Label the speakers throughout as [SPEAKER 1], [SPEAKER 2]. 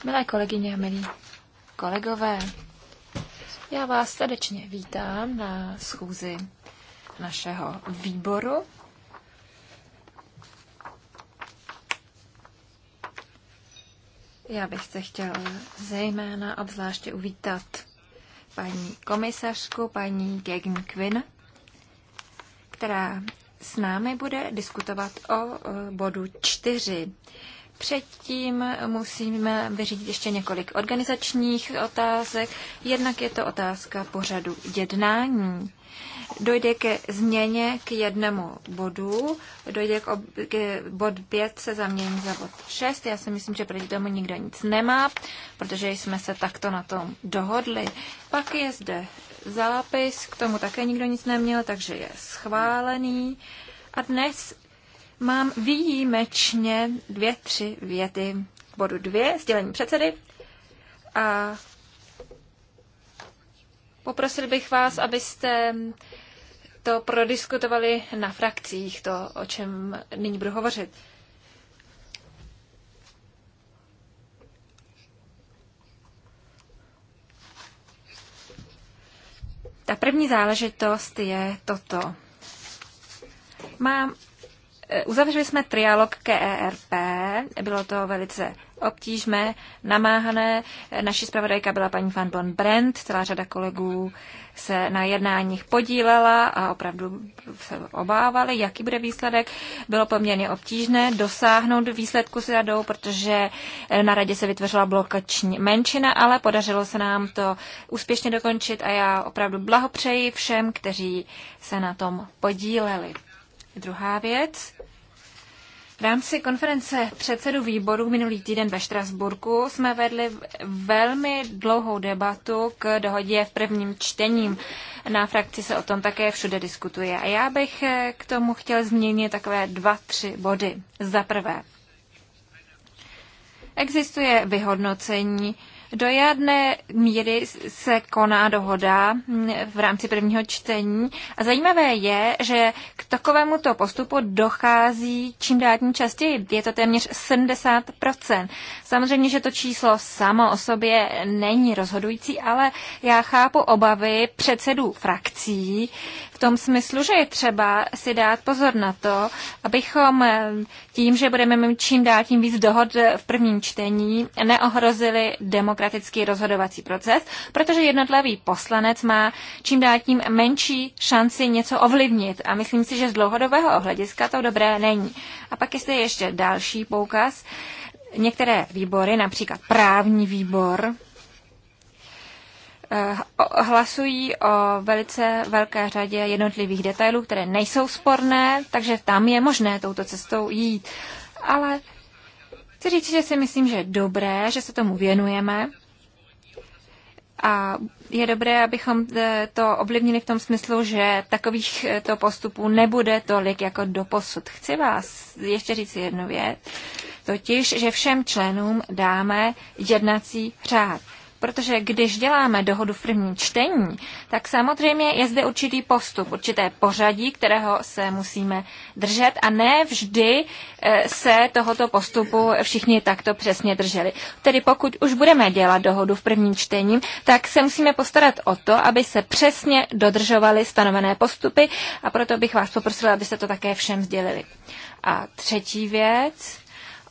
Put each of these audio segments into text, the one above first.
[SPEAKER 1] Milé kolegyně, milí kolegové, já vás srdečně vítám na schůzi našeho výboru. Já bych se chtěl zejména obzvláště uvítat paní komisařku, paní Gegn Quinn, která s námi bude diskutovat o bodu 4. Předtím musíme vyřídit ještě několik organizačních otázek. Jednak je to otázka pořadu jednání. Dojde ke změně k jednomu bodu, dojde k, ob, k bod 5 se zamění za bod 6. Já si myslím, že proti tomu nikdo nic nemá, protože jsme se takto na tom dohodli. Pak je zde zápis, k tomu také nikdo nic neměl, takže je schválený. A dnes mám výjimečně dvě, tři věty k bodu dvě, sdělení předsedy. A poprosil bych vás, abyste to prodiskutovali na frakcích, to, o čem nyní budu hovořit. Ta první záležitost je toto. Mám, eh, uzavřeli jsme trialog KERP, bylo to velice obtížné, namáhané. Naší zpravodajka byla paní Van Bon Brent, celá řada kolegů se na jednáních podílela a opravdu se obávali, jaký bude výsledek. Bylo poměrně obtížné dosáhnout výsledku s radou, protože na radě se vytvořila blokační menšina, ale podařilo se nám to úspěšně dokončit a já opravdu blahopřeji všem, kteří se na tom podíleli. Druhá věc, v rámci konference předsedů výboru minulý týden ve Štrasburku jsme vedli velmi dlouhou debatu k dohodě v prvním čtením. Na frakci se o tom také všude diskutuje. A já bych k tomu chtěl změnit takové dva, tři body. Za prvé, existuje vyhodnocení, do jedné míry se koná dohoda v rámci prvního čtení a zajímavé je, že k takovémuto postupu dochází čím dál tím častěji. Je to téměř 70%. Samozřejmě, že to číslo samo o sobě není rozhodující, ale já chápu obavy předsedů frakcí, v tom smyslu, že je třeba si dát pozor na to, abychom eh, tím, že budeme mít čím dál tím víc dohod v prvním čtení, neohrozili demokratický rozhodovací proces, protože jednotlivý poslanec má čím dál tím menší šanci něco ovlivnit a myslím si, že z dlouhodobého hlediska to dobré není. A pak jestli ještě další poukaz, některé výbory, například právní výbor, Eh, hlasují o velice velké řadě jednotlivých detailů, které nejsou sporné, takže tam je možné touto cestou jít. Ale chci říct, že si myslím, že je dobré, že se tomu věnujeme a je dobré, abychom eh, to ovlivnili v tom smyslu, že takových eh, to postupů nebude tolik jako do posud. Chci vás ještě říct jednu věc, totiž, že všem členům dáme jednací řád. Protože když děláme dohodu v prvním čtení, tak samozřejmě je zde určitý postup, určité pořadí, kterého se musíme držet a ne vždy eh, se tohoto postupu všichni takto přesně drželi. Tedy pokud už budeme dělat dohodu v prvním čtení, tak se musíme postarat o to, aby se přesně dodržovaly stanovené postupy a proto bych vás poprosila, abyste to také všem sdělili. A třetí věc,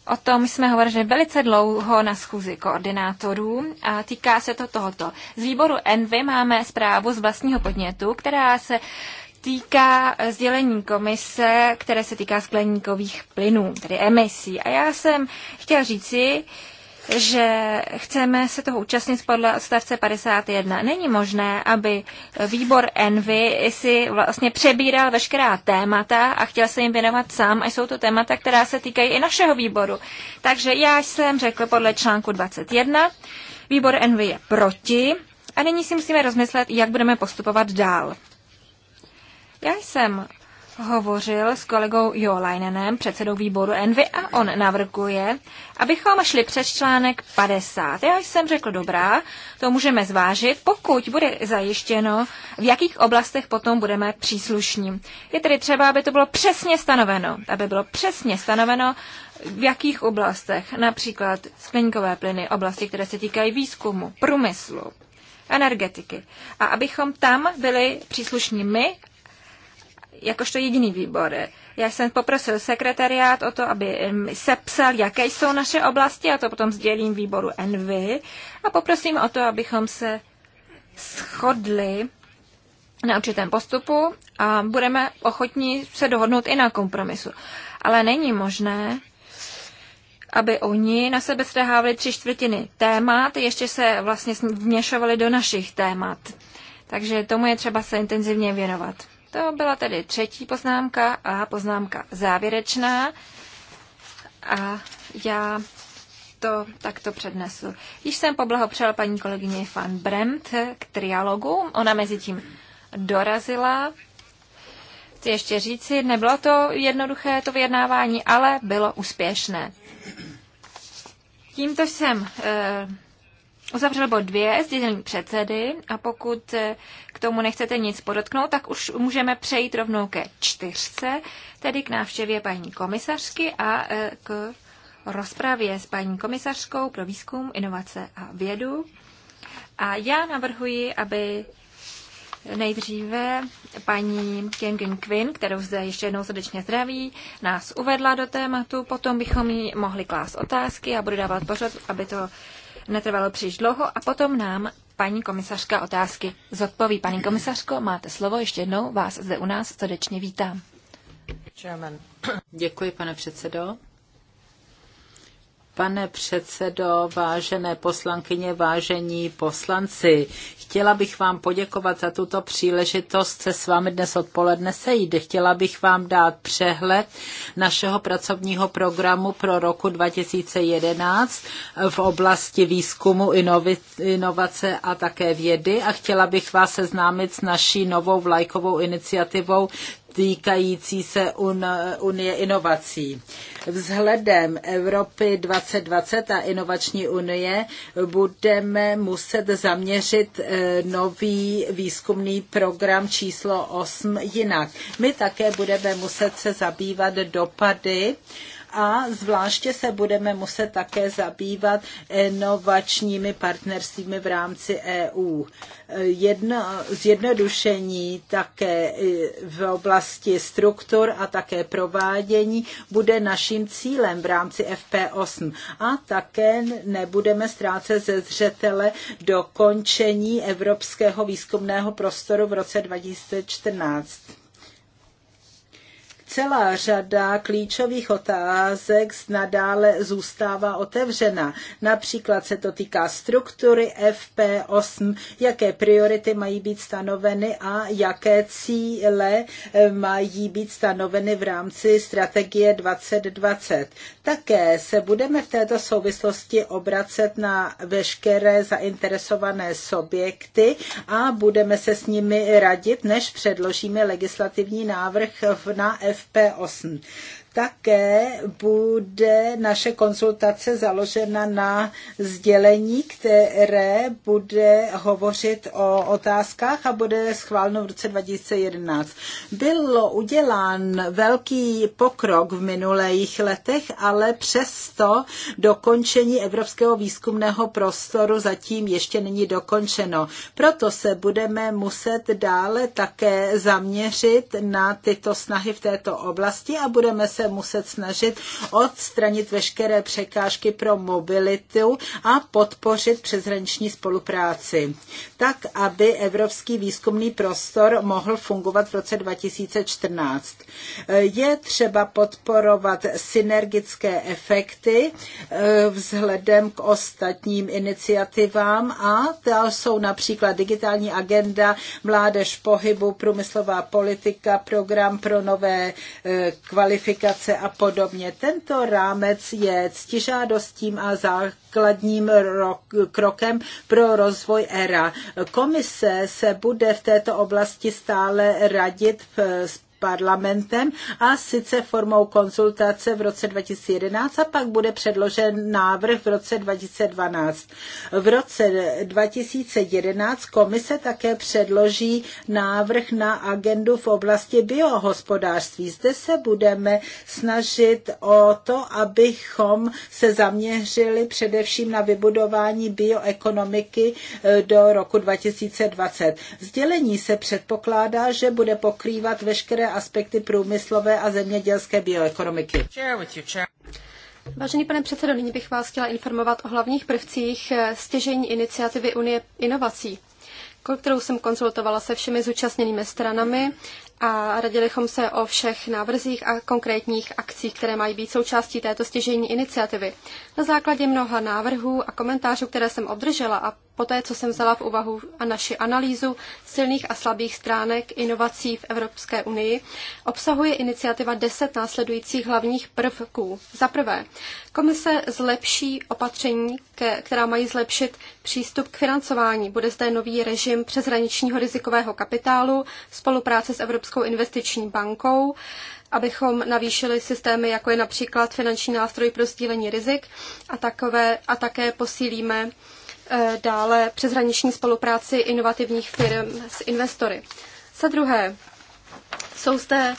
[SPEAKER 1] O tom jsme hovořili velice dlouho na schůzi koordinátorů a týká se to tohoto. Z výboru Envy máme zprávu z vlastního podnětu, která se týká sdělení komise, které se týká skleníkových plynů, tedy emisí. A já jsem chtěla říci, že chceme se toho účastnit podle odstavce 51. Není možné, aby výbor Envy si vlastně přebíral veškerá témata a chtěl se jim věnovat sám, a jsou to témata, která se týkají i našeho výboru. Takže já jsem řekl podle článku 21, výbor Envy je proti a nyní si musíme rozmyslet, jak budeme postupovat dál. Já jsem hovořil s kolegou Jo Leinenem, předsedou výboru Envy, a on navrhuje, abychom šli přes článek 50. Já jsem řekl, dobrá, to můžeme zvážit, pokud bude zajištěno, v jakých oblastech potom budeme příslušní. Je tedy třeba, aby to bylo přesně stanoveno, aby bylo přesně stanoveno, v jakých oblastech, například skleníkové plyny, oblasti, které se týkají výzkumu, průmyslu, energetiky. A abychom tam byli příslušní my jakožto jediný výbor. Já jsem poprosil sekretariát o to, aby sepsal, jaké jsou naše oblasti, a to potom sdělím výboru Envy a poprosím o to, abychom se shodli na určitém postupu a budeme ochotní se dohodnout i na kompromisu. Ale není možné, aby oni na sebe strhávali tři čtvrtiny témat, ještě se vlastně vměšovali do našich témat. Takže tomu je třeba se intenzivně věnovat. To byla tedy třetí poznámka a poznámka závěrečná. A já to takto přednesu. Již jsem poblahopřela paní kolegyně Van Bremt k trialogu. Ona mezi tím dorazila. Chci ještě říci, nebylo to jednoduché to vyjednávání, ale bylo úspěšné. Tímto jsem eh, uzavřel bod dvě sdělení předsedy a pokud eh, k tomu nechcete nic podotknout, tak už můžeme přejít rovnou ke čtyřce, tedy k návštěvě paní komisařky a eh, k rozpravě s paní komisařkou pro výzkum, inovace a vědu. A já navrhuji, aby Nejdříve paní Kengin Quinn, kterou zde ještě jednou srdečně zdraví, nás uvedla do tématu, potom bychom jí mohli klást otázky a budu dávat pořad, aby to netrvalo příliš dlouho a potom nám paní komisařka otázky zodpoví. Paní komisařko, máte slovo ještě jednou, vás zde u nás srdečně vítám.
[SPEAKER 2] Děkuji, pane předsedo. Pane předsedo, vážené poslankyně, vážení poslanci, chtěla bych vám poděkovat za tuto příležitost se s vámi dnes odpoledne sejít. Chtěla bych vám dát přehled našeho pracovního programu pro roku 2011 v oblasti výzkumu, inovace a také vědy a chtěla bych vás seznámit s naší novou vlajkovou iniciativou týkající se un, Unie inovací. Vzhledem Evropy 2020 a inovační unie budeme muset zaměřit eh, nový výzkumný program číslo 8 jinak. My také budeme muset se zabývat dopady a zvláště se budeme muset také zabývat inovačními partnerstvími v rámci EU. Jedno, zjednodušení také v oblasti struktur a také provádění bude naším cílem v rámci FP8 a také nebudeme ztrácet ze zřetele dokončení Evropského výzkumného prostoru v roce 2014. Celá řada klíčových otázek nadále zůstává otevřena. Například se to týká struktury FP8, jaké priority mají být stanoveny a jaké cíle eh, mají být stanoveny v rámci strategie 2020. Také se budeme v této souvislosti obracet na veškeré zainteresované subjekty a budeme se s nimi radit, než předložíme legislativní návrh na fp FP8 také bude naše konsultace založena na sdělení, které bude hovořit o otázkách a bude schváleno v roce 2011. Bylo udělán velký pokrok v minulých letech, ale přesto dokončení Evropského výzkumného prostoru zatím ještě není dokončeno. Proto se budeme muset dále také zaměřit na tyto snahy v této oblasti a budeme se muset snažit odstranit veškeré překážky pro mobilitu a podpořit přeshraniční spolupráci, tak aby Evropský výzkumný prostor mohl fungovat v roce 2014. Je třeba podporovat synergické efekty eh, vzhledem k ostatním iniciativám a to jsou například digitální agenda, mládež pohybu, průmyslová politika, program pro nové eh, kvalifikace, delegace a podobně. Tento rámec je ctižádostím a základním krokem pro rozvoj ERA. Komise se bude v této oblasti stále radit s parlamentem a sice formou konzultace v roce 2011 a pak bude předložen návrh v roce 2012. V roce 2011 komise také předloží návrh na agendu v oblasti biohospodářství. Zde se budeme snažit o to, abychom se zaměřili především na vybudování bioekonomiky eh, do roku 2020. Vzdělení se předpokládá, že bude pokrývat veškeré veškeré aspekty průmyslové a zemědělské bioekonomiky.
[SPEAKER 3] Vážený pane předsedo, nyní bych vás chtěla informovat o hlavních prvcích eh, stěžení iniciativy Unie inovací, kterou jsem konzultovala se všemi zúčastněnými stranami a radili jsme se o všech návrzích a konkrétních akcích, které mají být součástí této stěžení iniciativy. Na základě mnoha návrhů a komentářů, které jsem obdržela a poté, co jsem vzala v úvahu a naši analýzu silných a slabých stránek inovací v Evropské unii, obsahuje iniciativa 10 následujících hlavních prvků. Za prvé, komise zlepší opatření, která mají zlepšit přístup k financování. Bude zde nový režim přeshraničního rizikového kapitálu, spolupráce s Evropskou investiční bankou, abychom navýšili systémy, jako je například finanční nástroj pro sdílení rizik a, takové, a také posílíme Eh, dále přeshraniční spolupráci inovativních firm s investory. Za druhé, jsou zde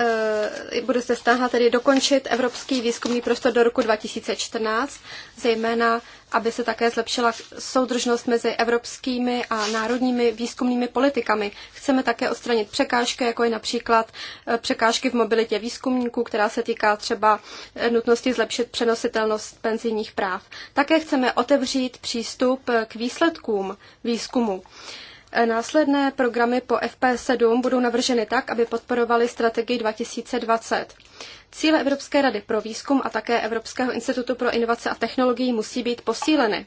[SPEAKER 3] Eh, bude se snaha tedy dokončit evropský výzkumný prostor do roku 2014, zejména aby se také zlepšila soudržnost mezi evropskými a národními výzkumnými politikami. Chceme také odstranit překážky, jako je například eh, překážky v mobilitě výzkumníků, která se týká třeba eh, nutnosti zlepšit přenositelnost penzijních práv. Také chceme otevřít přístup k výsledkům výzkumu. Následné programy po FP7 budou navrženy tak, aby podporovaly strategii 2020. Cíle Evropské rady pro výzkum a také Evropského institutu pro inovace a technologii musí být posíleny.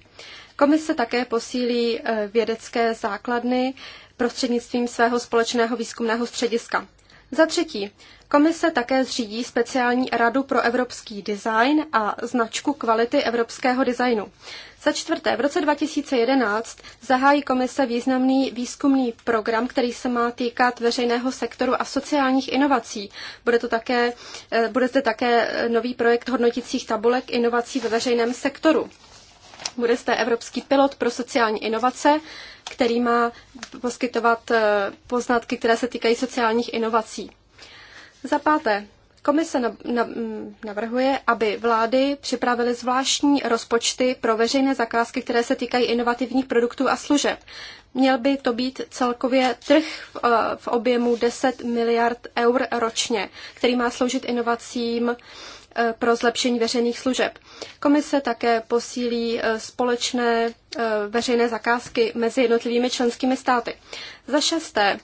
[SPEAKER 3] Komise také posílí eh, vědecké základny prostřednictvím svého společného výzkumného střediska. Za třetí, komise také zřídí speciální radu pro evropský design a značku kvality evropského designu. Za čtvrté, v roce 2011 zahájí komise významný výzkumný program, který se má týkat veřejného sektoru a sociálních inovací. Bude, to také, eh, bude zde také nový projekt hodnotících tabulek inovací ve veřejném sektoru. Bude zde Evropský pilot pro sociální inovace, který má poskytovat eh, poznatky, které se týkají sociálních inovací. Za páté, Komise mm, navrhuje, aby vlády připravily zvláštní rozpočty pro veřejné zakázky, které se týkají inovativních produktů a služeb. Měl by to být celkově trh v eh, objemu 10 miliard eur ročně, který má sloužit inovacím Eh, pro zlepšení veřejných služeb. Komise také posílí eh, společné eh, veřejné zakázky mezi jednotlivými členskými státy. Za šesté,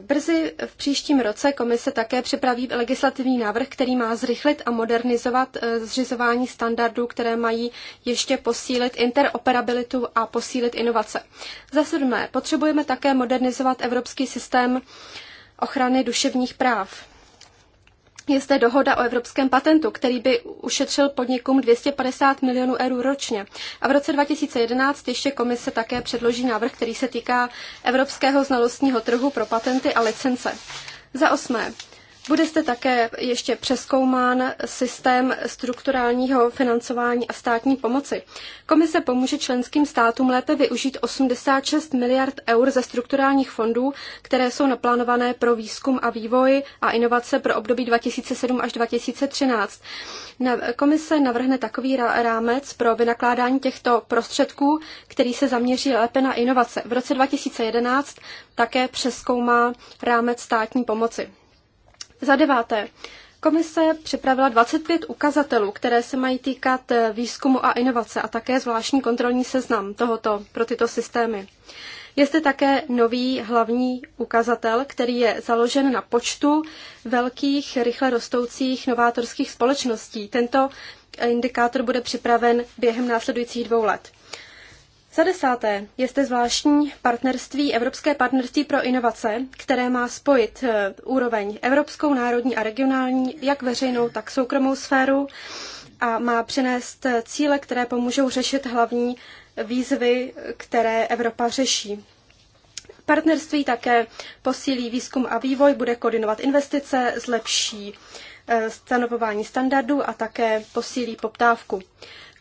[SPEAKER 3] Brzy v příštím roce komise také připraví legislativní návrh, který má zrychlit a modernizovat zřizování standardů, které mají ještě posílit interoperabilitu a posílit inovace. Za sedmé, potřebujeme také modernizovat evropský systém ochrany duševních práv je zde dohoda o evropském patentu, který by ušetřil podnikům 250 milionů eur ročně. A v roce 2011 ještě komise také předloží návrh, který se týká evropského znalostního trhu pro patenty a licence. Za osmé, bude zde také ještě přeskoumán systém strukturálního financování a státní pomoci. Komise pomůže členským státům lépe využít 86 miliard eur ze strukturálních fondů, které jsou naplánované pro výzkum a vývoj a inovace pro období 2007 až 2013. Komise navrhne takový rámec pro vynakládání těchto prostředků, který se zaměří lépe na inovace. V roce 2011 také přeskoumá rámec státní pomoci. Za deváté, komise připravila 25 ukazatelů, které se mají týkat eh, výzkumu a inovace a také zvláštní kontrolní seznam tohoto pro tyto systémy. Je zde také nový hlavní ukazatel, který je založen na počtu velkých, rychle rostoucích novátorských společností. Tento indikátor bude připraven během následujících dvou let. Za desáté je zde zvláštní partnerství, Evropské partnerství pro inovace, které má spojit eh, úroveň evropskou, národní a regionální, jak veřejnou, tak soukromou sféru a má přinést eh, cíle, které pomůžou řešit hlavní výzvy, které Evropa řeší. Partnerství také posílí výzkum a vývoj, bude koordinovat investice, zlepší eh, stanovování standardů a také posílí poptávku.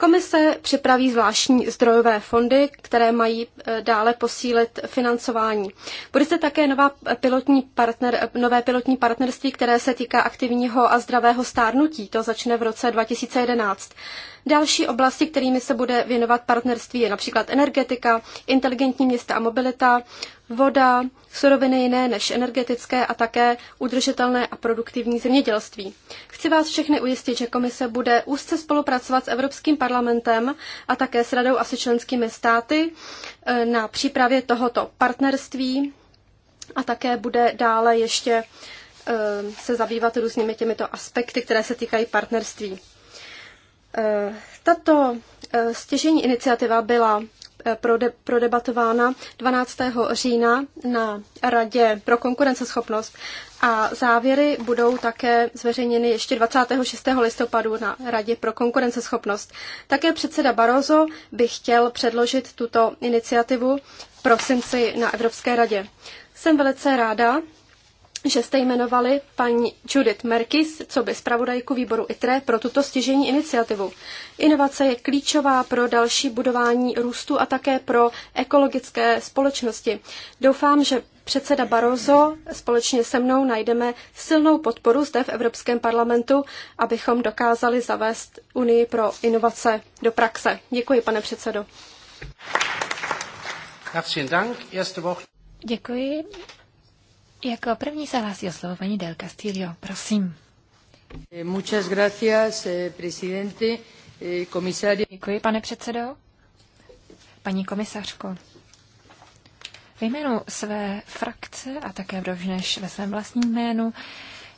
[SPEAKER 3] Komise připraví zvláštní zdrojové fondy, které mají eh, dále posílit financování. Bude se také nová pilotní partner, nové pilotní partnerství, které se týká aktivního a zdravého stárnutí. To začne v roce 2011. Další oblasti, kterými se bude věnovat partnerství, je například energetika, inteligentní města a mobilita, voda, suroviny jiné než energetické a také udržitelné a produktivní zemědělství. Chci vás všechny ujistit, že komise bude úzce spolupracovat s Evropským parlamentem a také s Radou a se členskými státy eh, na přípravě tohoto partnerství a také bude dále ještě eh, se zabývat různými těmito aspekty, které se týkají partnerství. Eh, tato eh, stěžení iniciativa byla eh, prodebatována 12. října na Radě pro konkurenceschopnost a závěry budou také zveřejněny ještě 26. listopadu na Radě pro konkurenceschopnost. Také předseda Barroso by chtěl předložit tuto iniciativu prosinci na Evropské radě. Jsem velice ráda, že jste jmenovali paní Judith Merkis, co by zpravodajku výboru ITRE pro tuto stěžení iniciativu. Inovace je klíčová pro další budování růstu a také pro ekologické společnosti. Doufám, že předseda Barroso společně se mnou najdeme silnou podporu zde v Evropském parlamentu, abychom dokázali zavést Unii pro inovace do praxe. Děkuji, pane předsedo.
[SPEAKER 1] Děkuji. Jako první se hlásí o slovo paní Del Castillo. Prosím. Muchas gracias, eh, presidente, komisario. Eh, Děkuji, pane předsedo. Paní komisařko, ve jménu své frakce a také rovněž než ve svém vlastním jménu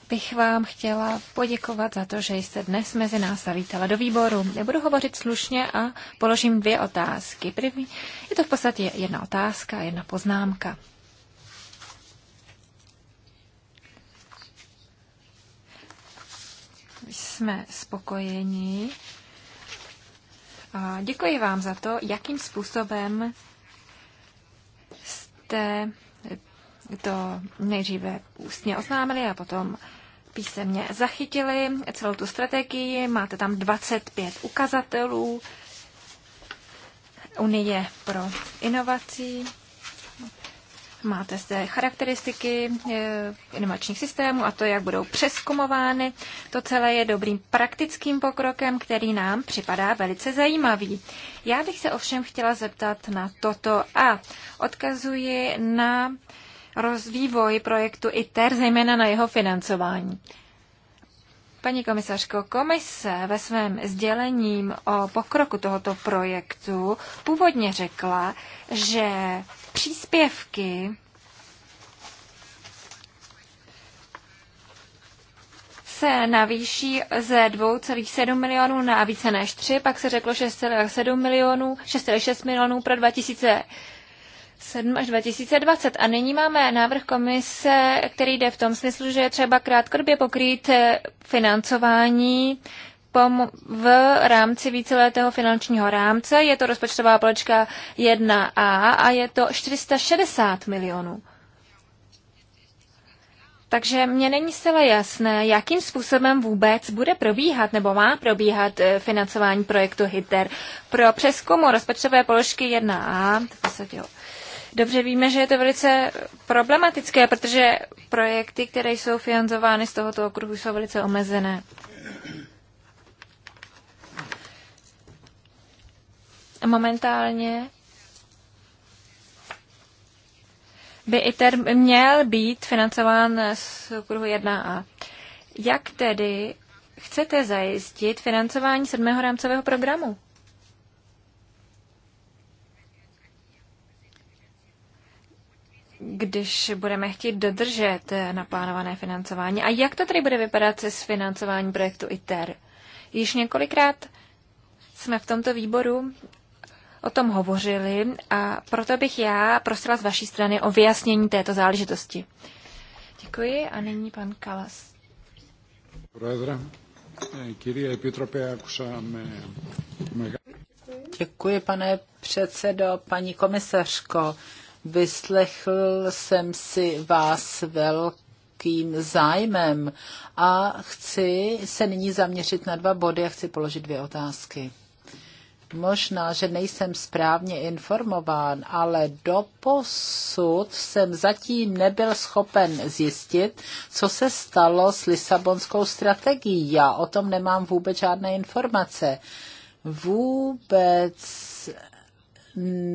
[SPEAKER 1] bych vám chtěla poděkovat za to, že jste dnes mezi nás zavítala do výboru. Nebudu hovořit slušně a položím dvě otázky. První je to v podstatě jedna otázka a jedna poznámka. jsme spokojeni. A děkuji vám za to, jakým způsobem jste to nejdříve ústně oznámili a potom písemně zachytili celou tu strategii. Máte tam 25 ukazatelů Unie pro inovací Máte zde charakteristiky eh, inovačních systémů a to, jak budou přeskomovány. To celé je dobrým praktickým pokrokem, který nám připadá velice zajímavý. Já bych se ovšem chtěla zeptat na toto a odkazuji na rozvývoj projektu ITER, zejména na jeho financování. Paní komisařko, komise ve svém sdělením o pokroku tohoto projektu původně řekla, že příspěvky se navýší ze 2,7 milionů na více než 3, pak se řeklo 6,7 milionů, 6,6 milionů pro 2007 až 2020. A nyní máme návrh komise, který jde v tom smyslu, že je třeba krátkodobě pokrýt eh, financování v rámci víceletého finančního rámce. Je to rozpočtová poločka 1A a je to 460 milionů. Takže mně není zcela jasné, jakým způsobem vůbec bude probíhat nebo má probíhat eh, financování projektu HITER. Pro přeskumu rozpočtové položky 1A, Dobře víme, že je to velice problematické, protože projekty, které jsou financovány z tohoto okruhu, jsou velice omezené. momentálně by ITER měl být financován z kruhu 1A. Jak tedy chcete zajistit financování sedmého rámcového programu? když budeme chtít dodržet eh, naplánované financování. A jak to tedy bude vypadat se s financování projektu ITER? Již několikrát jsme v tomto výboru o tom hovořili a proto bych já prosila z vaší strany o vyjasnění této záležitosti. Děkuji a nyní pan Kalas.
[SPEAKER 2] Děkuji, pane předsedo, paní komisařko. Vyslechl jsem si vás velkým zájmem a chci se nyní zaměřit na dva body a chci položit dvě otázky. Možná, že nejsem správně informován, ale posud jsem zatím nebyl schopen zjistit, co se stalo s Lisabonskou strategií. Já o tom nemám vůbec žádné informace. Vůbec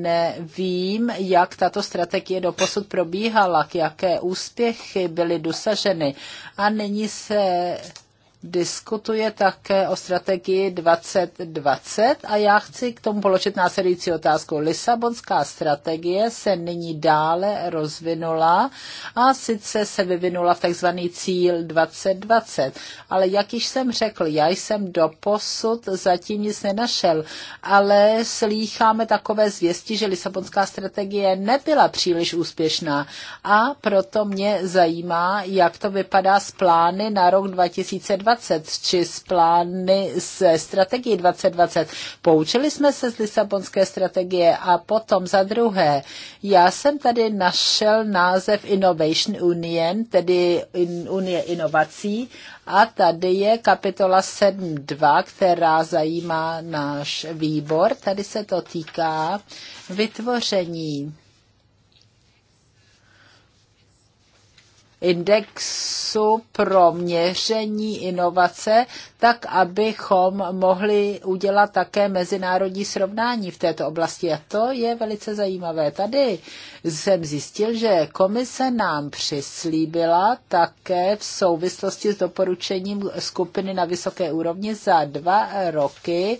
[SPEAKER 2] nevím, jak tato strategie do posud probíhala, k jaké úspěchy byly dosaženy. A nyní se diskutuje také o strategii 2020 a já chci k tomu položit následující otázku. Lisabonská strategie se nyní dále rozvinula a sice se vyvinula v takzvaný cíl 2020. Ale jak již jsem řekl, já jsem do posud zatím nic nenašel, ale slýcháme takové zvěsti, že Lisabonská strategie nebyla příliš úspěšná a proto mě zajímá, jak to vypadá s plány na rok 2020 2020 či z plány ze strategii 2020. Poučili jsme se z Lisabonské strategie a potom za druhé, já jsem tady našel název Innovation Union, tedy Unie inovací a tady je kapitola 7.2, která zajímá náš výbor. Tady se to týká vytvoření indexu pro měření inovace, tak abychom mohli udělat také mezinárodní srovnání v této oblasti. A to je velice zajímavé. Tady jsem zjistil, že komise nám přislíbila také v souvislosti s doporučením skupiny na vysoké úrovni za dva roky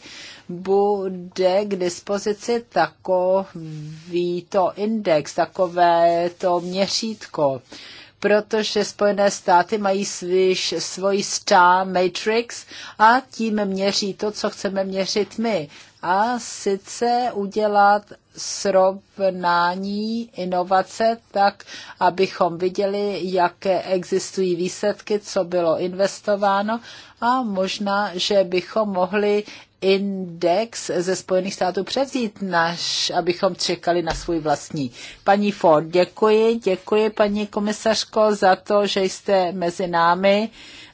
[SPEAKER 2] bude k dispozici takový to index, takové to měřítko protože Spojené státy mají sviš, svoji star matrix a tím měří to, co chceme měřit my. A sice udělat srovnání inovace tak, abychom viděli, jaké existují výsledky, co bylo investováno a možná, že bychom mohli index ze Spojených států převzít, naš, abychom čekali na svůj vlastní. Paní Ford, děkuji, děkuji paní komisařko za to, že jste mezi námi.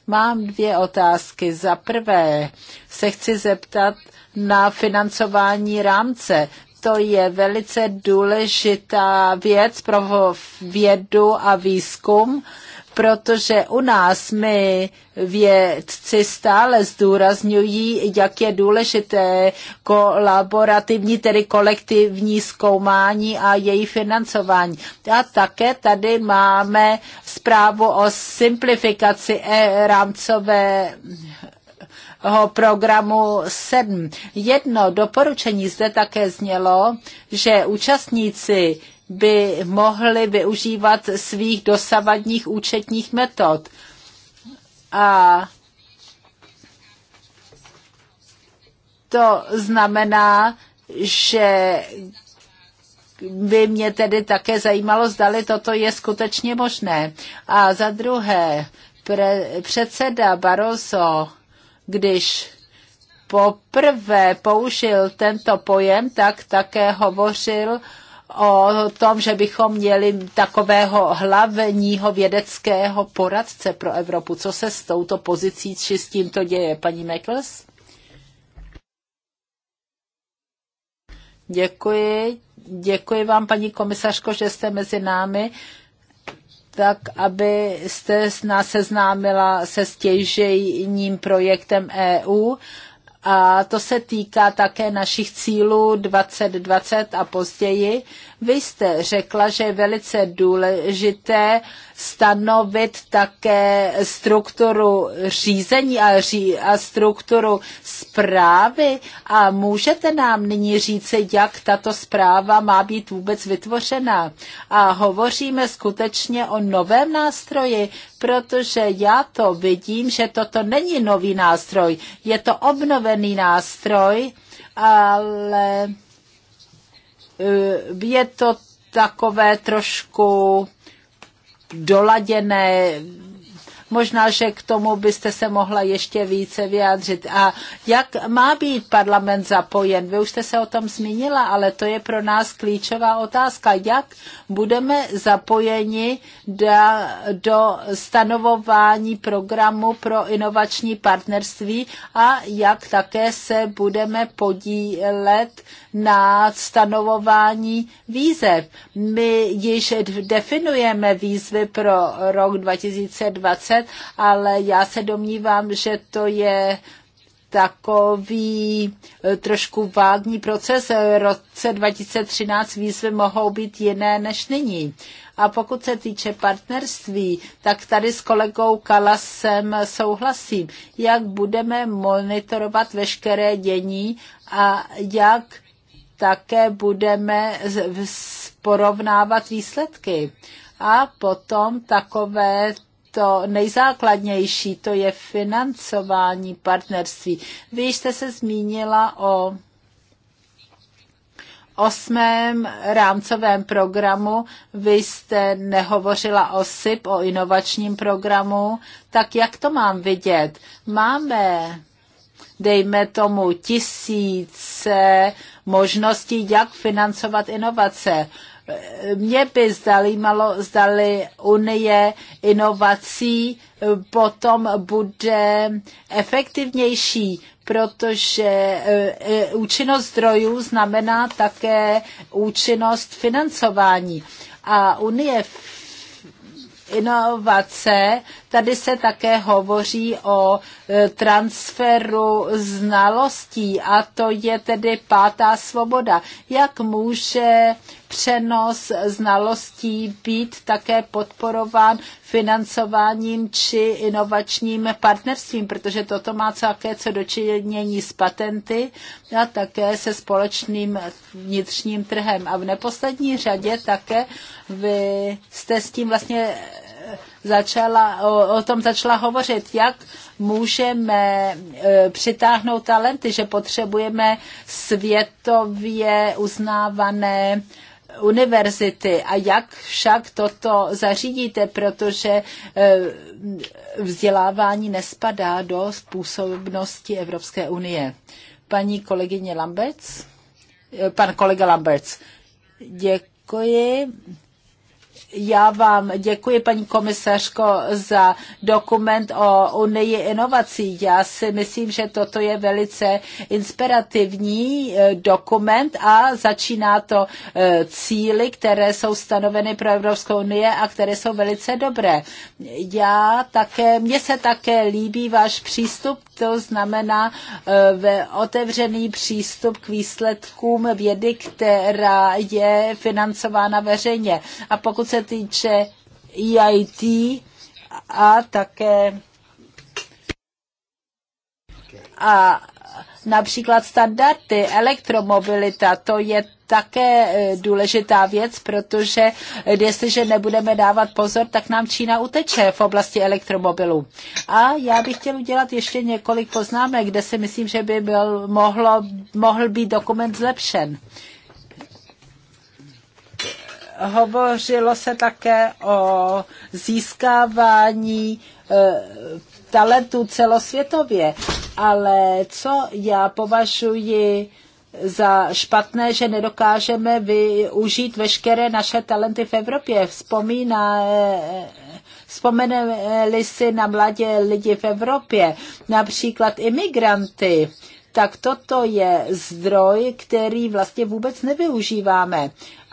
[SPEAKER 2] Mám dvě otázky. Za prvé se chci zeptat na financování rámce to je velice důležitá věc pro vědu a výzkum protože u nás my vědci stále zdůrazňují, jak je důležité kolaborativní, tedy kolektivní zkoumání a její financování. A také tady máme zprávu o simplifikaci e rámcové programu 7. Jedno doporučení zde také znělo, že účastníci by mohli využívat svých dosavadních účetních metod. A to znamená, že by mě tedy také zajímalo, zdali toto je skutečně možné. A za druhé, pre, předseda Barroso, když poprvé použil tento pojem, tak také hovořil o tom, že bychom měli takového hlavního vědeckého poradce pro Evropu. Co se s touto pozicí či s tímto děje, paní Mekles? Děkuji. Děkuji vám, paní komisařko, že jste mezi námi tak abyste nás seznámila se stěžejním projektem EU a to se týká také našich cílů 2020 a později. Vy jste řekla, že je velice důležité stanovit také strukturu řízení a, ří, a strukturu zprávy a můžete nám nyní říci, jak tato zpráva má být vůbec vytvořena. A hovoříme skutečně o novém nástroji, protože já to vidím, že toto není nový nástroj, je to obnovený zelený nástroj, ale e, je to takové trošku doladěné Možná, že k tomu byste se mohla ještě více vyjádřit. A jak má být parlament zapojen? Vy už jste se o tom zmínila, ale to je pro nás klíčová otázka. Jak budeme zapojeni do stanovování programu pro inovační partnerství a jak také se budeme podílet na stanovování výzev. My již definujeme výzvy pro rok 2020, ale já se domnívám, že to je takový eh, trošku vágní proces. V roce 2013 výzvy mohou být jiné než nyní. A pokud se týče partnerství, tak tady s kolegou Kalasem souhlasím, jak budeme monitorovat veškeré dění a jak také budeme porovnávat výsledky. A potom takové to nejzákladnější, to je financování partnerství. Vy jste se zmínila o osmém rámcovém programu. Vy jste nehovořila o SIP, o inovačním programu. Tak jak to mám vidět? Máme, dejme tomu, tisíce Možnosti, jak financovat inovace. Mě by malo zdali Unie inovací potom bude efektivnější, protože e, e, účinnost zdrojů znamená také účinnost financování. A Unie inovace, tady se také hovoří o e, transferu znalostí a to je tedy pátá svoboda. Jak může přenos znalostí být také podporován financováním či inovačním partnerstvím, protože toto má také co dočinění s patenty a také se společným vnitřním trhem. A v neposlední řadě také vy jste s tím vlastně eh, začala, o, o tom začala hovořit, jak můžeme e, přitáhnout talenty, že potřebujeme světově uznávané e, univerzity a jak však toto zařídíte, protože eh, vzdělávání nespadá do způsobnosti Evropské unie. Paní kolegyně Lamberts, eh, pan kolega Lamberts, děkuji. Já vám děkuji, paní komisařko, za dokument o Unii inovací. Já si myslím, že toto je velice inspirativní eh, dokument a začíná to eh, cíly, které jsou stanoveny pro Evropskou unii a které jsou velice dobré. Já také, mně se také líbí váš přístup to znamená eh, v otevřený přístup k výsledkům vědy, která je financována veřejně. A pokud se týče EIT a také a například standardy, elektromobilita, to je také e, důležitá věc, protože jestliže nebudeme dávat pozor, tak nám Čína uteče v oblasti elektromobilů. A já bych chtěl udělat ještě několik poznámek, kde si myslím, že by byl, mohlo, mohl být dokument zlepšen. Hovořilo se také o získávání e, talentů celosvětově, ale co já považuji za špatné, že nedokážeme využít veškeré naše talenty v Evropě. Vzpomíná, vzpomeneli si na mladé lidi v Evropě, například imigranty, tak toto je zdroj, který vlastně vůbec nevyužíváme.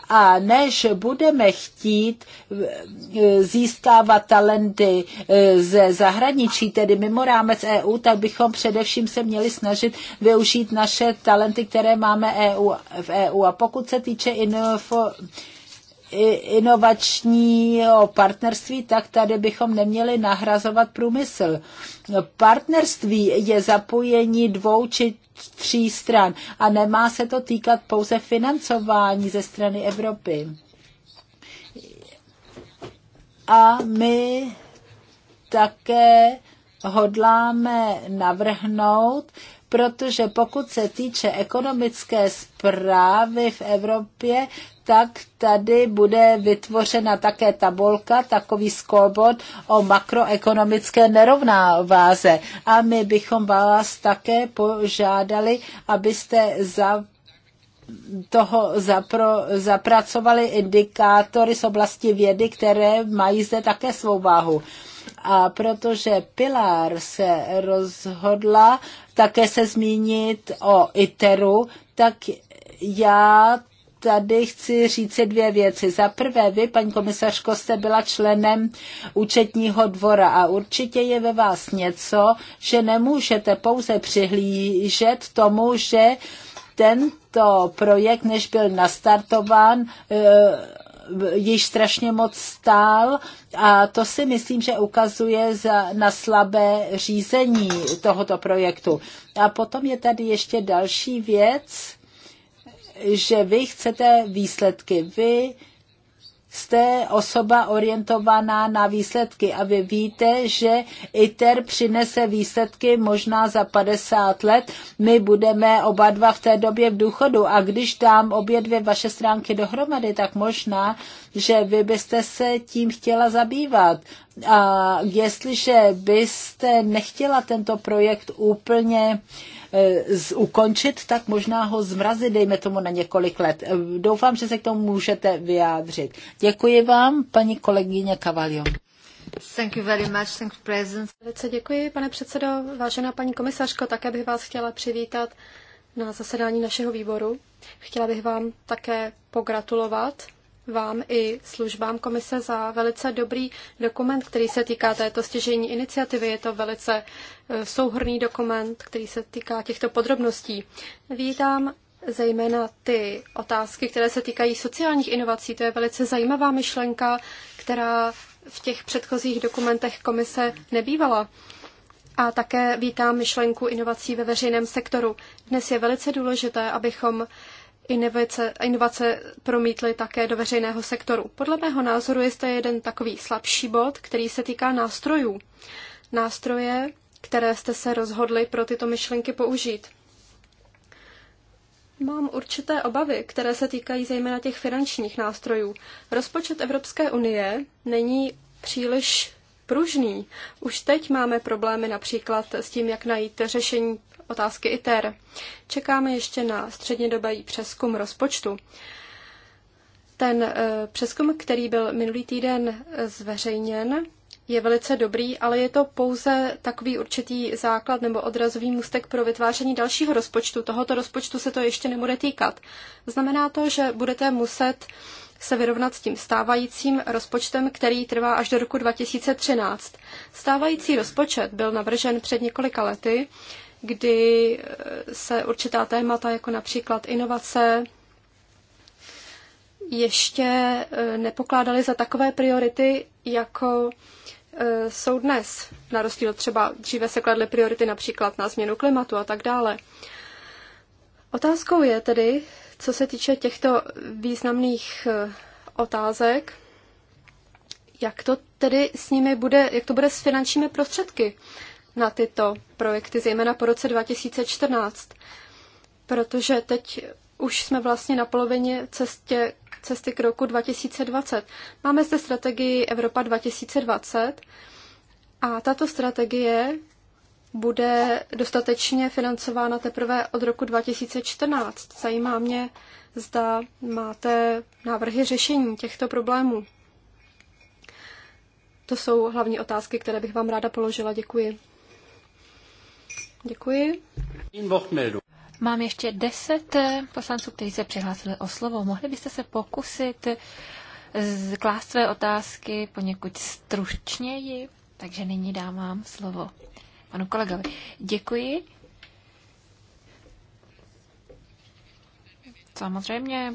[SPEAKER 2] A než budeme chtít eh, získávat talenty eh, ze zahraničí, tedy mimo rámec EU, tak bychom především se měli snažit využít naše talenty, které máme EU, v EU. A pokud se týče info, inovačního partnerství, tak tady bychom neměli nahrazovat průmysl. Partnerství je zapojení dvou či tří stran a nemá se to týkat pouze financování ze strany Evropy. A my také hodláme navrhnout protože pokud se týče ekonomické zprávy v Evropě, tak tady bude vytvořena také tabulka, takový scoreboard o makroekonomické nerovnováze. A my bychom vás také požádali, abyste za toho zapro, zapracovali indikátory z oblasti vědy, které mají zde také svou váhu. A protože Pilar se rozhodla také se zmínit o ITERu, tak já tady chci říci dvě věci. Za prvé, vy, paní komisařko, jste byla členem účetního dvora a určitě je ve vás něco, že nemůžete pouze přihlížet tomu, že tento projekt, než byl nastartován, eh, již strašně moc stál a to si myslím, že ukazuje za, na slabé řízení tohoto projektu. A potom je tady ještě další věc, že vy chcete výsledky. Vy jste osoba orientovaná na výsledky a vy víte, že ITER přinese výsledky možná za 50 let. My budeme oba dva v té době v důchodu a když dám obě dvě vaše stránky dohromady, tak možná, že vy byste se tím chtěla zabývat. A jestliže byste nechtěla tento projekt úplně uh, Eh, ukončit, tak možná ho zmrazit, dejme tomu na několik let. Eh, doufám, že se k tomu můžete vyjádřit. Děkuji vám, paní kolegyně Cavalio.
[SPEAKER 3] Thank you very much.
[SPEAKER 1] Thank you,
[SPEAKER 3] Velice děkuji, pane předsedo. Vážená paní komisařko, také bych vás chtěla přivítat na zasedání našeho výboru. Chtěla bych vám také pogratulovat vám i službám komise za velice dobrý dokument, který se týká této stěžení iniciativy. Je to velice eh, souhrný dokument, který se týká těchto podrobností. Vítám zejména ty otázky, které se týkají sociálních inovací. To je velice zajímavá myšlenka, která v těch předchozích dokumentech komise nebývala. A také vítám myšlenku inovací ve veřejném sektoru. Dnes je velice důležité, abychom inovace, inovace promítly také do veřejného sektoru. Podle mého názoru je zde jeden takový slabší bod, který se týká nástrojů. Nástroje, které jste se rozhodli pro tyto myšlenky použít. Mám určité obavy, které se týkají zejména těch finančních nástrojů. Rozpočet Evropské unie není příliš pružný. Už teď máme problémy například s tím, jak najít řešení otázky ITER. Čekáme ještě na střednědobý přeskum rozpočtu. Ten eh, přeskum, který byl minulý týden zveřejněn, je velice dobrý, ale je to pouze takový určitý základ nebo odrazový můstek pro vytváření dalšího rozpočtu. Tohoto rozpočtu se to ještě nebude týkat. Znamená to, že budete muset se vyrovnat s tím stávajícím rozpočtem, který trvá až do roku 2013. Stávající rozpočet byl navržen před několika lety, kdy eh, se určitá témata, jako například inovace, ještě eh, nepokládaly za takové priority, jako eh, jsou dnes. Na rozdíl třeba dříve se kladly priority například na změnu klimatu a tak dále. Otázkou je tedy, co se týče těchto významných eh, otázek, jak to tedy s nimi bude, jak to bude s finančními prostředky na tyto projekty, zejména po roce 2014, protože teď už jsme vlastně na polovině cestě, cesty k roku 2020. Máme zde strategii Evropa 2020 a tato strategie bude dostatečně financována teprve od roku 2014. Zajímá mě, zda máte návrhy řešení těchto problémů. To jsou hlavní otázky, které
[SPEAKER 1] bych vám ráda položila. Děkuji. Děkuji. Mám ještě deset eh, poslanců, kteří se přihlásili o slovo. Mohli byste se pokusit eh, klást své otázky poněkud stručněji, takže nyní dám vám slovo panu kolegovi. Děkuji. Samozřejmě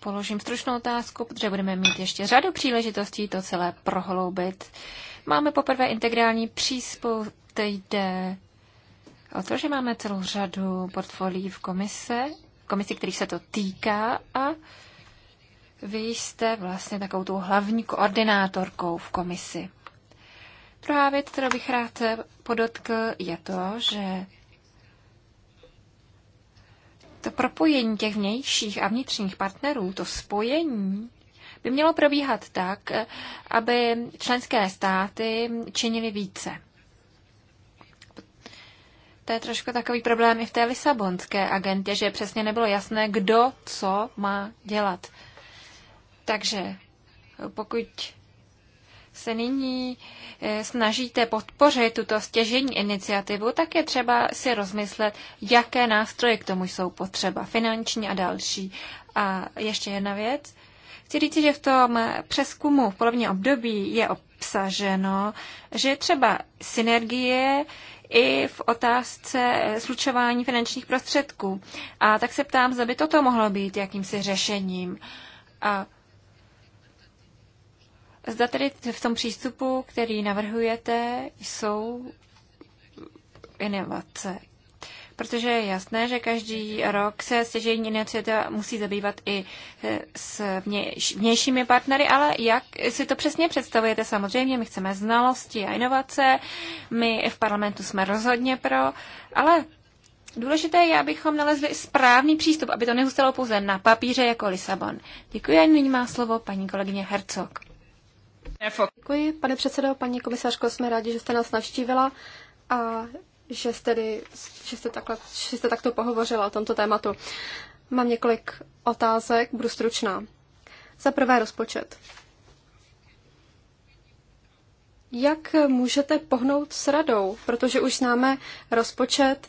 [SPEAKER 1] položím stručnou otázku, protože budeme mít ještě řadu příležitostí to celé prohloubit. Máme poprvé integrální přístup, to jde o to, že máme celou řadu portfolií v komise, komisi, kterých se to týká a vy jste vlastně takovou tou hlavní koordinátorkou v komisi. Druhá věc, kterou bych rád podotkl, je to, že to propojení těch vnějších a vnitřních partnerů, to spojení, by mělo probíhat tak, aby členské státy činili více. To je trošku takový problém i v té Lisabonské agentě, že přesně nebylo jasné, kdo co má dělat. Takže pokud se nyní eh, snažíte podpořit tuto stěžení iniciativu, tak je třeba si rozmyslet, jaké nástroje k tomu jsou potřeba, finanční a další. A ještě jedna věc. Chci říct, že v tom přeskumu v polovině období je obsaženo, že třeba synergie i v otázce eh, slučování finančních prostředků. A tak se ptám, zda by toto mohlo být jakýmsi řešením. A Zda tedy v tom přístupu, který navrhujete, jsou inovace. Protože je jasné, že každý rok se stěžení iniciativa musí zabývat i eh, s vnějšími partnery, ale jak si to přesně představujete? Samozřejmě, my chceme znalosti a inovace, my v parlamentu jsme rozhodně pro, ale důležité je, abychom nalezli správný přístup, aby to nezůstalo pouze na papíře jako Lisabon. Děkuji a nyní má slovo paní kolegyně Hercog.
[SPEAKER 3] Děkuji, pane předsedo, paní komisařko, jsme rádi, že jste nás navštívila a že jste, tedy, že jste, takhle, že jste takto pohovořila o tomto tématu. Mám několik otázek, budu stručná. Za prvé rozpočet. Jak můžete pohnout s radou? Protože už známe rozpočet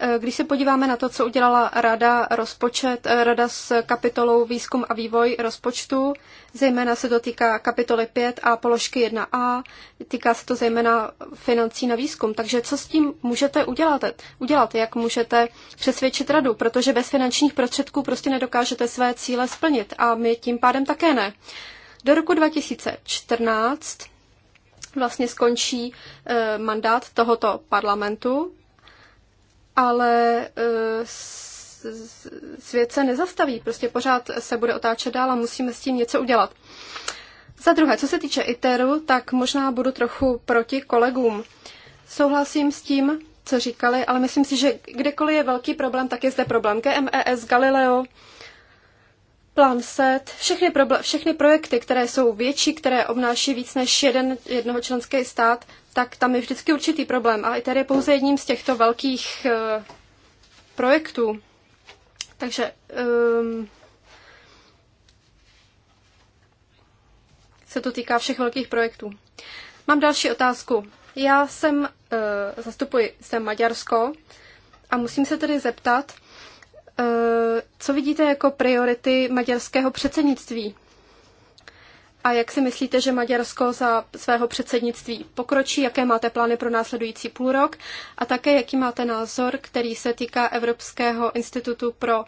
[SPEAKER 3] Eh, když se podíváme na to, co udělala Rada, rozpočet, eh, Rada s kapitolou Výzkum a vývoj rozpočtu, zejména se to týká kapitoly 5 a položky 1a, týká se to zejména financí na výzkum. Takže co s tím můžete udělat? udělat jak můžete přesvědčit Radu? Protože bez finančních prostředků prostě nedokážete své cíle splnit a my tím pádem také ne. Do roku 2014 vlastně skončí eh, mandát tohoto parlamentu, ale eh, svět se nezastaví, prostě pořád se bude otáčet dál a musíme s tím něco udělat. Za druhé, co se týče ITERu, tak možná budu trochu proti kolegům. Souhlasím s tím, co říkali, ale myslím si, že kdekoliv je velký problém, tak je zde problém GMES, Galileo, plán SET, všechny, všechny projekty, které jsou větší, které obnáší víc než jeden, jednoho členský stát, tak tam je vždycky určitý problém. A tady je pouze jedním z těchto velkých uh, projektů. Takže um, se to týká všech velkých projektů. Mám další otázku. Já jsem, uh, zastupuji, jsem Maďarsko a musím se tedy zeptat, Eh, co vidíte jako priority maďarského předsednictví? A jak si myslíte, že Maďarsko za svého předsednictví pokročí? Jaké máte plány pro následující půlrok? A také, jaký máte názor, který se týká Evropského institutu pro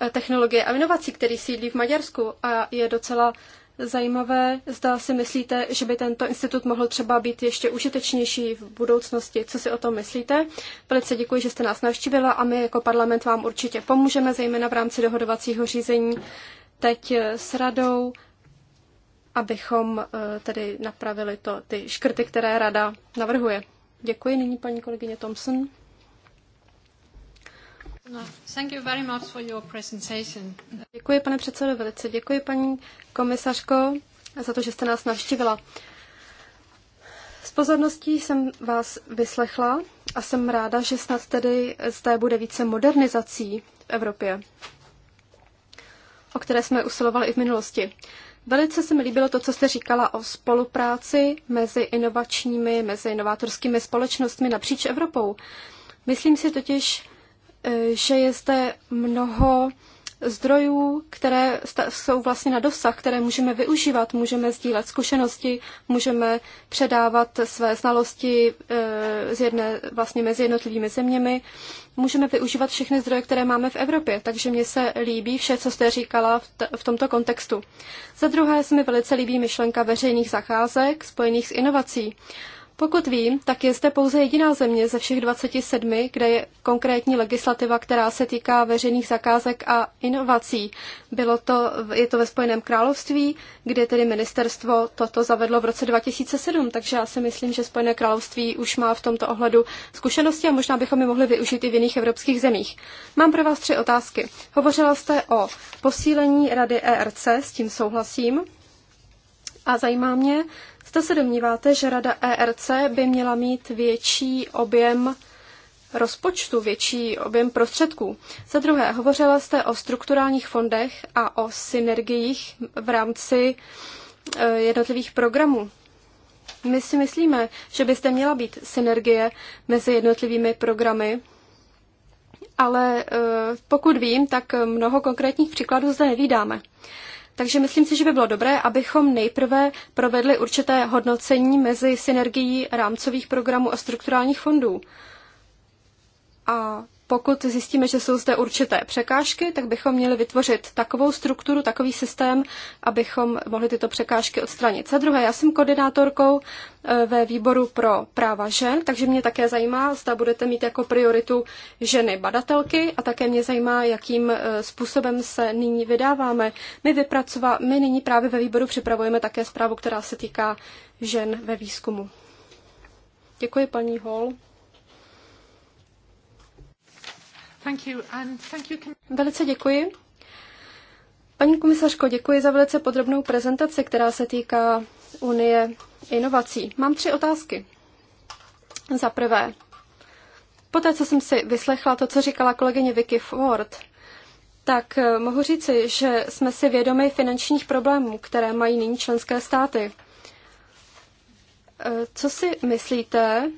[SPEAKER 3] eh, technologie a inovací, který sídlí v Maďarsku a je docela zajímavé. Zda si myslíte, že by tento institut mohl třeba být ještě užitečnější v budoucnosti. Co si o tom myslíte? Velice děkuji, že jste nás navštívila a my jako parlament vám určitě pomůžeme, zejména v rámci dohodovacího řízení teď eh, s radou, abychom eh, tedy napravili to, ty škrty, které rada navrhuje. Děkuji nyní paní kolegyně Thompson. No, děkuji, pane předsedo, velice děkuji, paní komisařko, za to, že jste nás navštívila. S pozorností jsem vás vyslechla a jsem ráda, že snad tedy zde bude více modernizací v Evropě, o které jsme usilovali i v minulosti. Velice se mi líbilo to, co jste říkala o spolupráci mezi inovačními, mezi inovátorskými společnostmi napříč Evropou. Myslím si totiž, že je zde mnoho zdrojů, které jsou vlastně na dosah, které můžeme využívat, můžeme sdílet zkušenosti, můžeme předávat své znalosti eh, z jedné, vlastně mezi jednotlivými zeměmi, můžeme využívat všechny zdroje, které máme v Evropě, takže mně se líbí vše, co jste říkala v, v tomto kontextu. Za druhé se mi velice líbí myšlenka veřejných zakázek spojených s inovací. Uh, pokud vím, tak je zde pouze jediná země ze všech 27, kde je konkrétní legislativa, která se týká veřejných zakázek a inovací. Bylo to, je to ve Spojeném království, kde tedy ministerstvo toto zavedlo v roce 2007, takže já si myslím, že Spojené království už má v tomto ohledu zkušenosti a možná bychom je mohli využít i v jiných evropských zemích. Mám pro vás tři otázky. Hovořila jste o posílení rady ERC, s tím souhlasím. A zajímá mě, Zda se domníváte, že Rada ERC by měla mít větší objem rozpočtu, větší objem prostředků. Za druhé, hovořila jste o strukturálních fondech a o synergiích v rámci e, jednotlivých programů. My si myslíme, že byste měla být synergie mezi jednotlivými programy, ale e, pokud vím, tak mnoho konkrétních příkladů zde nevídáme. Takže myslím si, že by bylo dobré, abychom nejprve provedli určité hodnocení mezi synergií rámcových programů a strukturálních fondů. A pokud zjistíme, že jsou zde určité překážky, tak bychom měli vytvořit takovou strukturu, takový systém, abychom mohli tyto překážky odstranit. Za druhé, já jsem koordinátorkou eh, ve výboru pro práva žen, takže mě také zajímá, zda budete mít jako prioritu ženy badatelky a také mě zajímá, jakým eh, způsobem se nyní vydáváme. My, vypracová, my nyní právě ve výboru připravujeme také zprávu, která se týká žen ve výzkumu. Děkuji, paní Hall. Velice děkuji. Paní komisařko, děkuji za velice podrobnou prezentaci, která se týká Unie inovací. Mám tři otázky. Za prvé, poté, co jsem si vyslechla to, co říkala kolegyně Vicky Ford, tak eh, mohu říci, že jsme si vědomi finančních problémů, které mají nyní členské státy. Eh, co si myslíte,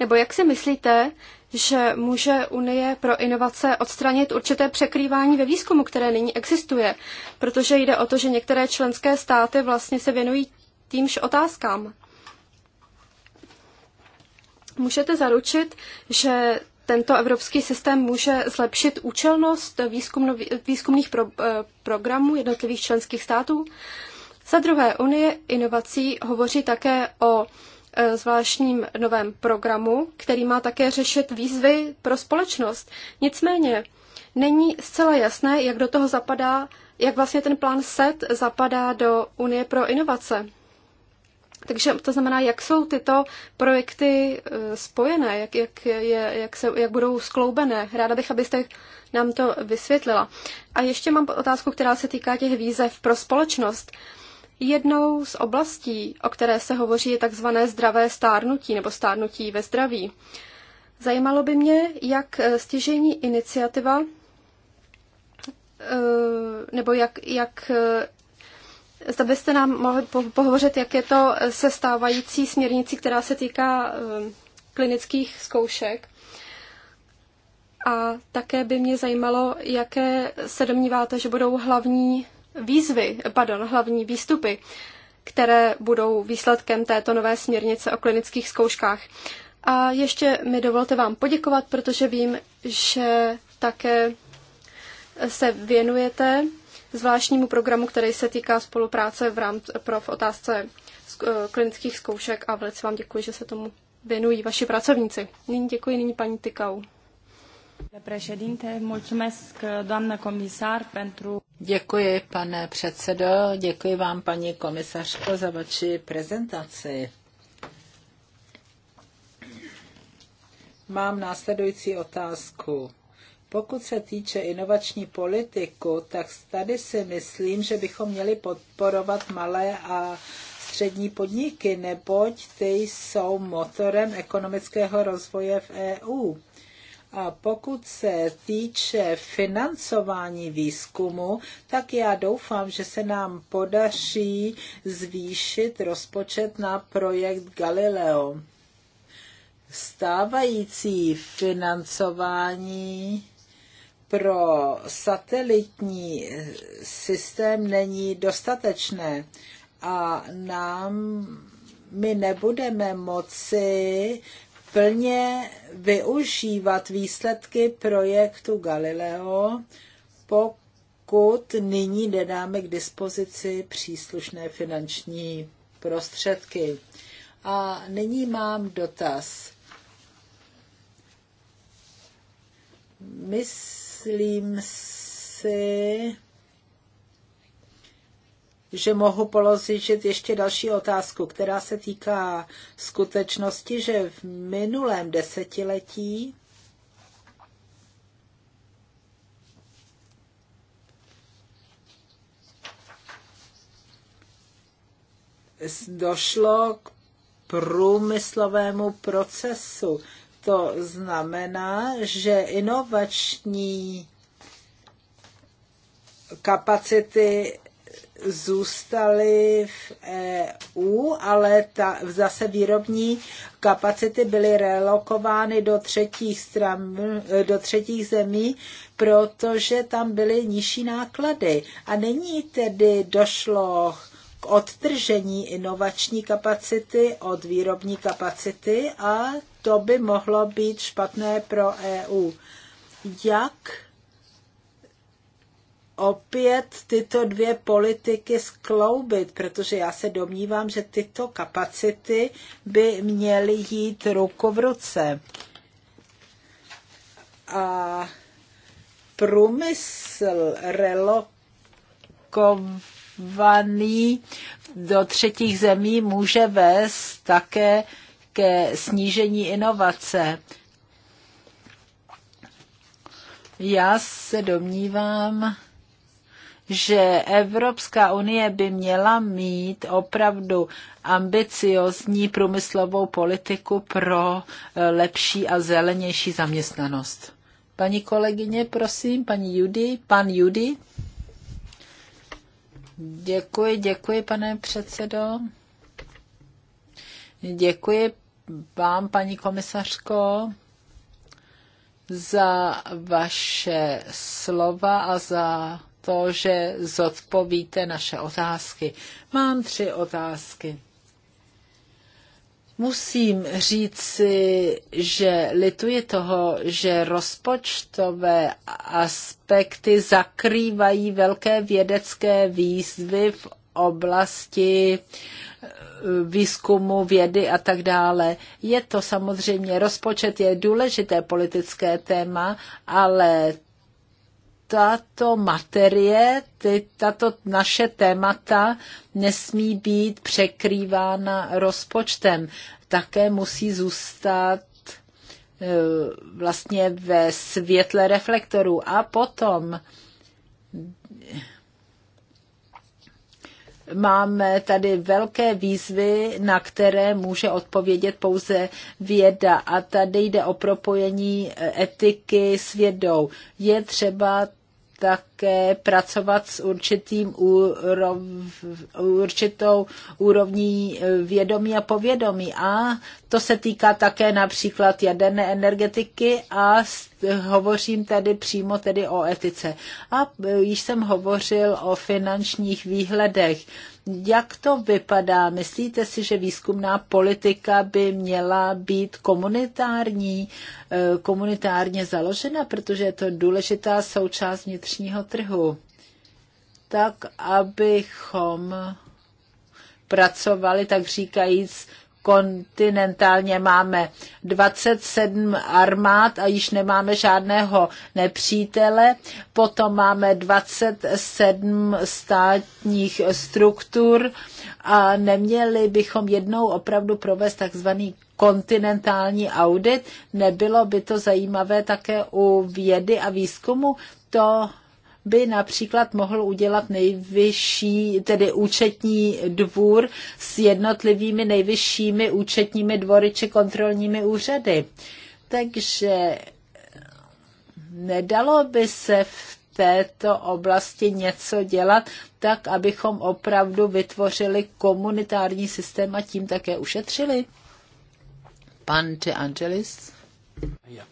[SPEAKER 3] nebo jak si myslíte, že může Unie pro inovace odstranit určité překrývání ve výzkumu, které nyní existuje, protože jde o to, že některé členské státy vlastně se věnují týmž otázkám. Můžete zaručit, že tento evropský systém může zlepšit účelnost výzkumno, výzkumných pro, eh, programů jednotlivých členských států? Za druhé, Unie inovací hovoří také o Eh, zvláštním novém programu, který má také řešit výzvy pro společnost. Nicméně není zcela jasné, jak do toho zapadá, jak vlastně ten plán SET zapadá do Unie pro inovace. Takže to znamená, jak jsou tyto projekty eh, spojené, jak, jak, je, jak, se, jak budou skloubené. Ráda bych, abyste nám to vysvětlila. A ještě mám otázku, která se týká těch výzev pro společnost. Uh, Jednou z oblastí, o které se hovoří, je takzvané zdravé stárnutí nebo stárnutí ve zdraví. Zajímalo by mě, jak eh, stěžení iniciativa eh, nebo jak, jak eh, zda byste nám mohli pohovořit, jak je to se stávající směrnicí, která se týká klinických zkoušek. A také by mě zajímalo, jaké se domníváte, že budou hlavní výzvy, pardon, hlavní výstupy, které budou výsledkem této nové směrnice o klinických zkouškách. A ještě mi dovolte vám poděkovat, protože vím, že také se věnujete zvláštnímu programu, který se týká spolupráce v rámci pro v otázce eh, klinických zkoušek a velice vám děkuji, že se tomu věnují vaši pracovníci. Nyní děkuji, nyní paní Tykau.
[SPEAKER 2] Děkuji, pane předsedo, děkuji vám, paní komisařko, za vaši prezentaci. Mám následující otázku. Pokud se týče inovační politiku, tak tady si myslím, že bychom měli podporovat malé a střední podniky, neboť ty jsou motorem ekonomického rozvoje v EU. A pokud se týče financování výzkumu, tak já doufám, že se nám podaří zvýšit rozpočet na projekt Galileo. Stávající financování pro satelitní systém není dostatečné a nám my nebudeme moci plně využívat výsledky projektu Galileo, pokud nyní nedáme k dispozici příslušné finanční prostředky. A nyní mám dotaz. Myslím si, že mohu položit ještě další otázku, která se týká skutečnosti, že v minulém desetiletí došlo k průmyslovému procesu. To znamená, že inovační kapacity zůstaly v EU, ale ta, zase výrobní kapacity byly relokovány do třetích, stran, do třetích zemí, protože tam byly nižší náklady. A není tedy došlo k odtržení inovační kapacity od výrobní kapacity a to by mohlo být špatné pro EU. Jak opět tyto dvě politiky skloubit, protože já se domnívám, že tyto kapacity by měly jít ruku v ruce. A průmysl relokovaný do třetích zemí může vést také ke snížení inovace. Já se domnívám, že Evropská unie by měla mít opravdu ambiciozní průmyslovou politiku pro eh, lepší a zelenější zaměstnanost. Paní kolegyně, prosím, paní Judy, pan Judy. Děkuji, děkuji, pane předsedo. Děkuji vám, paní komisařko, za vaše slova a za to, že zodpovíte naše otázky. Mám tři otázky. Musím říci, že lituji toho, že rozpočtové aspekty zakrývají velké vědecké výzvy v oblasti eh, výzkumu, vědy a tak dále. Je to samozřejmě, rozpočet je důležité politické téma, ale tato materie, ty, tato naše témata nesmí být překrývána rozpočtem. Také musí zůstat e, vlastně ve světle reflektorů. A potom máme tady velké výzvy, na které může odpovědět pouze věda. A tady jde o propojení e, etiky s vědou. Je třeba také pracovat s určitým úrov, určitou úrovní eh, vědomí a povědomí. A to se týká také například jaderné energetiky a hovořím tedy přímo tedy o etice. A eh, již jsem hovořil o finančních výhledech. Jak to vypadá? Myslíte si, že výzkumná politika by měla být komunitární, eh, komunitárně založena, protože je to důležitá součást vnitřního trhu? Tak, abychom pracovali, tak říkajíc, kontinentálně máme 27 armád a již nemáme žádného nepřítele. Potom máme 27 státních struktur a neměli bychom jednou opravdu provést takzvaný kontinentální audit. Nebylo by to zajímavé také u vědy a výzkumu? To by například mohl udělat nejvyšší, tedy účetní dvůr s jednotlivými nejvyššími účetními dvory či kontrolními úřady. Takže nedalo by se v této oblasti něco dělat, tak abychom opravdu vytvořili komunitární systém a tím také ušetřili? Pan De Angelis? Yeah.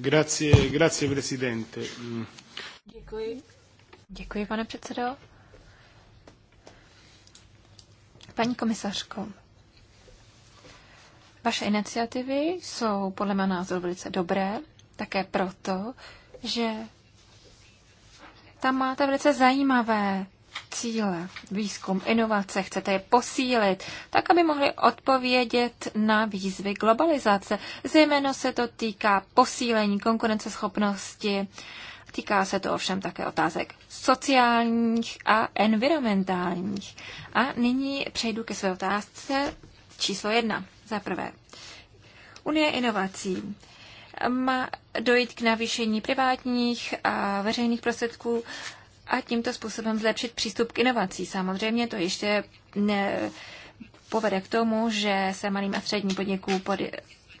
[SPEAKER 2] Grazie, grazie presidente. Mm. Děkuji.
[SPEAKER 1] Děkuji, pane předsedo. Paní komisařko, vaše iniciativy jsou podle mého názoru velice dobré, také proto, že tam máte velice zajímavé cíle, výzkum, inovace, chcete je posílit, tak aby mohli odpovědět na výzvy globalizace. Zejména se to týká posílení konkurenceschopnosti, týká se to ovšem také otázek sociálních a environmentálních. A nyní přejdu ke své otázce číslo jedna. Za prvé, Unie inovací má dojít k navýšení privátních a veřejných prostředků a tímto způsobem zlepšit přístup k inovací. Samozřejmě to ještě ne, povede k tomu, že se malým a středním podnikům pod,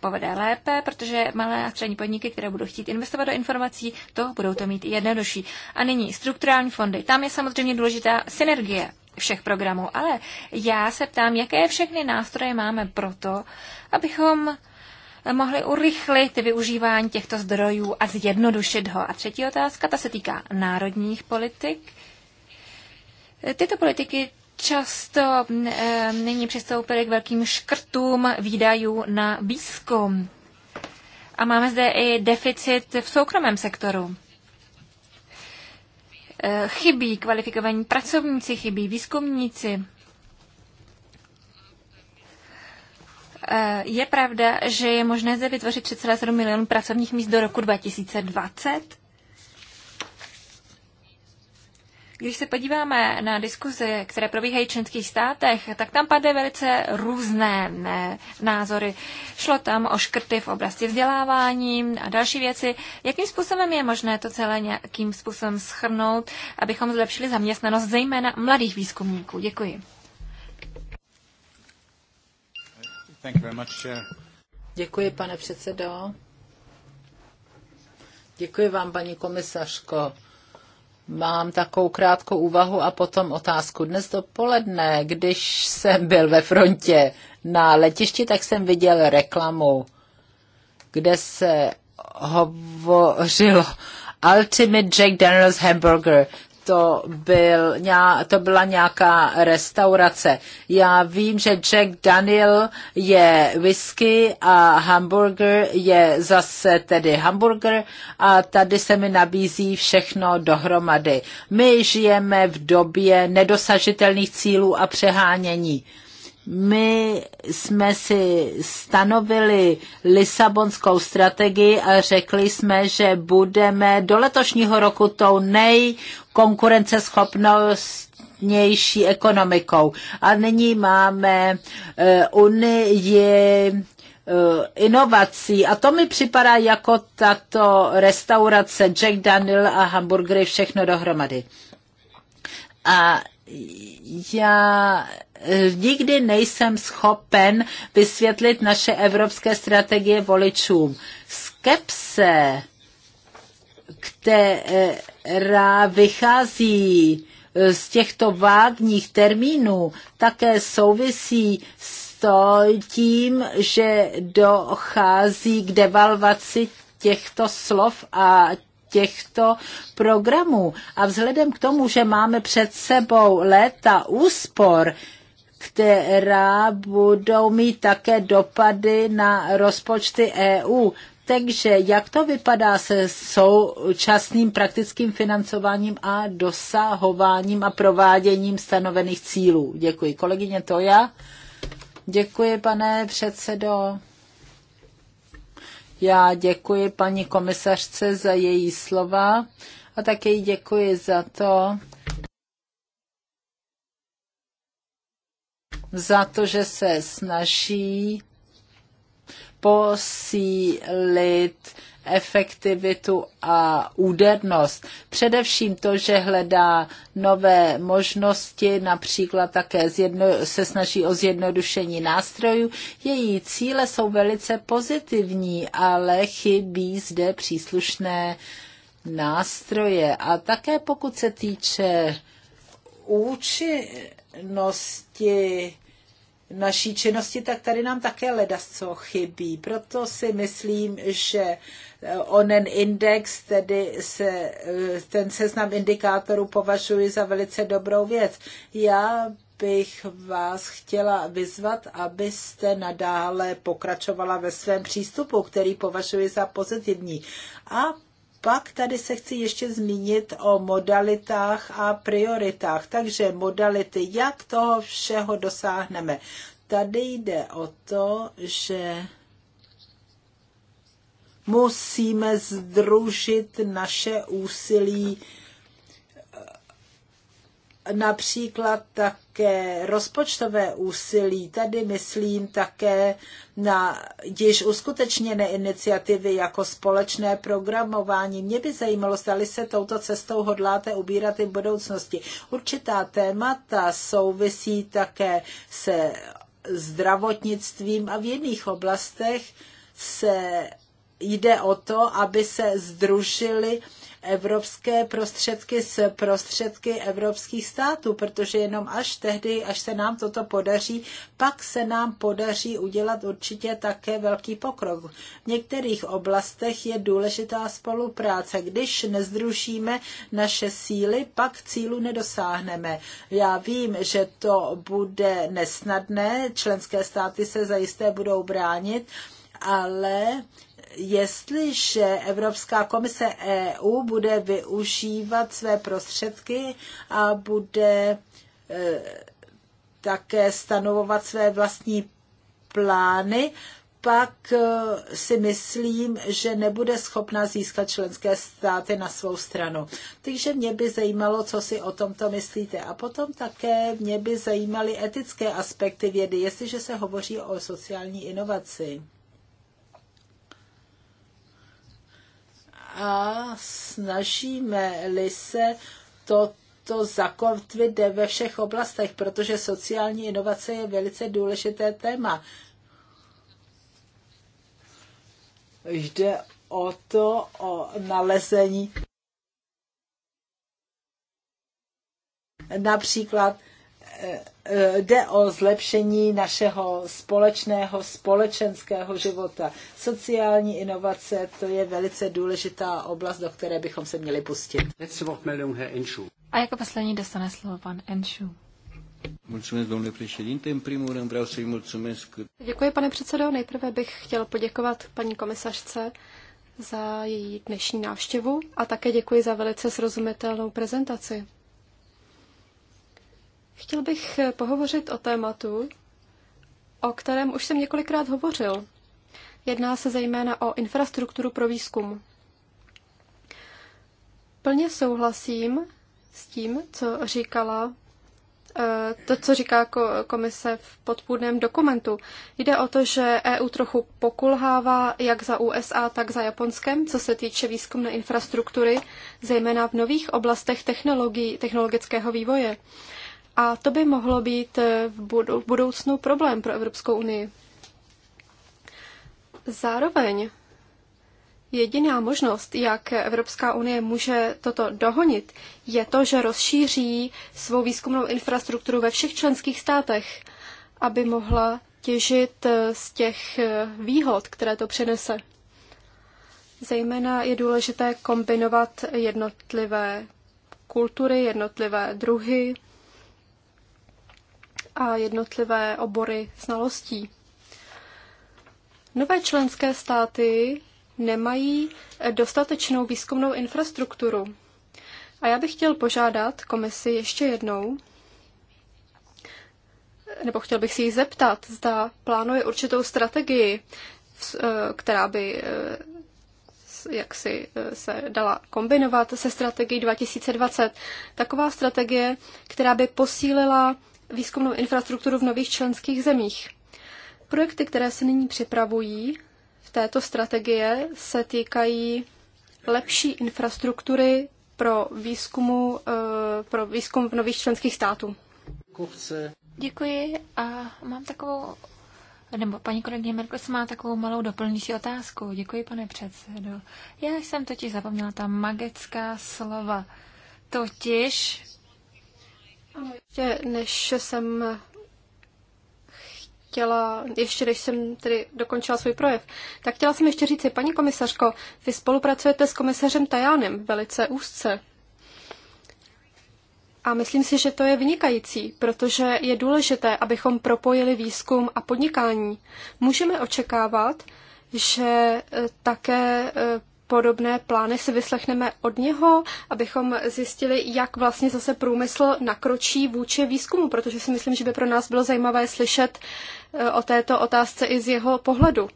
[SPEAKER 1] povede lépe, protože malé a střední podniky, které budou chtít investovat do informací, to budou to mít jednodušší. A nyní strukturální fondy. Tam je samozřejmě důležitá synergie všech programů, ale já se ptám, jaké všechny nástroje máme pro to, abychom mohli urychlit využívání těchto zdrojů a zjednodušit ho. A třetí otázka, ta se týká národních politik. Tyto politiky často e, nyní přistoupily k velkým škrtům výdajů na výzkum. A máme zde i deficit v soukromém sektoru. E, chybí kvalifikovaní pracovníci, chybí výzkumníci. Eh, je pravda, že je možné zde vytvořit 3,7 milionů pracovních míst do roku 2020? Když se podíváme na diskuzi, které probíhají v členských státech, tak tam padly velice různé eh, názory. Šlo tam o škrty v oblasti vzdělávání a další věci. Jakým způsobem je možné to celé nějakým způsobem schrnout, abychom zlepšili zaměstnanost zejména mladých výzkumníků? Děkuji.
[SPEAKER 2] Děkuji, pane předsedo. Děkuji vám, paní komisařko. Mám takovou krátkou úvahu a potom otázku. Dnes dopoledne, když jsem byl ve frontě na letišti, tak jsem viděl reklamu, kde se hovořilo Ultimate Jack Daniels Hamburger to, byl, to byla nějaká restaurace. Já vím, že Jack Daniel je whisky a hamburger je zase tedy hamburger a tady se mi nabízí všechno dohromady. My žijeme v době nedosažitelných cílů a přehánění. My jsme si stanovili Lisabonskou strategii a řekli jsme, že budeme do letošního roku tou nejkonkurenceschopnost ekonomikou. A nyní máme uh, Unii uh, inovací a to mi připadá jako tato restaurace Jack Daniel a hamburgery všechno dohromady. A já nikdy nejsem schopen vysvětlit naše evropské strategie voličům. Skepse, která vychází z těchto vágních termínů, také souvisí s tím, že dochází k devalvaci těchto slov a těchto programů. A vzhledem k tomu, že máme před sebou léta úspor, která budou mít také dopady na rozpočty EU. Takže jak to vypadá se současným praktickým financováním a dosahováním a prováděním stanovených cílů? Děkuji. Kolegyně Toja. Děkuji, pane předsedo. Já děkuji paní komisařce za její slova a také jí děkuji za to, za to, že se snaží posílit efektivitu a údernost. Především to, že hledá nové možnosti, například také zjedno, se snaží o zjednodušení nástrojů. Její cíle jsou velice pozitivní, ale chybí zde příslušné nástroje. A také pokud se týče účinnosti, naší činnosti, tak tady nám také ledas co chybí. Proto si myslím, že eh, onen index, tedy se, eh, ten seznam indikátorů považuji za velice dobrou věc. Já bych vás chtěla vyzvat, abyste nadále pokračovala ve svém přístupu, který považuji za pozitivní. A pak tady se chci ještě zmínit o modalitách a prioritách. Takže modality, jak toho všeho dosáhneme. Tady jde o to, že musíme združit naše úsilí například také rozpočtové úsilí. Tady myslím také na již uskutečněné iniciativy jako společné programování. Mě by zajímalo, zda se touto cestou hodláte ubírat i v budoucnosti. Určitá témata souvisí také se zdravotnictvím a v jiných oblastech se jde o to, aby se združili evropské prostředky s prostředky evropských států, protože jenom až tehdy, až se nám toto podaří, pak se nám podaří udělat určitě také velký pokrok. V některých oblastech je důležitá spolupráce. Když nezdružíme naše síly, pak cílu nedosáhneme. Já vím, že to bude nesnadné, členské státy se zajisté budou bránit, ale jestliže Evropská komise EU bude využívat své prostředky a bude e, také stanovovat své vlastní plány, pak e, si myslím, že nebude schopna získat členské státy na svou stranu. Takže mě by zajímalo, co si o tomto myslíte. A potom také mě by zajímaly etické aspekty vědy, jestliže se hovoří o sociální inovaci. a snažíme-li se toto zakotvit ve všech oblastech, protože sociální inovace je velice důležité téma. Jde o to, o nalezení například jde o zlepšení našeho společného společenského života. Sociální inovace, to je velice důležitá oblast, do které bychom se měli pustit.
[SPEAKER 1] A jako poslední dostane slovo pan Enšu.
[SPEAKER 3] Děkuji, pane předsedo. Nejprve bych chtěl poděkovat paní komisařce za její dnešní návštěvu a také děkuji za velice srozumitelnou prezentaci. Chtěl bych eh, pohovořit o tématu, o kterém už jsem několikrát hovořil. Jedná se zejména o infrastrukturu pro výzkum. Plně souhlasím s tím, co říkala eh, to, co říká komise v podpůrném dokumentu. Jde o to, že EU trochu pokulhává jak za USA, tak za Japonskem, co se týče výzkumné infrastruktury, zejména v nových oblastech technologií, technologického vývoje. A to by mohlo být eh, v budoucnu problém pro Evropskou unii. Zároveň jediná možnost, jak Evropská unie může toto dohonit, je to, že rozšíří svou výzkumnou infrastrukturu ve všech členských státech, aby mohla těžit eh, z těch eh, výhod, které to přinese. Zejména je důležité kombinovat jednotlivé kultury, jednotlivé druhy a jednotlivé obory znalostí. Nové členské státy nemají dostatečnou výzkumnou infrastrukturu. A já bych chtěl požádat komisi ještě jednou, nebo chtěl bych si ji zeptat, zda plánuje určitou strategii, eh, která by eh, jak si eh, se dala kombinovat se strategií 2020. Taková strategie, která by posílila výzkumnou infrastrukturu v nových členských zemích. Projekty, které se nyní připravují v této strategie, se týkají lepší infrastruktury pro, výzkumu, eh, pro výzkum v nových členských států.
[SPEAKER 1] Děkuji a mám takovou, nebo paní kolegyně Merkles má takovou malou doplňující otázku. Děkuji, pane předsedo. Já jsem totiž zapomněla ta magická slova. Totiž ano, ještě než jsem
[SPEAKER 3] chtěla, ještě než jsem tedy dokončila svůj projev, tak chtěla jsem ještě říci, paní komisařko, vy spolupracujete s komisařem Tajánem velice úzce. A myslím si, že to je vynikající, protože je důležité, abychom propojili výzkum a podnikání. Můžeme očekávat, že také eh, podobné plány si vyslechneme od něho, abychom zjistili, jak vlastně zase průmysl nakročí vůči výzkumu, protože si myslím, že by pro nás bylo zajímavé slyšet eh, o této otázce i z jeho pohledu.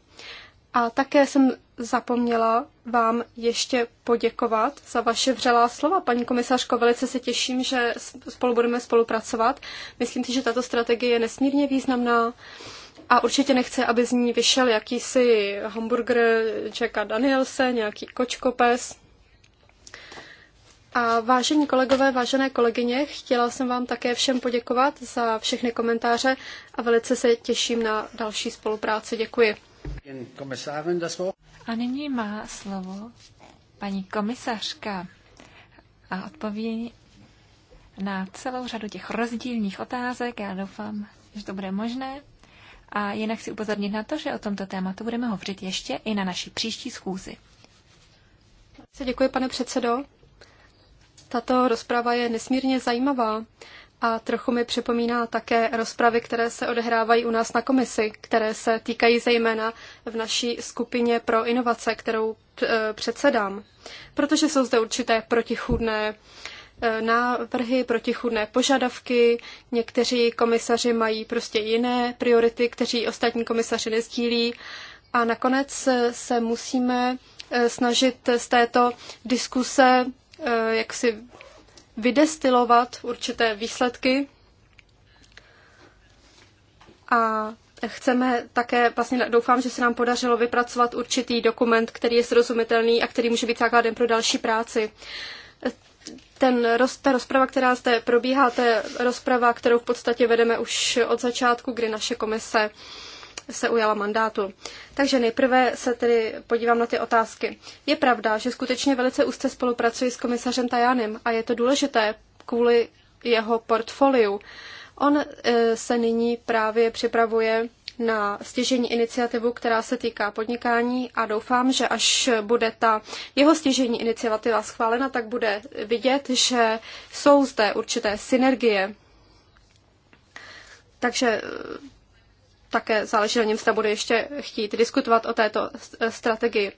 [SPEAKER 3] A také jsem zapomněla vám ještě poděkovat za vaše vřelá slova. Paní komisařko, velice se těším, že spolu budeme spolupracovat. Myslím si, že tato strategie je nesmírně významná a určitě nechce, aby z ní vyšel jakýsi hamburger Jacka Danielse, nějaký kočkopes. A vážení kolegové, vážené kolegyně, chtěla jsem vám také všem poděkovat za všechny komentáře a
[SPEAKER 1] velice se těším na další spolupráci. Děkuji. A nyní má slovo paní komisařka a odpoví na celou řadu těch rozdílných otázek. Já doufám, že to bude možné. A jinak si upozornit na to, že o tomto tématu budeme hovořit ještě i na naší příští schůzi. Děkuji, pane předsedo. Tato
[SPEAKER 3] rozprava je nesmírně zajímavá a trochu mi připomíná také rozpravy, které se odehrávají u nás na komisi, které se týkají zejména v naší skupině pro inovace, kterou eh, předsedám, protože jsou zde určité protichůdné uh, návrhy, protichudné požadavky, někteří komisaři mají prostě jiné priority, kteří ostatní komisaři nezdílí. A nakonec se musíme eh, snažit z této diskuse eh, jak si vydestilovat určité výsledky a chceme také, vlastně doufám, že se nám podařilo vypracovat určitý dokument, který je srozumitelný a který může být základem pro další práci ten, roz, ta rozprava, která zde probíhá, to je rozprava, kterou v podstatě vedeme už od začátku, kdy naše komise se ujala mandátu. Takže nejprve se tedy podívám na ty otázky. Je pravda, že skutečně velice úzce spolupracuji s komisařem Tajanem a je to důležité kvůli jeho portfoliu. On eh, se nyní právě připravuje na stěžení iniciativu, která se týká podnikání a doufám, že až bude ta jeho stěžení iniciativa schválena, tak bude vidět, že jsou zde určité synergie. Takže eh, také záleží na něm, zda bude ještě chtít diskutovat o této eh, strategii.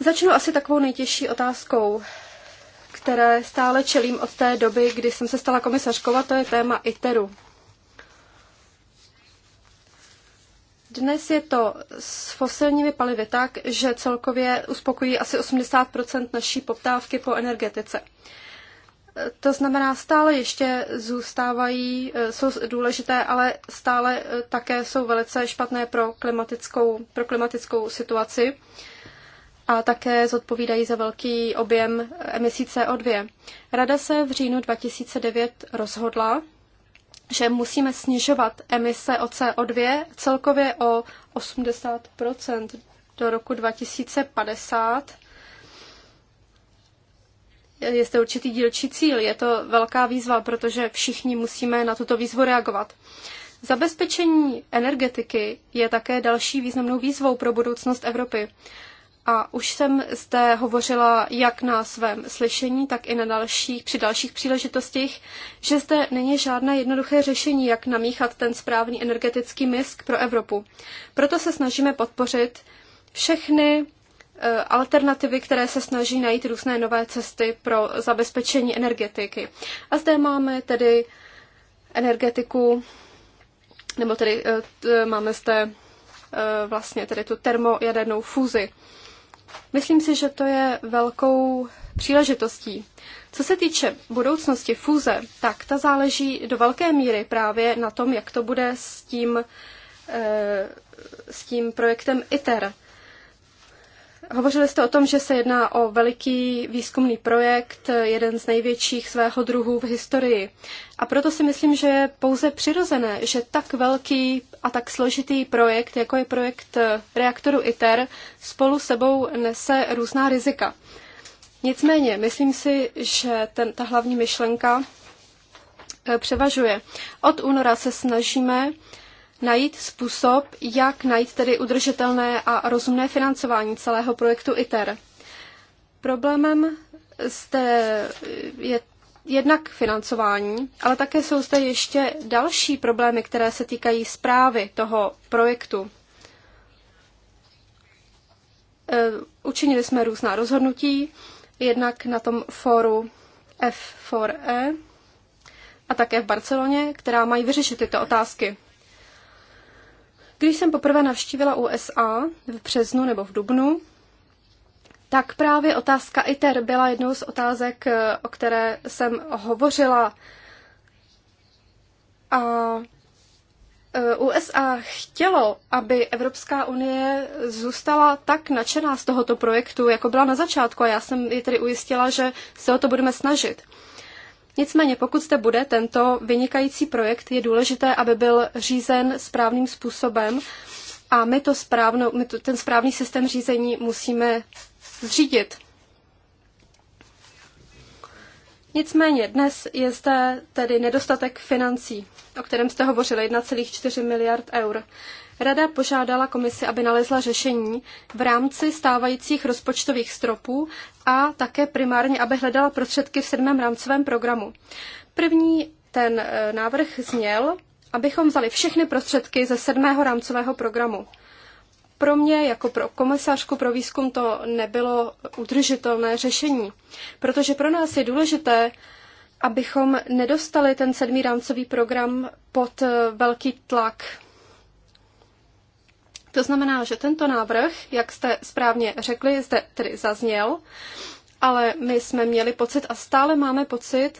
[SPEAKER 3] Začnu asi takovou nejtěžší otázkou, které stále čelím od té doby, kdy jsem se stala komisařkou, a to je téma ITERu. Dnes je to s fosilními palivy tak, že celkově uspokojí asi 80 naší poptávky po energetice. To znamená, stále ještě zůstávají, jsou důležité, ale stále také jsou velice špatné pro klimatickou, pro klimatickou situaci a také zodpovídají za velký objem emisí CO2. Rada se v říjnu 2009 rozhodla, že musíme snižovat emise o CO2 celkově o 80 do roku 2050. Je to určitý dílčí cíl, je to velká výzva, protože všichni musíme na tuto výzvu reagovat. Zabezpečení energetiky je také další významnou výzvou pro budoucnost Evropy. A už jsem zde hovořila jak na svém slyšení, tak i na dalších, při dalších příležitostech, že zde není žádné jednoduché řešení, jak namíchat ten správný energetický misk pro Evropu. Proto se snažíme podpořit všechny eh, alternativy, které se snaží najít různé nové cesty pro zabezpečení energetiky. A zde máme tedy energetiku, nebo tedy eh, eh, máme zde vlastně tedy tu termojadernou fúzi. Myslím si, že to je velkou příležitostí. Co se týče budoucnosti fúze, tak ta záleží do velké míry právě na tom, jak to bude s tím, eh, s tím projektem ITER. Hovořili jste o tom, že se jedná o veliký výzkumný projekt, jeden z největších svého druhu v historii. A proto si myslím, že je pouze přirozené, že tak velký a tak složitý projekt, jako je projekt reaktoru ITER, spolu sebou nese různá rizika. Nicméně, myslím si, že ten, ta hlavní myšlenka eh, převažuje. Od února se snažíme najít způsob, jak najít tedy udržitelné a rozumné financování celého projektu ITER. Problémem zde je jednak financování, ale také jsou zde ještě další problémy, které se týkají zprávy toho projektu. E, učinili jsme různá rozhodnutí, jednak na tom fóru F4E a také v Barceloně, která mají vyřešit tyto otázky. Když jsem poprvé navštívila USA v březnu nebo v dubnu, tak právě otázka ITER byla jednou z otázek, eh, o které jsem hovořila. A eh, USA chtělo, aby Evropská unie zůstala tak nadšená z tohoto projektu, jako byla na začátku a já jsem ji tedy ujistila, že se o to budeme snažit. Nicméně, pokud zde bude tento vynikající projekt, je důležité, aby byl řízen správným způsobem a my, to správno, my to, ten správný systém řízení musíme zřídit. Nicméně dnes je zde tedy nedostatek financí, o kterém jste hovořili, 1,4 miliard eur. Rada požádala komisi, aby nalezla řešení v rámci stávajících rozpočtových stropů a také primárně, aby hledala prostředky v sedmém rámcovém programu. První ten e, návrh zněl, abychom vzali všechny prostředky ze sedmého rámcového programu. Pro mě, jako pro komisařku pro výzkum, to nebylo udržitelné řešení, protože pro nás je důležité, abychom nedostali ten sedmý rámcový program pod e, velký tlak to znamená, že tento návrh, jak jste správně řekli, zde tedy zazněl, ale my jsme měli pocit a stále máme pocit,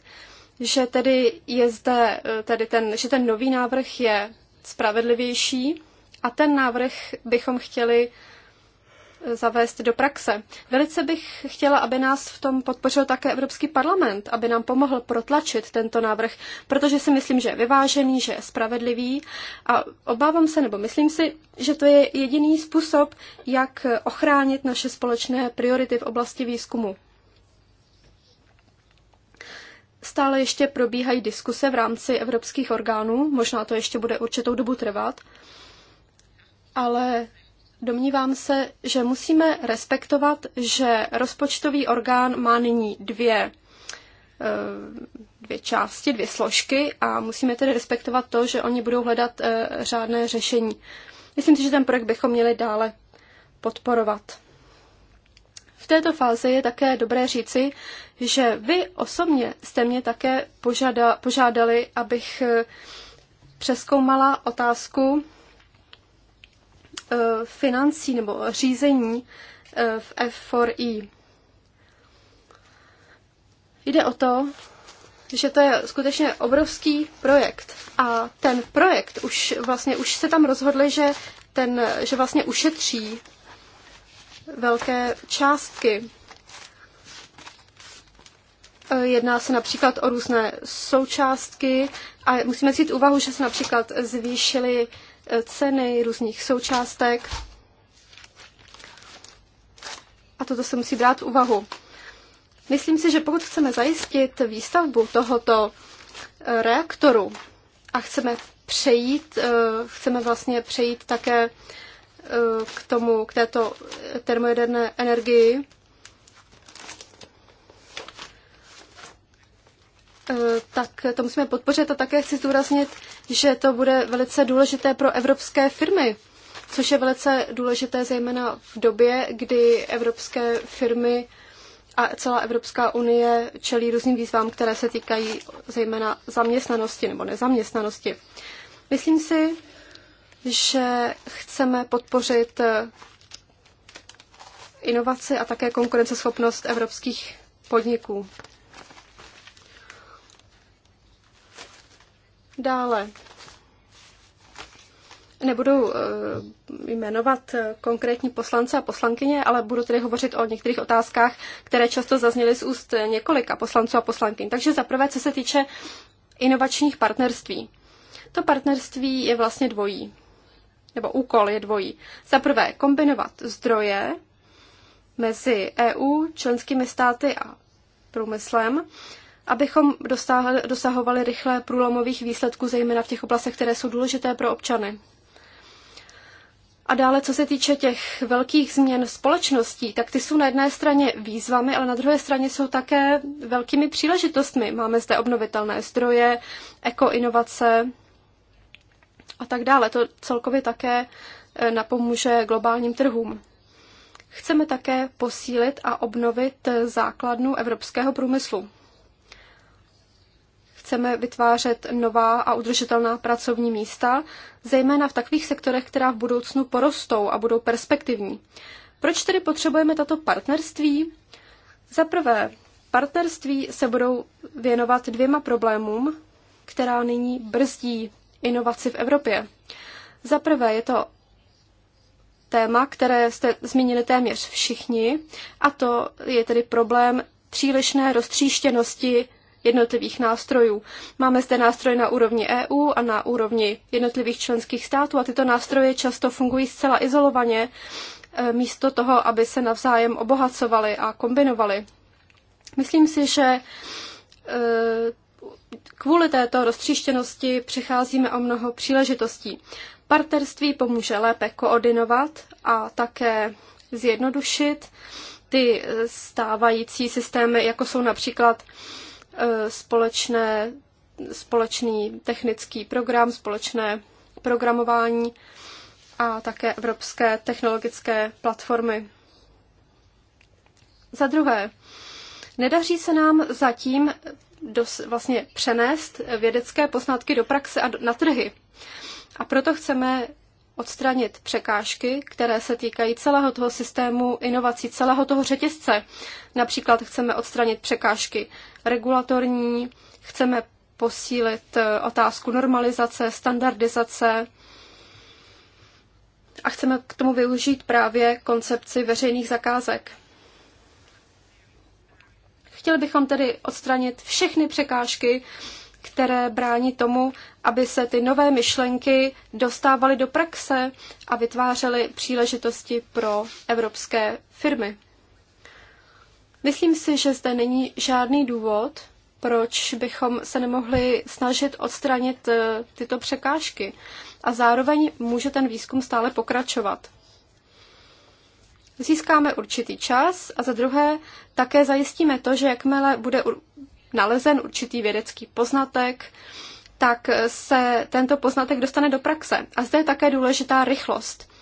[SPEAKER 3] že tedy je zde, eh, tedy ten, že ten nový návrh je spravedlivější a ten návrh bychom chtěli zavést do praxe. Velice bych chtěla, aby nás v tom podpořil také Evropský parlament, aby nám pomohl protlačit tento návrh, protože si myslím, že je vyvážený, že je spravedlivý a obávám se, nebo myslím si, že to je jediný způsob, jak ochránit naše společné priority v oblasti výzkumu. Stále ještě probíhají diskuse v rámci evropských orgánů, možná to ještě bude určitou dobu trvat, ale Domnívám se, že musíme respektovat, že rozpočtový orgán má nyní dvě, eh, dvě části, dvě složky a musíme tedy respektovat to, že oni budou hledat eh, řádné řešení. Myslím si, že ten projekt bychom měli dále podporovat. V této fázi je také dobré říci, že vy osobně jste mě také požádali, abych eh, přeskoumala otázku Eh, financí nebo řízení eh, v F4I. E. Jde o to, že to je skutečně obrovský projekt a ten projekt už vlastně už se tam rozhodli, že ten, že vlastně ušetří velké částky. Eh, jedná se například o různé součástky a musíme vzít úvahu, že se například zvýšily ceny různých součástek. A toto se musí brát v úvahu. Myslím si, že pokud chceme zajistit výstavbu tohoto eh, reaktoru a chceme přejít, eh, chceme vlastně přejít také eh, k tomu, k této termojaderné energii, Eh, tak to musíme podpořit a také chci zdůraznit, že to bude velice důležité pro evropské firmy, což je velice důležité zejména v době, kdy evropské firmy a celá Evropská unie čelí různým výzvám, které se týkají zejména zaměstnanosti nebo nezaměstnanosti. Myslím si, že chceme podpořit eh, inovaci a také konkurenceschopnost evropských podniků. Dále nebudu eh, jmenovat eh, konkrétní poslance a poslankyně, ale budu tedy hovořit o některých otázkách, které často zazněly z úst několika poslanců a poslankyň. Takže zaprvé, co se týče inovačních partnerství. To partnerství je vlastně dvojí, nebo úkol je dvojí. Za prvé, kombinovat zdroje mezi EU, členskými státy a průmyslem abychom dosahovali rychle průlomových výsledků, zejména v těch oblastech, které jsou důležité pro občany. A dále, co se týče těch velkých změn společností, tak ty jsou na jedné straně výzvami, ale na druhé straně jsou také velkými příležitostmi. Máme zde obnovitelné zdroje, ekoinovace a tak dále. To celkově také eh, napomůže globálním trhům. Chceme také posílit a obnovit eh, základnu evropského průmyslu. Chceme vytvářet nová a udržitelná pracovní místa, zejména v takových sektorech, která v budoucnu porostou a budou perspektivní. Proč tedy potřebujeme tato partnerství? Za prvé, partnerství se budou věnovat dvěma problémům, která nyní brzdí inovaci v Evropě. Za prvé je to téma, které jste zmínili téměř všichni, a to je tedy problém přílišné roztříštěnosti jednotlivých nástrojů. Máme zde nástroje na úrovni EU a na úrovni jednotlivých členských států a tyto nástroje často fungují zcela izolovaně, eh, místo toho, aby se navzájem obohacovaly a kombinovaly. Myslím si, že eh, kvůli této roztříštěnosti přicházíme o mnoho příležitostí. Partnerství pomůže lépe koordinovat a také zjednodušit ty eh, stávající systémy, jako jsou například Eh, společné, společný technický program, společné programování a také evropské technologické platformy. Za druhé, nedaří se nám zatím dos, vlastně přenést vědecké poznatky do praxe a na trhy. A proto chceme odstranit překážky, které se týkají celého toho systému inovací, celého toho řetězce. Například chceme odstranit překážky regulatorní, chceme posílit eh, otázku normalizace, standardizace a chceme k tomu využít právě koncepci veřejných zakázek. Chtěli bychom tedy odstranit všechny překážky, které brání tomu, aby se ty nové myšlenky dostávaly do praxe a vytvářely příležitosti pro evropské firmy. Myslím si, že zde není žádný důvod, proč bychom se nemohli snažit odstranit eh, tyto překážky. A zároveň může ten výzkum stále pokračovat. Získáme určitý čas a za druhé také zajistíme to, že jakmile bude nalezen určitý vědecký poznatek, tak se tento poznatek dostane do praxe. A zde je také důležitá rychlost.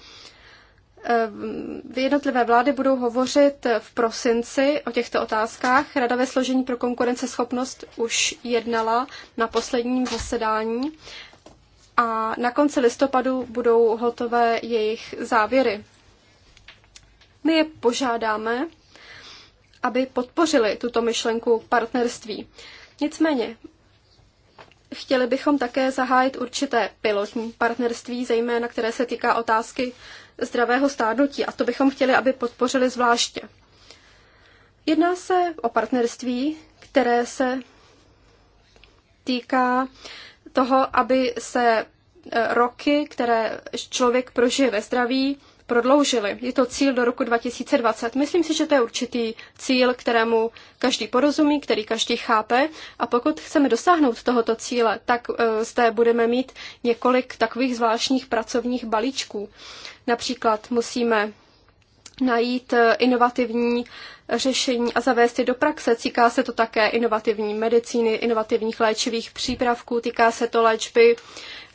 [SPEAKER 3] Ehm, jednotlivé vlády budou hovořit v prosinci o těchto otázkách. Rada ve složení pro konkurenceschopnost už jednala na posledním zasedání a na konci listopadu budou hotové jejich závěry. My je požádáme, aby podpořili tuto myšlenku partnerství. Nicméně, chtěli bychom také zahájit určité pilotní partnerství, zejména které se týká otázky zdravého stárnutí a to bychom chtěli, aby podpořili zvláště. Jedná se o partnerství, které se týká toho, aby se e, roky, které člověk prožije ve zdraví, prodloužili. Je to cíl do roku 2020. Myslím si, že to je určitý cíl, kterému každý porozumí, který každý chápe. A pokud chceme dosáhnout tohoto cíle, tak eh, zde budeme mít několik takových zvláštních pracovních balíčků. Například musíme najít eh, inovativní eh, řešení a zavést je do praxe. Týká se to také inovativní medicíny, inovativních léčivých přípravků, týká se to léčby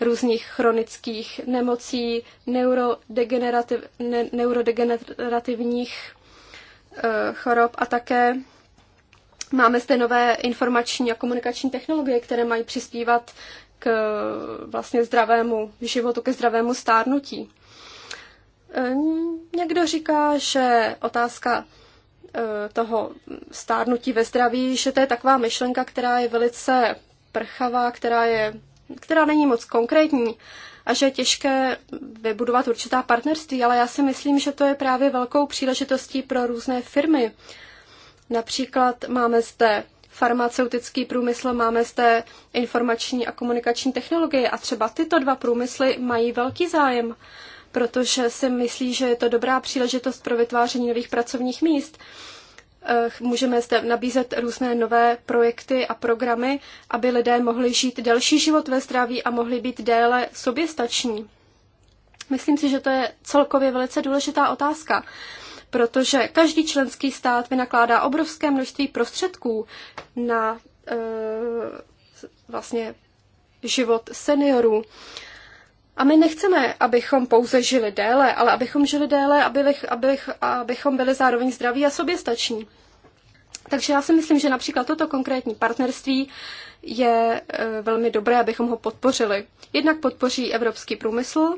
[SPEAKER 3] různých chronických nemocí, neurodegenerativ, ne, neurodegenerativních e, chorob a také máme zde nové informační a komunikační technologie, které mají přispívat k vlastně zdravému životu, ke zdravému stárnutí. E, někdo říká, že otázka e, toho stárnutí ve zdraví, že to je taková myšlenka, která je velice prchavá, která, je, která není moc konkrétní a že je těžké vybudovat určitá partnerství, ale já si myslím, že to je právě velkou příležitostí pro různé firmy. Například máme zde farmaceutický průmysl, máme zde informační a komunikační technologie a třeba tyto dva průmysly mají velký zájem protože si myslí, že je to dobrá příležitost pro vytváření nových pracovních míst. Eh, můžeme zde nabízet různé nové projekty a programy, aby lidé mohli žít delší život ve zdraví a mohli být déle soběstační. Myslím si, že to je celkově velice důležitá otázka protože každý členský stát vynakládá obrovské množství prostředků na e, vlastně život seniorů. A my nechceme, abychom pouze žili déle, ale abychom žili déle, abych, abych, abychom byli zároveň zdraví a soběstační. Takže já si myslím, že například toto konkrétní partnerství je e, velmi dobré, abychom ho podpořili. Jednak podpoří evropský průmysl,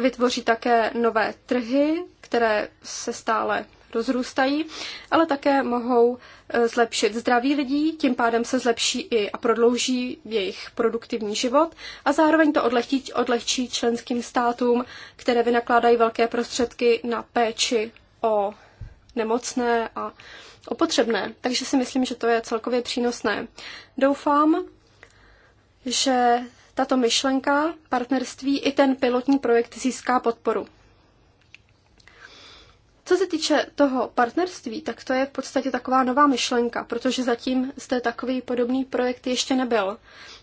[SPEAKER 3] vytvoří také nové trhy, které se stále rozrůstají, ale také mohou eh, zlepšit zdraví lidí, tím pádem se zlepší i a prodlouží jejich produktivní život a zároveň to odlehčí, odlehčí členským státům, které vynakládají velké prostředky na péči o nemocné a o potřebné. Takže si myslím, že to je celkově přínosné. Doufám, že tato myšlenka partnerství i ten pilotní projekt získá podporu. Co se týče toho partnerství, tak to je v podstatě taková nová myšlenka, protože zatím zde takový podobný projekt ještě nebyl.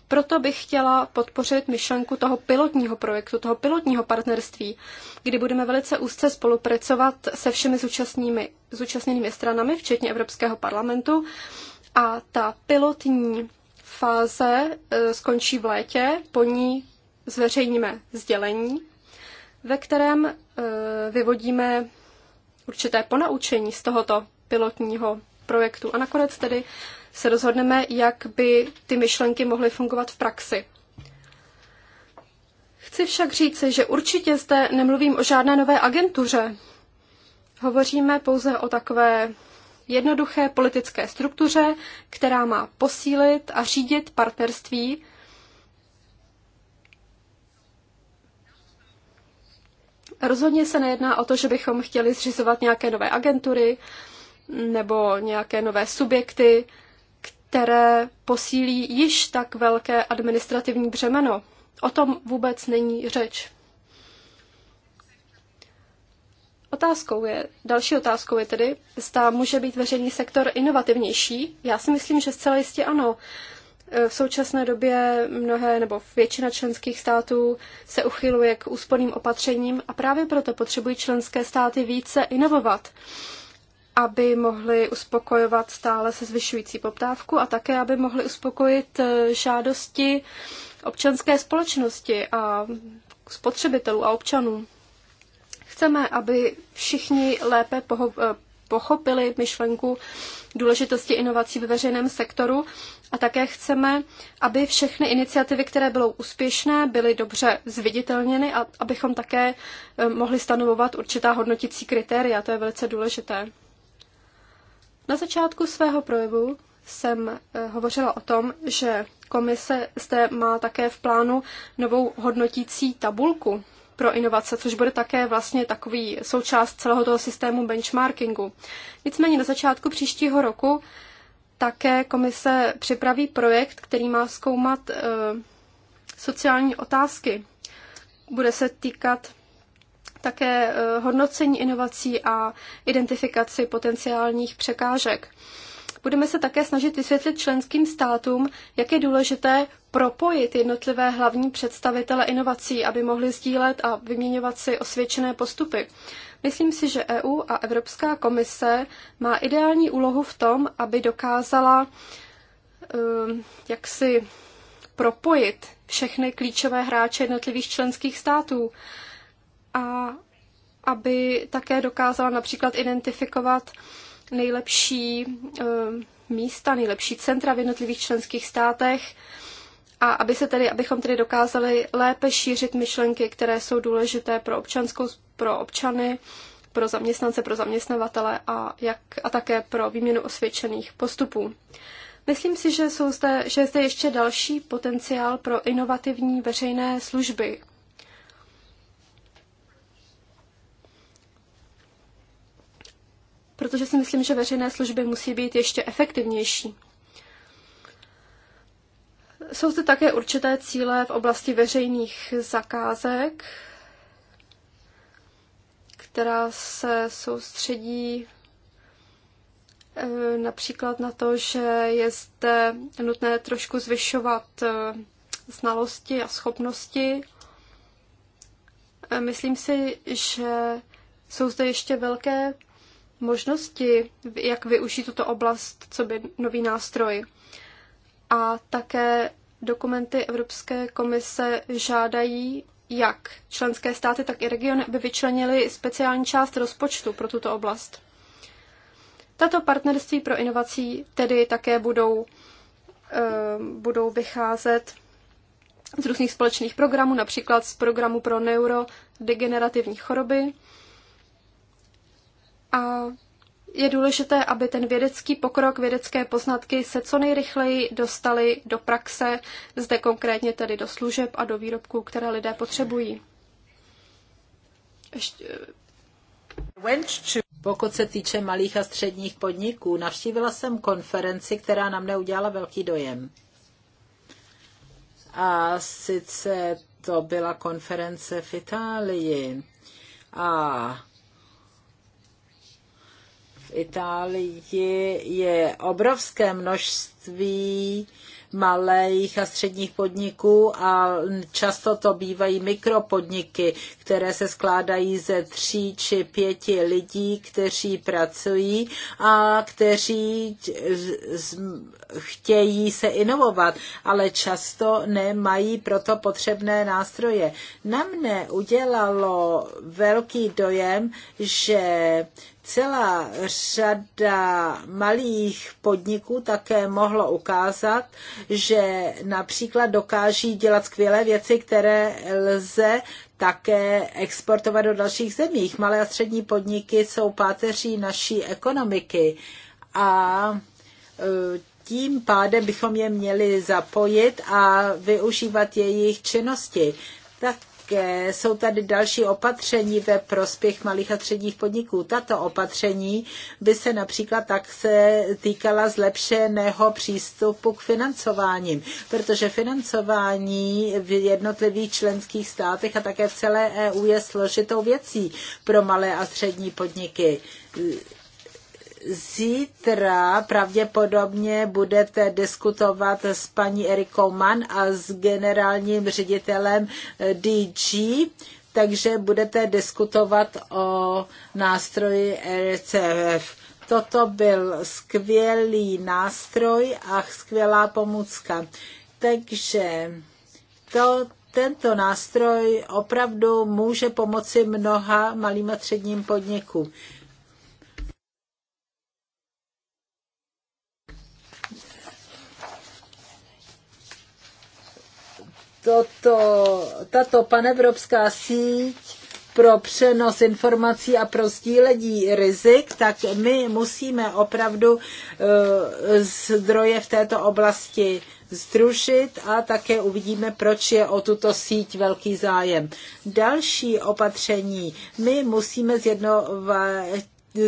[SPEAKER 3] Proto bych chtěla podpořit myšlenku toho pilotního projektu, toho pilotního partnerství, kdy budeme velice úzce spolupracovat se všemi zúčastněnými stranami, včetně Evropského parlamentu. A ta pilotní fáze e, skončí v létě, po ní zveřejníme sdělení, ve kterém e, vyvodíme určité ponaučení z tohoto pilotního projektu. A nakonec tedy se rozhodneme, jak by ty myšlenky mohly fungovat v praxi. Chci však říci, že určitě zde nemluvím o žádné nové agentuře. Hovoříme pouze o takové jednoduché politické struktuře, která má posílit a řídit partnerství Rozhodně se nejedná o to, že bychom chtěli zřizovat nějaké nové agentury nebo nějaké nové subjekty, které posílí již tak velké administrativní břemeno. O tom vůbec není řeč. Otázkou je, další otázkou je tedy, zda může být veřejný sektor inovativnější. Já si myslím, že zcela jistě ano. Eh, v současné době mnohé nebo většina členských států se uchyluje k úsporným opatřením a právě proto potřebují členské státy více inovovat, aby mohly uspokojovat stále se zvyšující poptávku a také, aby mohly uspokojit eh, žádosti občanské společnosti a spotřebitelů a občanů chceme, aby všichni lépe eh, pochopili myšlenku důležitosti inovací ve veřejném sektoru a také chceme, aby všechny iniciativy, které byly úspěšné, byly dobře zviditelněny a abychom také eh, mohli stanovovat určitá hodnotící kritéria. To je velice důležité. Na začátku svého projevu jsem eh, hovořila o tom, že komise zde má také v plánu novou hodnotící tabulku pro inovace, což bude také vlastně takový součást celého toho systému benchmarkingu. Nicméně na začátku příštího roku také komise připraví projekt, který má zkoumat e, sociální otázky. Bude se týkat také eh, hodnocení inovací a identifikaci potenciálních překážek. Budeme se také snažit vysvětlit členským státům, jak je důležité propojit jednotlivé hlavní představitele inovací, aby mohli sdílet a vyměňovat si osvědčené postupy. Myslím si, že EU a Evropská komise má ideální úlohu v tom, aby dokázala ehm, jak si propojit všechny klíčové hráče jednotlivých členských států a aby také dokázala například identifikovat nejlepší eh, místa, nejlepší centra v jednotlivých členských státech a aby se tedy, abychom tedy dokázali lépe šířit myšlenky, které jsou důležité pro občanskou, pro občany, pro zaměstnance, pro zaměstnavatele a, jak, a také pro výměnu osvědčených postupů. Myslím si, že, jsou zde, že je zde ještě další potenciál pro inovativní veřejné služby, protože si myslím, že veřejné služby musí být ještě efektivnější. Jsou zde také určité cíle v oblasti veřejných zakázek, která se soustředí eh, například na to, že je zde nutné trošku zvyšovat eh, znalosti a schopnosti. Eh, myslím si, že jsou zde ještě velké možnosti, jak využít tuto oblast, co by nový nástroj. A také dokumenty Evropské komise žádají jak členské státy, tak i regiony, aby vyčlenili speciální část rozpočtu pro tuto oblast. Tato partnerství pro inovací tedy také budou, eh, budou vycházet z různých společných programů, například z programu pro neurodegenerativní choroby, a je důležité, aby ten vědecký pokrok, vědecké poznatky se co nejrychleji dostaly do praxe, zde konkrétně tedy do služeb a do výrobků, které lidé potřebují.
[SPEAKER 2] Ještě... Pokud se týče malých a středních podniků, navštívila jsem konferenci, která na mne udělala velký dojem. A sice to byla konference v Itálii. A Itálii je obrovské množství malých a středních podniků a často to bývají mikropodniky, které se skládají ze tří či pěti lidí, kteří pracují a kteří chtějí se inovovat, ale často nemají proto potřebné nástroje. Na mne udělalo velký dojem, že Celá řada malých podniků také mohlo ukázat, že například dokáží dělat skvělé věci, které lze také exportovat do dalších zemích. Malé a střední podniky jsou páteří naší ekonomiky a e, tím pádem bychom je měli zapojit a využívat jejich činnosti. Tak také jsou tady další opatření ve prospěch malých a středních podniků. Tato opatření by se například tak se týkala zlepšeného přístupu k financováním, protože financování v jednotlivých členských státech a také v celé EU je složitou věcí pro malé a střední podniky Zítra pravděpodobně budete diskutovat s paní Erikou Mann a s generálním ředitelem DG, takže budete diskutovat o nástroji RCF. Toto byl skvělý nástroj a skvělá pomůcka. Takže to, tento nástroj opravdu může pomoci mnoha malým a středním podnikům. toto, tato panevropská síť pro přenos informací a pro sdílení rizik, tak my musíme opravdu e, zdroje v této oblasti združit a také uvidíme, proč je o tuto síť velký zájem. Další opatření. My musíme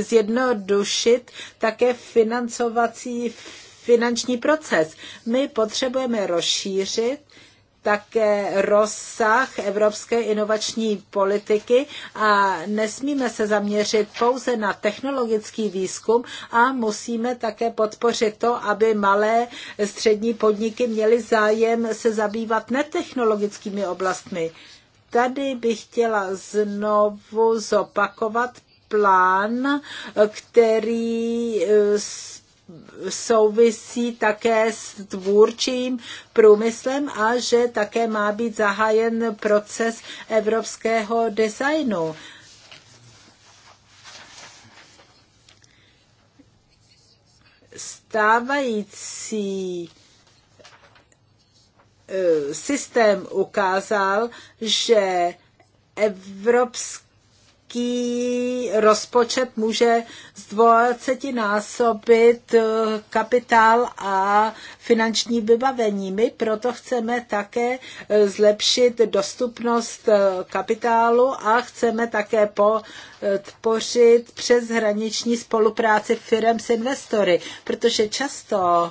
[SPEAKER 2] zjednodušit také financovací finanční proces. My potřebujeme rozšířit také rozsah evropské inovační politiky a nesmíme se zaměřit pouze na technologický výzkum a musíme také podpořit to, aby malé střední podniky měly zájem se zabývat netechnologickými oblastmi. Tady bych chtěla znovu zopakovat plán, který eh, souvisí také s tvůrčím průmyslem a že také má být zahájen proces evropského designu. Stávající eh, systém ukázal, že evropský jaký rozpočet může z 20 násobit eh, kapitál a finanční vybavení. My proto chceme také eh, zlepšit dostupnost eh, kapitálu a chceme také podpořit přeshraniční spolupráci firm s investory, protože často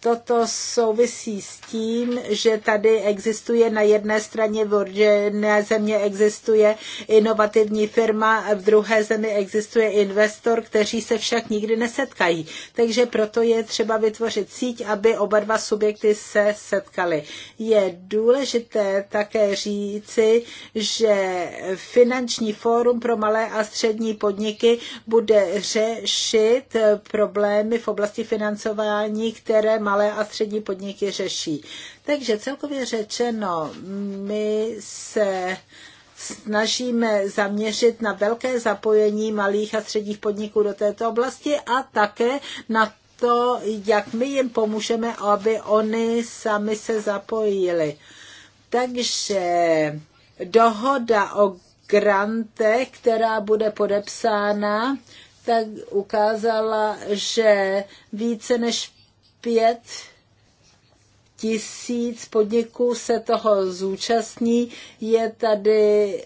[SPEAKER 2] Toto souvisí s tím, že tady existuje na jedné straně v jedné země existuje inovativní firma, v druhé zemi existuje investor, kteří se však nikdy nesetkají. Takže proto je třeba vytvořit síť, aby oba dva subjekty se setkaly. Je důležité také říci, že finanční fórum pro malé a střední podniky bude řešit problémy v oblasti financování, které které malé a střední podniky řeší. Takže celkově řečeno, my se snažíme zaměřit na velké zapojení malých a středních podniků do této oblasti a také na to, jak my jim pomůžeme, aby oni sami se zapojili. Takže dohoda o grantech, která bude podepsána, tak ukázala, že více než pět tisíc podniků se toho zúčastní. Je tady,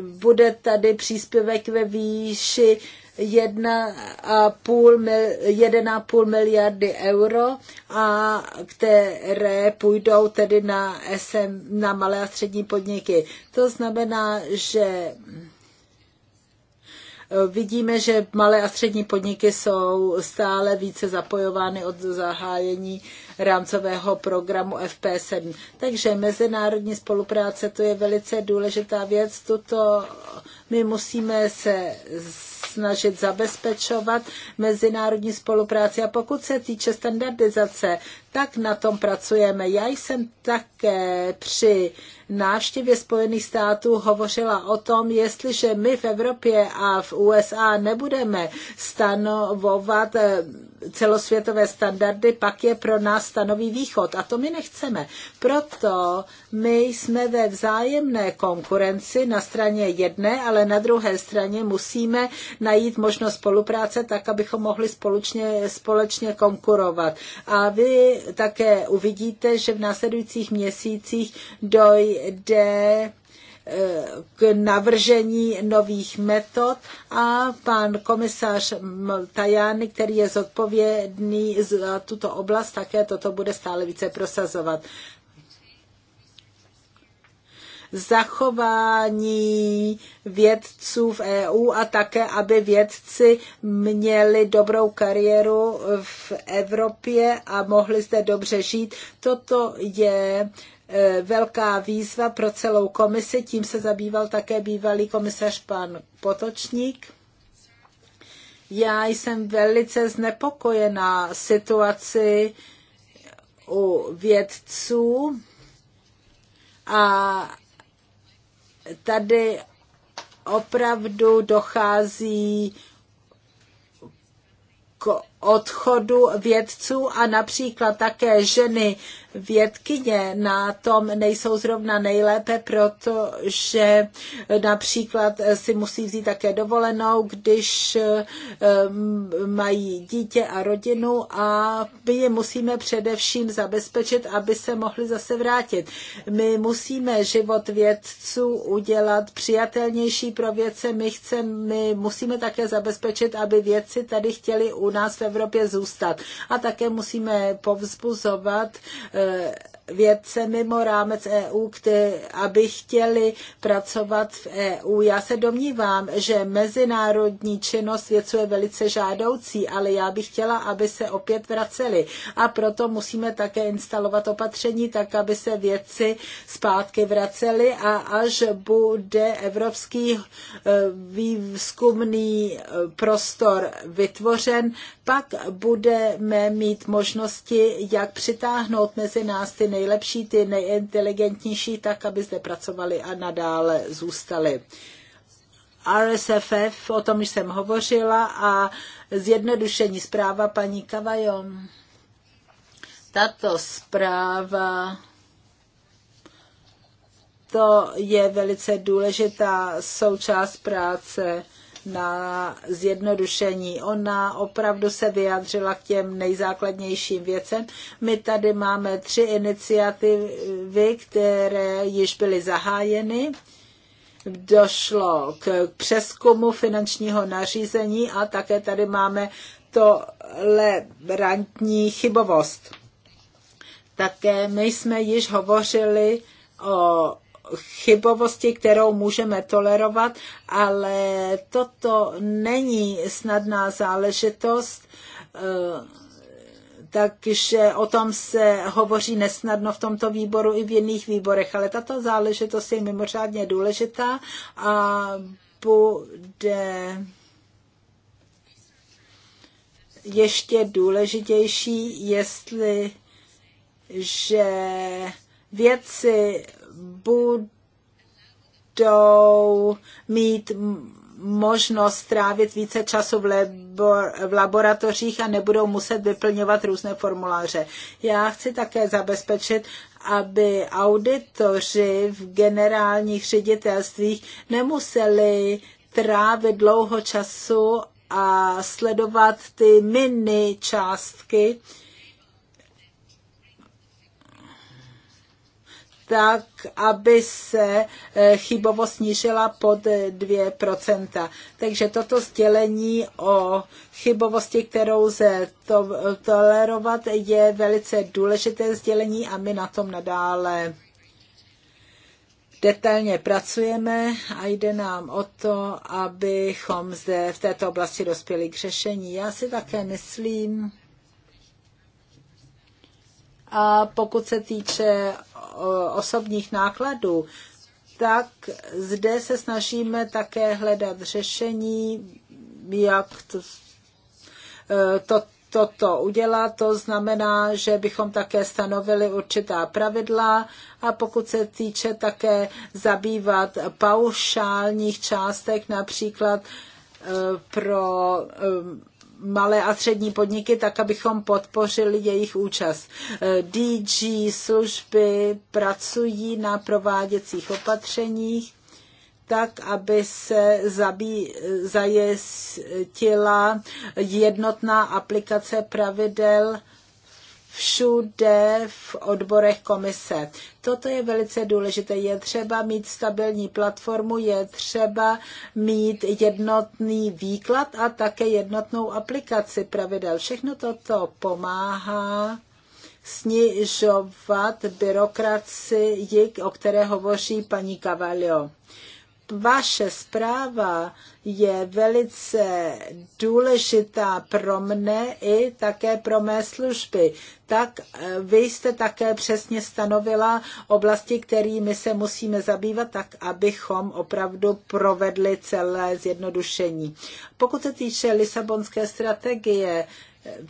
[SPEAKER 2] bude tady příspěvek ve výši 1,5 miliardy euro, a které půjdou tedy na, SM, na malé a střední podniky. To znamená, že Vidíme, že malé a střední podniky jsou stále více zapojovány od zahájení rámcového programu FP7. Takže mezinárodní spolupráce to je velice důležitá věc. Tuto my musíme se snažit zabezpečovat mezinárodní spolupráci. A pokud se týče standardizace, tak na tom pracujeme. Já jsem také při návštěvě Spojených států hovořila o tom, jestliže my v Evropě a v USA nebudeme stanovovat eh, celosvětové standardy, pak je pro nás stanový východ. A to my nechceme. Proto my jsme ve vzájemné konkurenci na straně jedné, ale na druhé straně musíme najít možnost spolupráce tak, abychom mohli společně, společně konkurovat. A vy také uvidíte, že v následujících měsících dojde eh, k navržení nových metod a pan komisař Tajany, který je zodpovědný za tuto oblast, také toto bude stále více prosazovat zachování vědců v EU a také, aby vědci měli dobrou kariéru v Evropě a mohli zde dobře žít. Toto je e, velká výzva pro celou komisi, tím se zabýval také bývalý komisař pan Potočník. Já jsem velice znepokojená situaci u vědců a tady opravdu dochází k odchodu vědců a například také ženy vědkyně na tom nejsou zrovna nejlépe, protože například si musí vzít také dovolenou, když mají dítě a rodinu a my je musíme především zabezpečit, aby se mohli zase vrátit. My musíme život vědců udělat přijatelnější pro vědce, my, chceme, my musíme také zabezpečit, aby vědci tady chtěli u nás ve Evropě zůstat. A také musíme povzbuzovat eh, vědce mimo rámec EU, který, aby chtěli pracovat v EU. Já se domnívám, že mezinárodní činnost vědců je velice žádoucí, ale já bych chtěla, aby se opět vraceli. A proto musíme také instalovat opatření, tak aby se vědci zpátky vraceli a až bude evropský eh, výzkumný eh, prostor vytvořen, pak budeme mít možnosti, jak přitáhnout mezi nás ty nejlepší, ty nejinteligentnější, tak aby zde pracovali a nadále zůstali. RSFF, o tom jsem hovořila, a zjednodušení zpráva paní Kavajom. Tato zpráva to je velice důležitá součást práce na zjednodušení. Ona opravdu se vyjádřila k těm nejzákladnějším věcem. My tady máme tři iniciativy, které již byly zahájeny došlo k přeskumu finančního nařízení a také tady máme to lebrantní chybovost. Také my jsme již hovořili o chybovosti, kterou můžeme tolerovat, ale toto není snadná záležitost eh, takže o tom se hovoří nesnadno v tomto výboru i v jiných výborech, ale tato záležitost je mimořádně důležitá a bude ještě důležitější, jestli že vědci budou mít možnost strávit více času v, labor, v laboratořích a nebudou muset vyplňovat různé formuláře. Já chci také zabezpečit, aby auditoři v generálních ředitelstvích nemuseli trávit dlouho času a sledovat ty mini částky, tak, aby se e, chybovost snížila pod 2%. Takže toto sdělení o chybovosti, kterou lze to, e, tolerovat, je velice důležité sdělení a my na tom nadále detailně pracujeme a jde nám o to, abychom zde v této oblasti dospěli k řešení. Já si také myslím, a pokud se týče osobních nákladů, tak zde se snažíme také hledat řešení, jak to, eh, to, toto udělat. To znamená, že bychom také stanovili určitá pravidla a pokud se týče také zabývat paušálních částek, například eh, pro eh, malé a střední podniky, tak abychom podpořili jejich účast. DG služby pracují na prováděcích opatřeních, tak, aby se zabí, zajistila jednotná aplikace pravidel všude v odborech komise. Toto je velice důležité. Je třeba mít stabilní platformu, je třeba mít jednotný výklad a také jednotnou aplikaci pravidel. Všechno toto pomáhá snižovat byrokracii, o které hovoří paní Cavalio vaše zpráva je velice důležitá pro mne i také pro mé služby. Tak eh, vy jste také přesně stanovila oblasti, kterými se musíme zabývat, tak abychom opravdu provedli celé zjednodušení. Pokud se týče Lisabonské strategie,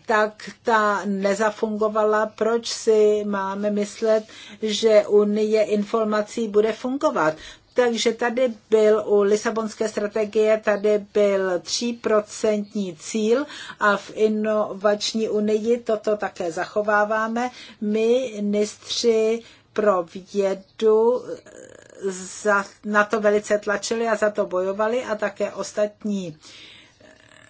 [SPEAKER 2] tak ta nezafungovala. Proč si máme myslet, že Unie informací bude fungovat? Takže tady byl u Lisabonské strategie, tady byl 3% cíl a v inovační unii toto také zachováváme. My, mistři pro vědu, za, na to velice tlačili a za to bojovali a také ostatní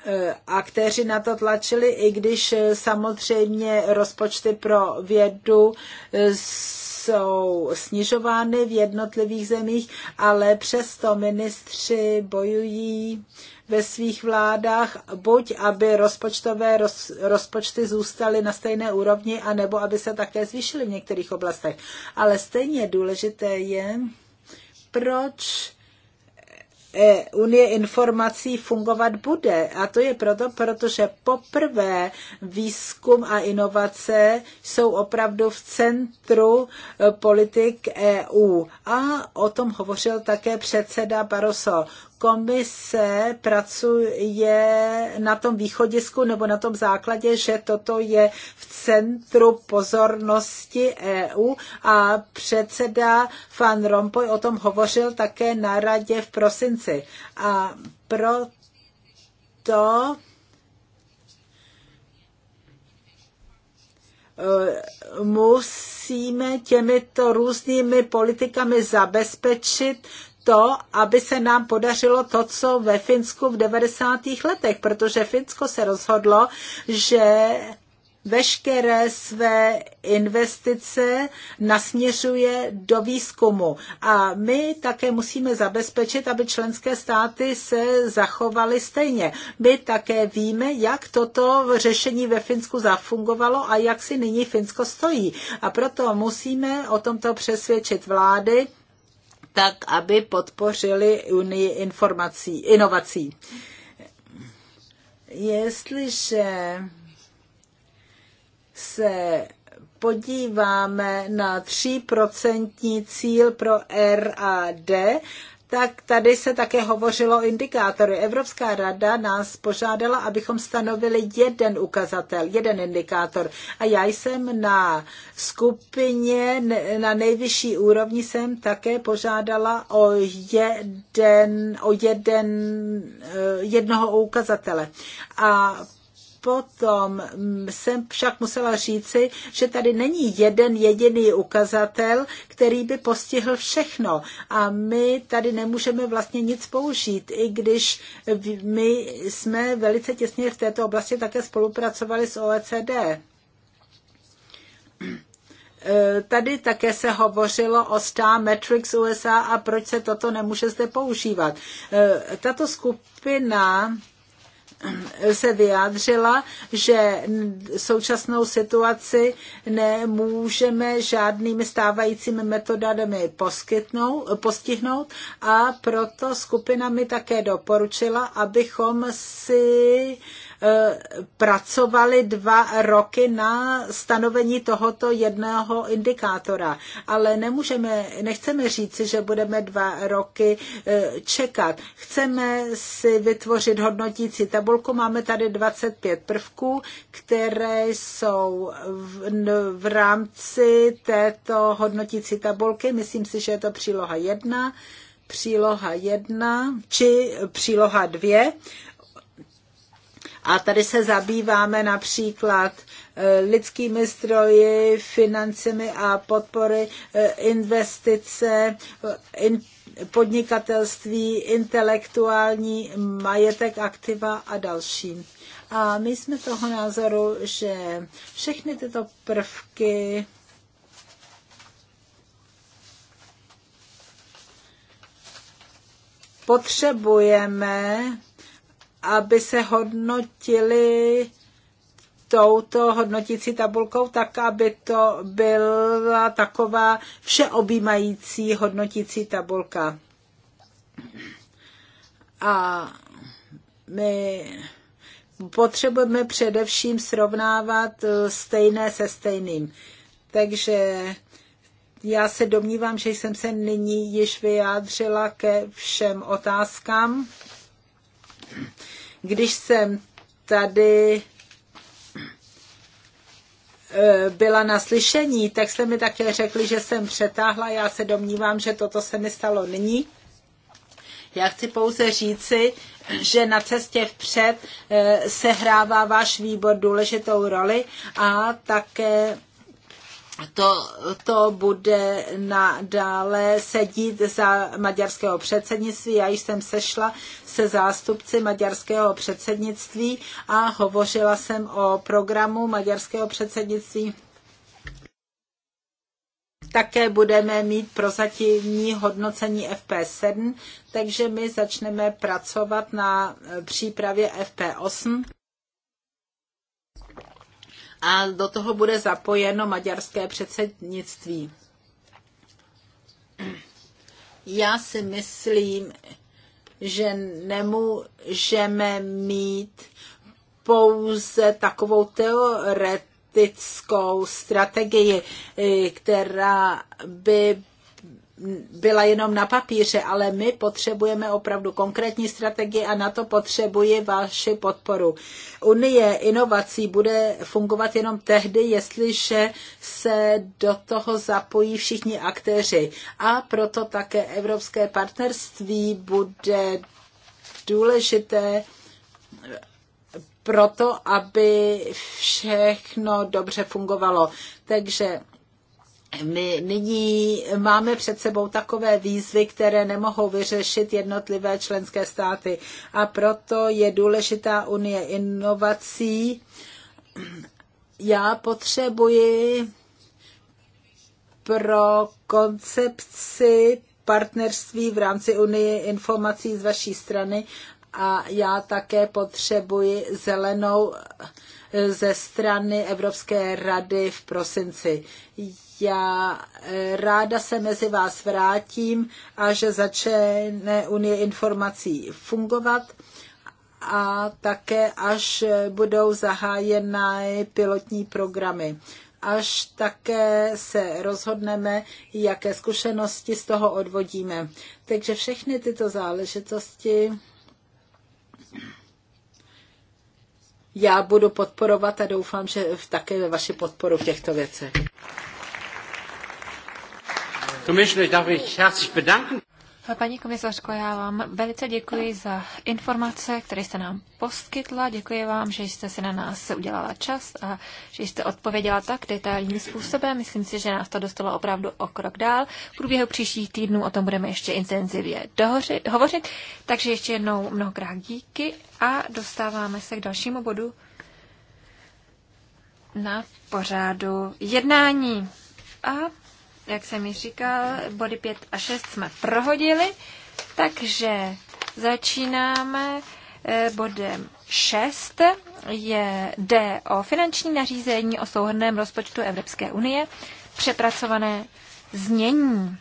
[SPEAKER 2] eh, a kteří na to tlačili, i když eh, samozřejmě rozpočty pro vědu s eh, jsou snižovány v jednotlivých zemích, ale přesto ministři bojují ve svých vládách, buď aby rozpočtové roz, rozpočty zůstaly na stejné úrovni, anebo aby se také zvýšily v některých oblastech. Ale stejně důležité je, proč Unie informací fungovat bude. A to je proto, protože poprvé výzkum a inovace jsou opravdu v centru eh, politik EU. A o tom hovořil také předseda Barroso komise pracuje na tom východisku nebo na tom základě, že toto je v centru pozornosti EU a předseda Van Rompuy o tom hovořil také na radě v prosinci. A proto eh, musíme těmito různými politikami zabezpečit to, aby se nám podařilo to, co ve Finsku v 90. letech, protože Finsko se rozhodlo, že veškeré své investice nasměřuje do výzkumu. A my také musíme zabezpečit, aby členské státy se zachovaly stejně. My také víme, jak toto řešení ve Finsku zafungovalo a jak si nyní Finsko stojí. A proto musíme o tomto přesvědčit vlády, tak aby podpořili Unii informací, inovací. Jestliže se podíváme na 3% cíl pro R a D, tak tady se také hovořilo o indikátoru. Evropská rada nás požádala, abychom stanovili jeden ukazatel, jeden indikátor. A já jsem na skupině na nejvyšší úrovni jsem také požádala o jeden, o jeden eh, jednoho ukazatele. A potom jsem však musela říci, že tady není jeden jediný ukazatel, který by postihl všechno. A my tady nemůžeme vlastně nic použít, i když my jsme velice těsně v této oblasti také spolupracovali s OECD. Tady také se hovořilo o Star Matrix USA a proč se toto nemůže zde používat. Tato skupina se vyjádřila, že současnou situaci nemůžeme žádnými stávajícími metodami postihnout a proto skupina mi také doporučila, abychom si E, pracovali dva roky na stanovení tohoto jednoho indikátora. Ale nemůžeme, nechceme říci, že budeme dva roky e, čekat. Chceme si vytvořit hodnotící tabulku. Máme tady 25 prvků, které jsou v, v rámci této hodnotící tabulky. Myslím si, že je to příloha 1 příloha 1 či příloha 2 a tady se zabýváme například eh, lidskými zdroji, financemi a podpory eh, investice, eh, in, podnikatelství, intelektuální majetek aktiva a další. A my jsme toho názoru, že všechny tyto prvky potřebujeme aby se hodnotili touto hodnotící tabulkou, tak aby to byla taková všeobjímající hodnotící tabulka. A my potřebujeme především srovnávat e, stejné se stejným. Takže já se domnívám, že jsem se nyní již vyjádřila ke všem otázkám. Když jsem tady eh, byla na slyšení, tak jste mi také řekli, že jsem přetáhla. Já se domnívám, že toto se mi stalo nyní. Já chci pouze říci, že na cestě vpřed eh, sehrává váš výbor důležitou roli a také to, to bude nadále sedít za maďarského předsednictví. Já jsem sešla se zástupci maďarského předsednictví a hovořila jsem o programu maďarského předsednictví. Také budeme mít prozatímní hodnocení FP7, takže my začneme pracovat na přípravě FP8 a do toho bude zapojeno maďarské předsednictví. Já si myslím, že nemůžeme mít pouze takovou teoretickou strategii, která by byla jenom na papíře, ale my potřebujeme opravdu konkrétní strategii a na to potřebuji vaši podporu. Unie inovací bude fungovat jenom tehdy, jestliže se do toho zapojí všichni aktéři. A proto také Evropské partnerství bude důležité proto, aby všechno dobře fungovalo. Takže my nyní máme před sebou takové výzvy, které nemohou vyřešit jednotlivé členské státy. A proto je důležitá unie inovací. Já potřebuji pro koncepci partnerství v rámci Unie informací z vaší strany a já také potřebuji zelenou ze strany Evropské rady v prosinci já eh, ráda se mezi vás vrátím a že začne Unie informací fungovat a také až budou zahájeny pilotní programy. Až také se rozhodneme, jaké zkušenosti z toho odvodíme. Takže všechny tyto záležitosti já budu podporovat a doufám, že také ve vaši podporu v těchto věcech.
[SPEAKER 1] Paní komisařko, já vám velice děkuji za informace, které jste nám poskytla. Děkuji vám, že jste si na nás udělala čas a že jste odpověděla tak detailním způsobem. Myslím si, že nás to dostalo opravdu o krok dál. V průběhu příštích týdnů o tom budeme ještě intenzivně hovořit. Takže ještě jednou mnohokrát díky a dostáváme se k dalšímu bodu na pořádu jednání. A jak jsem ji říkal, body 5 a 6 jsme prohodili, takže začínáme eh, bodem 6 je D o finanční nařízení o souhrném rozpočtu Evropské unie, přepracované znění.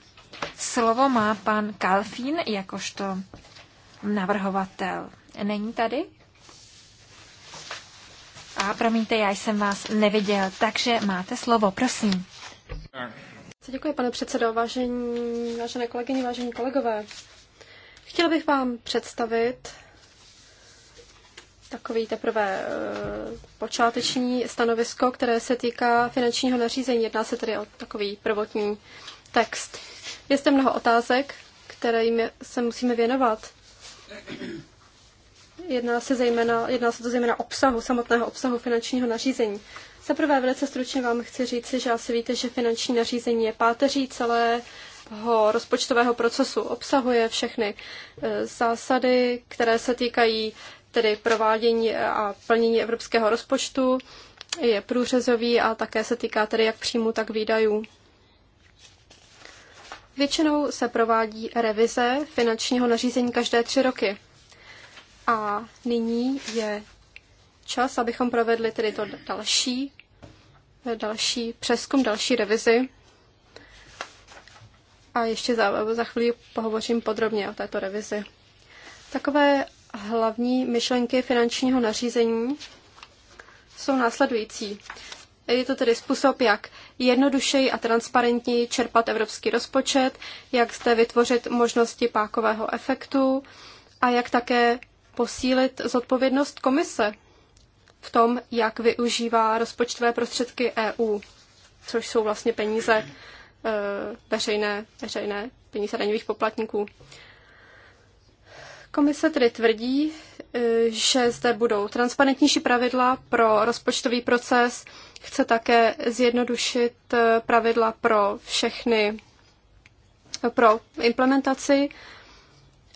[SPEAKER 1] Slovo má pan Kalfín jakožto navrhovatel. Není tady? A promiňte, já jsem vás neviděl, takže máte slovo, prosím.
[SPEAKER 3] Děkuji, pane předsedo, vážení, vážené kolegyně, vážení kolegové. Chtěla bych vám představit takový teprve eh, počáteční stanovisko, které se týká finančního nařízení. Jedná se tedy o takový prvotní text. Je zde mnoho otázek, kterým se musíme věnovat. Jedná se, zejména, jedná se to zejména obsahu, samotného obsahu finančního nařízení. Za prvé velice stručně vám chci říci, že asi víte, že finanční nařízení je páteří celé rozpočtového procesu obsahuje všechny eh, zásady, které se týkají tedy provádění a plnění evropského rozpočtu, je průřezový a také se týká tedy jak příjmu, tak výdajů. Většinou se provádí revize finančního nařízení každé tři roky. A nyní je čas, abychom provedli tedy to další další přeskum, další revizi. A ještě za, za chvíli pohovořím podrobně o této revizi. Takové hlavní myšlenky finančního nařízení jsou následující. Je to tedy způsob, jak jednodušeji a transparentněji čerpat evropský rozpočet, jak zde vytvořit možnosti pákového efektu a jak také posílit zodpovědnost komise v tom, jak využívá rozpočtové prostředky EU, což jsou vlastně peníze eh, veřejné, veřejné peníze daňových poplatníků. Komise tedy tvrdí, eh, že zde budou transparentnější pravidla pro rozpočtový proces, chce také zjednodušit eh, pravidla pro všechny, pro implementaci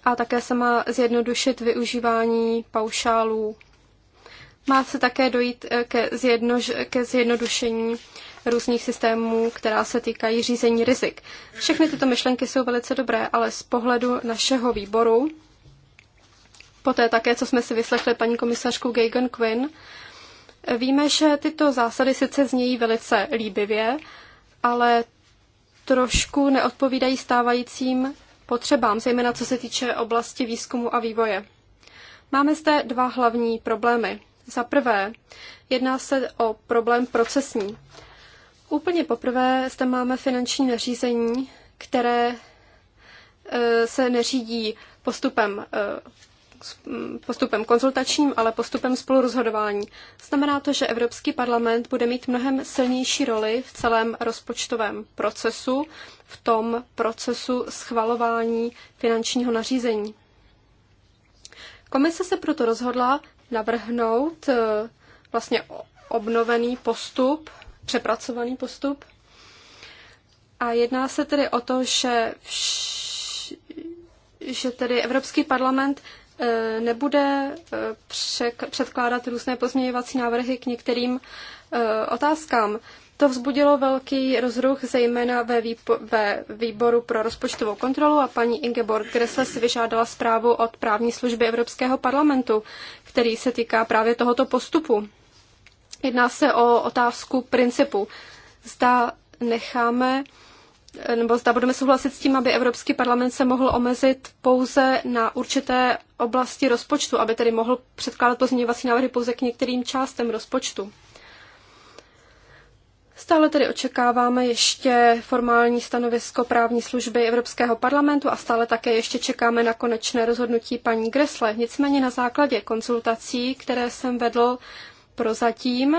[SPEAKER 3] a také se má zjednodušit využívání paušálů má se také dojít eh, ke, zjedno, ke zjednodušení různých systémů, která se týkají řízení rizik. Všechny tyto myšlenky jsou velice dobré, ale z pohledu našeho výboru, poté také, co jsme si vyslechli paní komisařku Gagan Quinn, víme, že tyto zásady sice znějí velice líbivě, ale trošku neodpovídají stávajícím potřebám, zejména co se týče oblasti výzkumu a vývoje. Máme zde dva hlavní problémy. Za prvé, jedná se o problém procesní. Úplně poprvé zde máme finanční nařízení, které e, se neřídí postupem e, postupem konzultačním, ale postupem spolurozhodování. Znamená to, že Evropský parlament bude mít mnohem silnější roli v celém rozpočtovém procesu, v tom procesu schvalování finančního nařízení. Komise se proto rozhodla navrhnout eh, vlastně obnovený postup, přepracovaný postup. A jedná se tedy o to, že, že tedy Evropský parlament eh, nebude eh, předkládat různé pozměňovací návrhy k některým otázkám. To vzbudilo velký rozruch, zejména ve, výpo- ve výboru pro rozpočtovou kontrolu a paní Ingeborg Gressle si vyžádala zprávu od právní služby Evropského parlamentu, který se týká právě tohoto postupu. Jedná se o otázku principu. Zda necháme nebo zda budeme souhlasit s tím, aby Evropský parlament se mohl omezit pouze na určité oblasti rozpočtu, aby tedy mohl předkládat pozměňovací návrhy pouze k některým částem rozpočtu. Stále tedy očekáváme ještě formální stanovisko právní služby Evropského parlamentu a stále také ještě čekáme na konečné rozhodnutí paní Gresle. Nicméně na základě konzultací, které jsem vedl prozatím,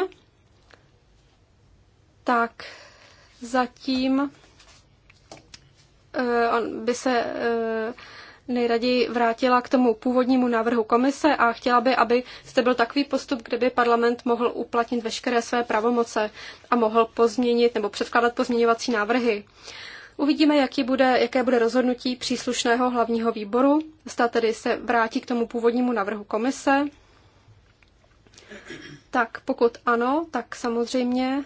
[SPEAKER 3] tak zatím eh, by se eh, nejraději vrátila k tomu původnímu návrhu komise a chtěla by, aby zde byl takový postup, kde by parlament mohl uplatnit veškeré své pravomoce a mohl pozměnit nebo předkládat pozměňovací návrhy. Uvidíme, jaký bude, jaké bude rozhodnutí příslušného hlavního výboru. Zda tedy se vrátí k tomu původnímu návrhu komise. Tak pokud ano, tak samozřejmě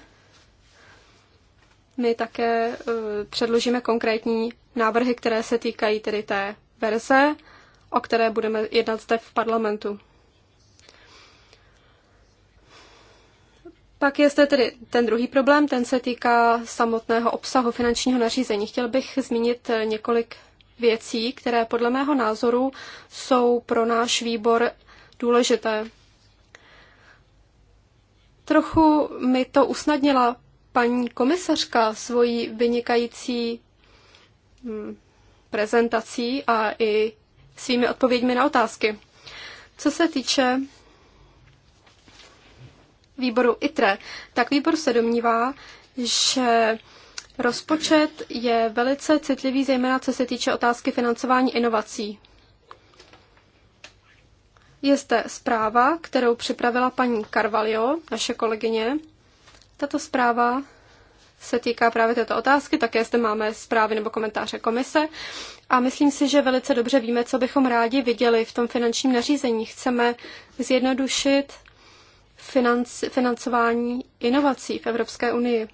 [SPEAKER 3] my také eh, předložíme konkrétní návrhy, které se týkají tedy té verze, o které budeme jednat zde v parlamentu. Pak je zde tedy ten druhý problém, ten se týká samotného obsahu finančního nařízení. Chtěl bych zmínit několik věcí, které podle mého názoru jsou pro náš výbor důležité. Trochu mi to usnadnila paní komisařka svoji vynikající hm, prezentací a i svými odpověďmi na otázky. Co se týče výboru ITRE, tak výbor se domnívá, že rozpočet je velice citlivý, zejména co se týče otázky financování inovací. Je zde zpráva, kterou připravila paní Carvalho, naše kolegyně. Tato zpráva se týká právě této otázky, také zde máme zprávy nebo komentáře komise. A myslím si, že velice dobře víme, co bychom rádi viděli v tom finančním nařízení. Chceme zjednodušit financ- financování inovací v Evropské unii.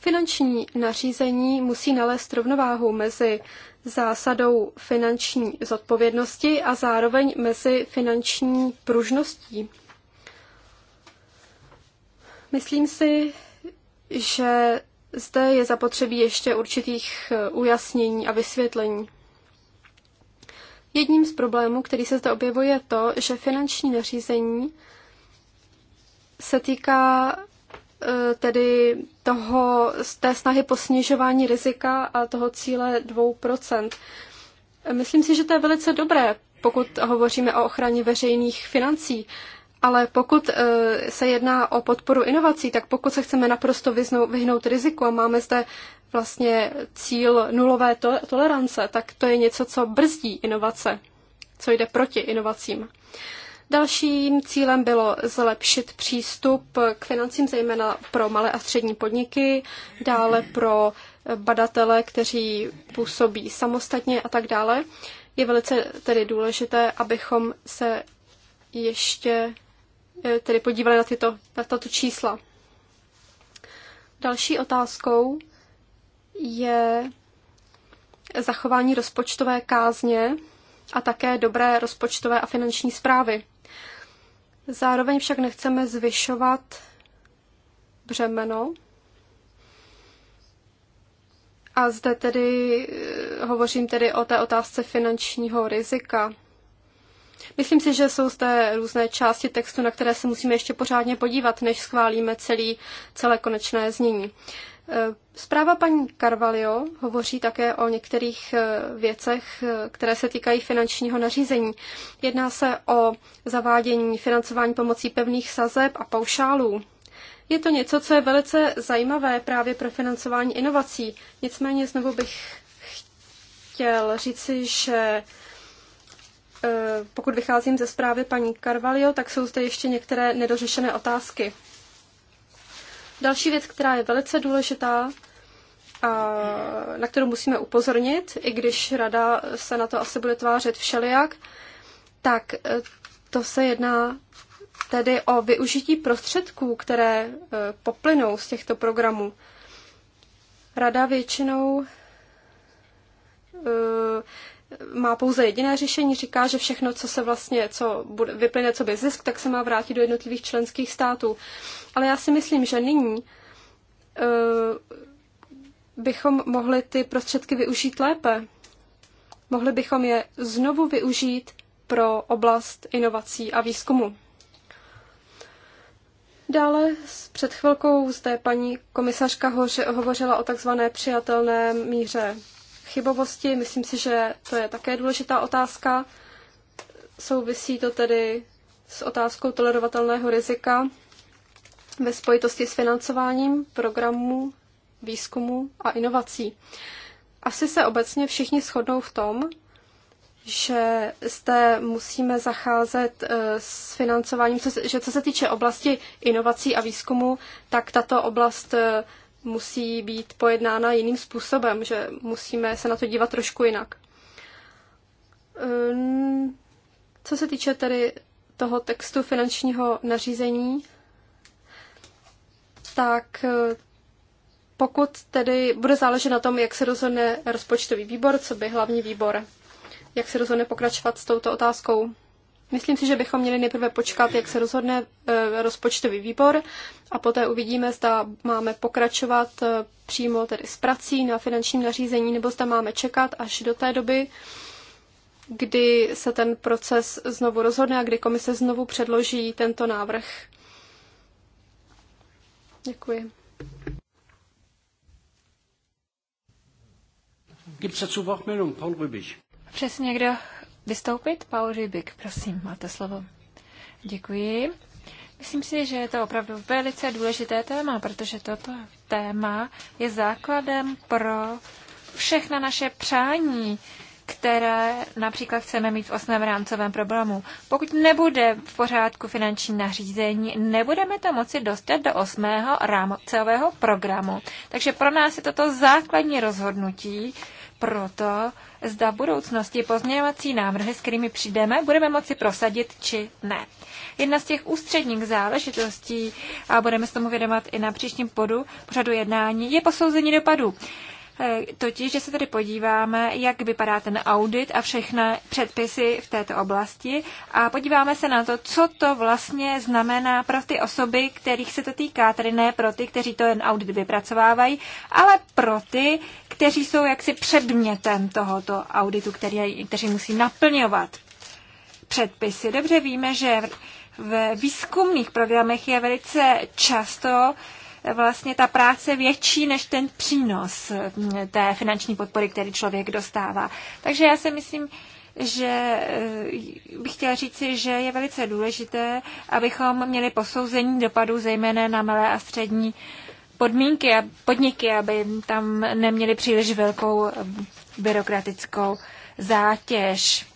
[SPEAKER 3] Finanční nařízení musí nalézt rovnováhu mezi zásadou finanční zodpovědnosti a zároveň mezi finanční pružností. Myslím si, že zde je zapotřebí ještě určitých eh, ujasnění a vysvětlení. Jedním z problémů, který se zde objevuje, je to, že finanční nařízení se týká eh, tedy toho, z té snahy po snižování rizika a toho cíle 2%. Myslím si, že to je velice dobré, pokud hovoříme o ochraně veřejných financí. Ale pokud eh, se jedná o podporu inovací, tak pokud se chceme naprosto vyhnout riziku a máme zde vlastně cíl nulové to- tolerance, tak to je něco, co brzdí inovace, co jde proti inovacím. Dalším cílem bylo zlepšit přístup k financím, zejména pro malé a střední podniky, dále pro badatele, kteří působí samostatně a tak dále. Je velice tedy důležité, abychom se ještě Eh, tedy podívali na, tyto, na tato čísla. Další otázkou je zachování rozpočtové kázně a také dobré rozpočtové a finanční zprávy. Zároveň však nechceme zvyšovat břemeno. A zde tedy eh, hovořím tedy o té otázce finančního rizika. Myslím si, že jsou zde různé části textu, na které se musíme ještě pořádně podívat, než schválíme celý, celé konečné znění. Eh, zpráva paní Carvalho hovoří také o některých eh, věcech, eh, které se týkají finančního nařízení. Jedná se o zavádění financování pomocí pevných sazeb a paušálů. Je to něco, co je velice zajímavé právě pro financování inovací. Nicméně znovu bych chtěl říci, že Eh, pokud vycházím ze zprávy paní Carvalho, tak jsou zde ještě některé nedořešené otázky. Další věc, která je velice důležitá, a na kterou musíme upozornit, i když rada se na to asi bude tvářit všelijak, tak eh, to se jedná tedy o využití prostředků, které eh, poplynou z těchto programů. Rada většinou má pouze jediné řešení, říká, že všechno, co se vlastně, co bude, vyplyne, co by zisk, tak se má vrátit do jednotlivých členských států. Ale já si myslím, že nyní uh, bychom mohli ty prostředky využít lépe. Mohli bychom je znovu využít pro oblast inovací a výzkumu. Dále s před chvilkou zde paní komisařka hoře, hovořila o takzvané přijatelné míře chybovosti. Myslím si, že to je také důležitá otázka. Souvisí to tedy s otázkou tolerovatelného rizika ve spojitosti s financováním programů výzkumu a inovací. Asi se obecně všichni shodnou v tom, že zde musíme zacházet eh, s financováním, že co se týče oblasti inovací a výzkumu, tak tato oblast eh, musí být pojednána jiným způsobem, že musíme se na to dívat trošku jinak. Ehm, co se týče tedy toho textu finančního nařízení, tak e, pokud tedy bude záležet na tom, jak se rozhodne rozpočtový výbor, co by hlavní výbor, jak se rozhodne pokračovat s touto otázkou. Myslím si, že bychom měli nejprve počkat, jak se rozhodne eh, rozpočtový výbor a poté uvidíme, zda máme pokračovat eh, přímo tedy s prací na finančním nařízení, nebo zda máme čekat až do té doby, kdy se ten proces znovu rozhodne a kdy komise znovu předloží tento návrh. Děkuji. Gibt es dazu Wortmeldung? Paul Rübig.
[SPEAKER 1] Přesně, kdo vystoupit? Paul Rybik, prosím, máte slovo. Děkuji. Myslím si, že je to opravdu velice důležité téma, protože toto téma je základem pro všechna naše přání, které například chceme mít v osmém rámcovém problému. Pokud nebude v pořádku finanční nařízení, nebudeme to moci dostat do osmého rámcového programu. Takže pro nás je toto základní rozhodnutí, proto, zda v budoucnosti pozměňovací návrhy, s kterými přijdeme, budeme moci prosadit či ne. Jedna z těch ústředních záležitostí, a budeme se tomu vědomat i na příštím podu pořadu jednání, je posouzení dopadů. E, totiž, že se tady podíváme, jak vypadá ten audit a všechny předpisy v této oblasti a podíváme se na to, co to vlastně znamená pro ty osoby, kterých se to týká, tedy ne pro ty, kteří to ten audit vypracovávají, ale pro ty, kteří jsou jaksi předmětem tohoto auditu, který, kteří musí naplňovat předpisy. Dobře víme, že v výzkumných programech je velice často eh, vlastně ta práce větší než ten přínos mm, té finanční podpory, který člověk dostává. Takže já si myslím, že eh, bych chtěla říci, že je velice důležité, abychom měli posouzení dopadů zejména na malé a střední uh, podmínky a podniky, aby tam neměli příliš velkou byrokratickou zátěž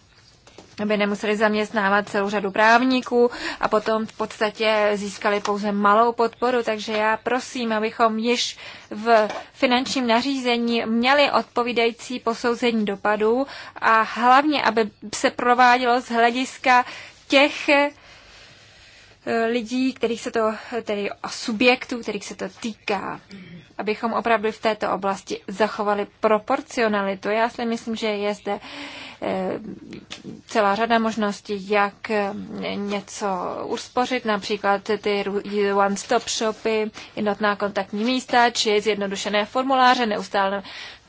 [SPEAKER 1] aby nemuseli zaměstnávat celou řadu právníků a potom v podstatě získali pouze malou podporu. Takže já prosím, abychom již v finančním nařízení měli odpovídající posouzení dopadů a hlavně, aby se provádělo z hlediska těch lidí, kterých se to, tedy a subjektů, kterých se to týká, abychom opravdu v této oblasti zachovali proporcionalitu. Já si myslím, že je zde eh, celá řada možností, jak eh, něco uspořit, například ty one-stop shopy, jednotná kontaktní místa či zjednodušené formuláře, neustále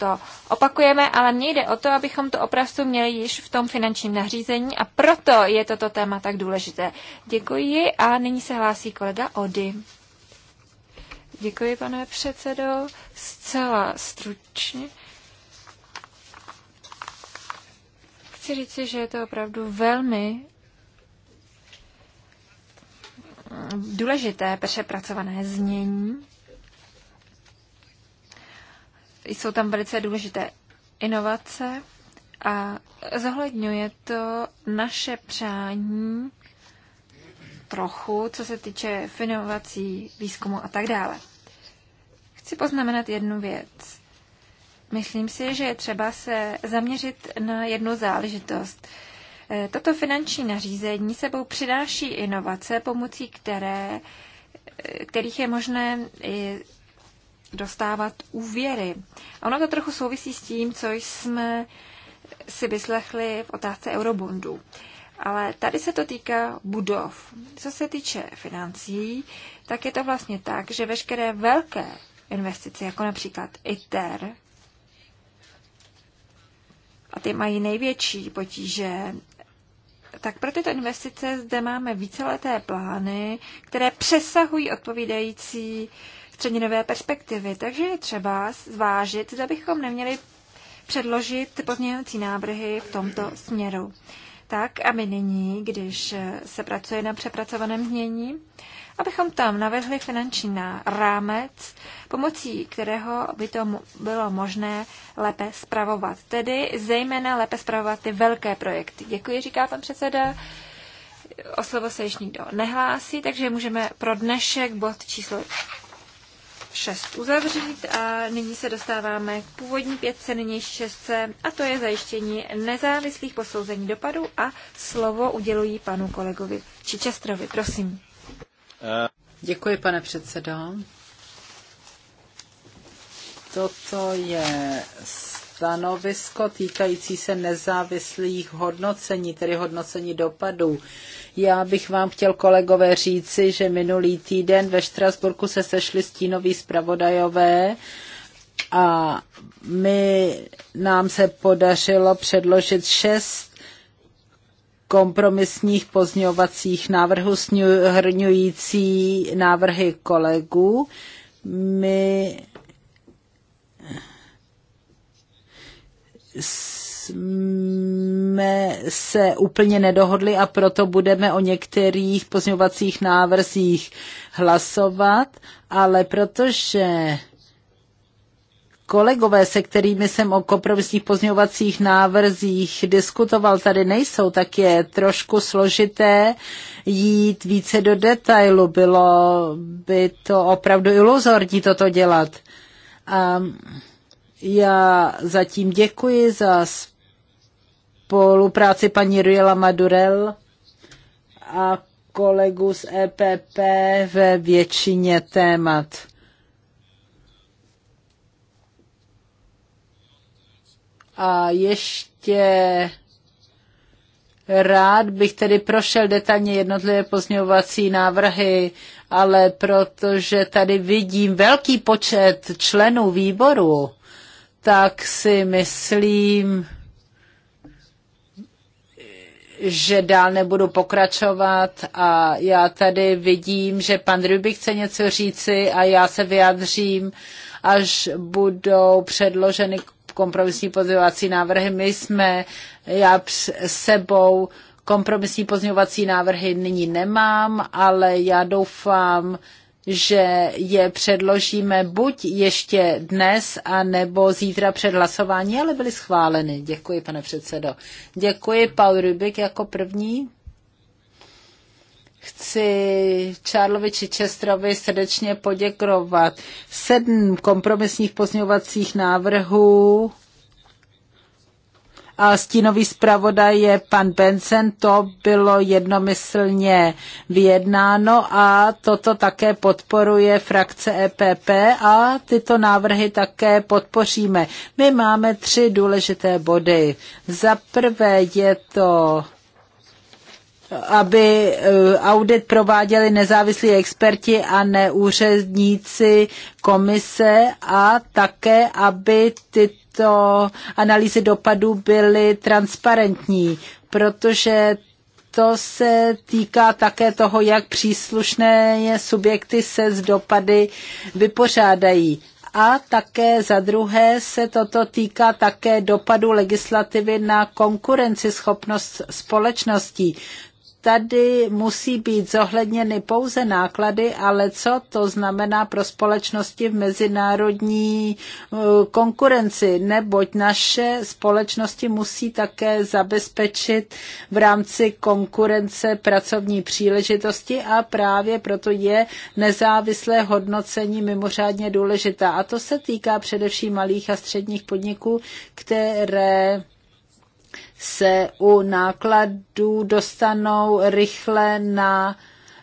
[SPEAKER 1] to opakujeme, ale mně jde o to, abychom to opravdu měli již v tom finančním nařízení a proto je toto téma tak důležité. Děkuji a nyní se hlásí kolega Ody. Děkuji, pane předsedo. Zcela stručně. Chci říci, že je to opravdu velmi důležité přepracované znění jsou tam velice důležité inovace a zohledňuje to naše přání trochu, co se týče inovací, výzkumu a tak dále. Chci poznamenat jednu věc. Myslím si, že je třeba se zaměřit na jednu záležitost. E, toto finanční nařízení sebou přináší inovace, pomocí které, e, kterých je možné dostávat úvěry. A ono to trochu souvisí s tím, co jsme si vyslechli v otázce eurobondů. Ale tady se to týká budov. Co se týče financí, tak je to vlastně tak, že veškeré velké investice, jako například ITER, a ty mají největší potíže, tak pro tyto investice zde máme víceleté plány, které přesahují odpovídající uh, střednědobé perspektivy. Takže je třeba zvážit, zda bychom neměli předložit pozměňovací návrhy v tomto směru. Tak, aby nyní, když se pracuje na přepracovaném znění, abychom tam navrhli finanční na rámec, pomocí kterého by to bylo možné lépe spravovat. Tedy zejména lépe spravovat ty velké projekty. Děkuji, říká pan předseda. O slovo se již nikdo nehlásí, takže můžeme pro dnešek bod číslo 6 uzavřít a nyní se dostáváme k původní pětce, nyní šestce a to je zajištění nezávislých posouzení dopadů a slovo udělují panu kolegovi Čičestrovi. Prosím.
[SPEAKER 2] Děkuji, pane předsedo. Toto je stanovisko týkající se nezávislých hodnocení, tedy hodnocení dopadů. Já bych vám chtěl, kolegové, říci, že minulý týden ve Štrasburku se sešli stínoví zpravodajové a my, nám se podařilo předložit šest kompromisních pozňovacích návrhů shrnující návrhy kolegů. My jsme se úplně nedohodli a proto budeme o některých pozňovacích návrzích hlasovat, ale protože kolegové, se kterými jsem o kompromisních pozměňovacích návrzích diskutoval, tady nejsou, tak je trošku složité jít více do detailu. Bylo by to opravdu iluzorní toto dělat. um, já zatím děkuji za spolupráci paní Riela Madurel a kolegu z EPP ve většině témat. A ještě rád bych tedy prošel detailně jednotlivé pozměňovací návrhy, ale protože tady vidím velký počet členů výboru, tak si myslím, že dál nebudu pokračovat a já tady vidím, že pan Rybik chce něco říci a já se vyjádřím, až budou předloženy kompromisní pozměňovací návrhy. My jsme, já sebou kompromisní pozměňovací návrhy nyní nemám, ale já doufám, že je předložíme buď ještě dnes, a nebo zítra před hlasování, ale byly schváleny. Děkuji, pane předsedo. Děkuji, Paul Rubik jako první. Chci Čárlovi Čestrovi srdečně poděkovat. Sedm kompromisních pozměňovacích návrhů a stínový zpravodaj je pan Benson. To bylo jednomyslně vyjednáno a toto také podporuje frakce EPP a tyto návrhy také podpoříme. My máme tři důležité body. Za prvé je to aby eh, audit prováděli nezávislí experti a neúředníci komise a také, aby tyto analýzy dopadů byly transparentní, protože to se týká také toho, jak příslušné subjekty se z dopady vypořádají. A také za druhé se toto týká také dopadu legislativy na schopnost společností tady musí být zohledněny pouze náklady, ale co to znamená pro společnosti v mezinárodní uh, konkurenci, neboť naše společnosti musí také zabezpečit v rámci konkurence pracovní příležitosti a právě proto je nezávislé hodnocení mimořádně důležitá. A to se týká především malých a středních podniků, které se u nákladů dostanou rychle na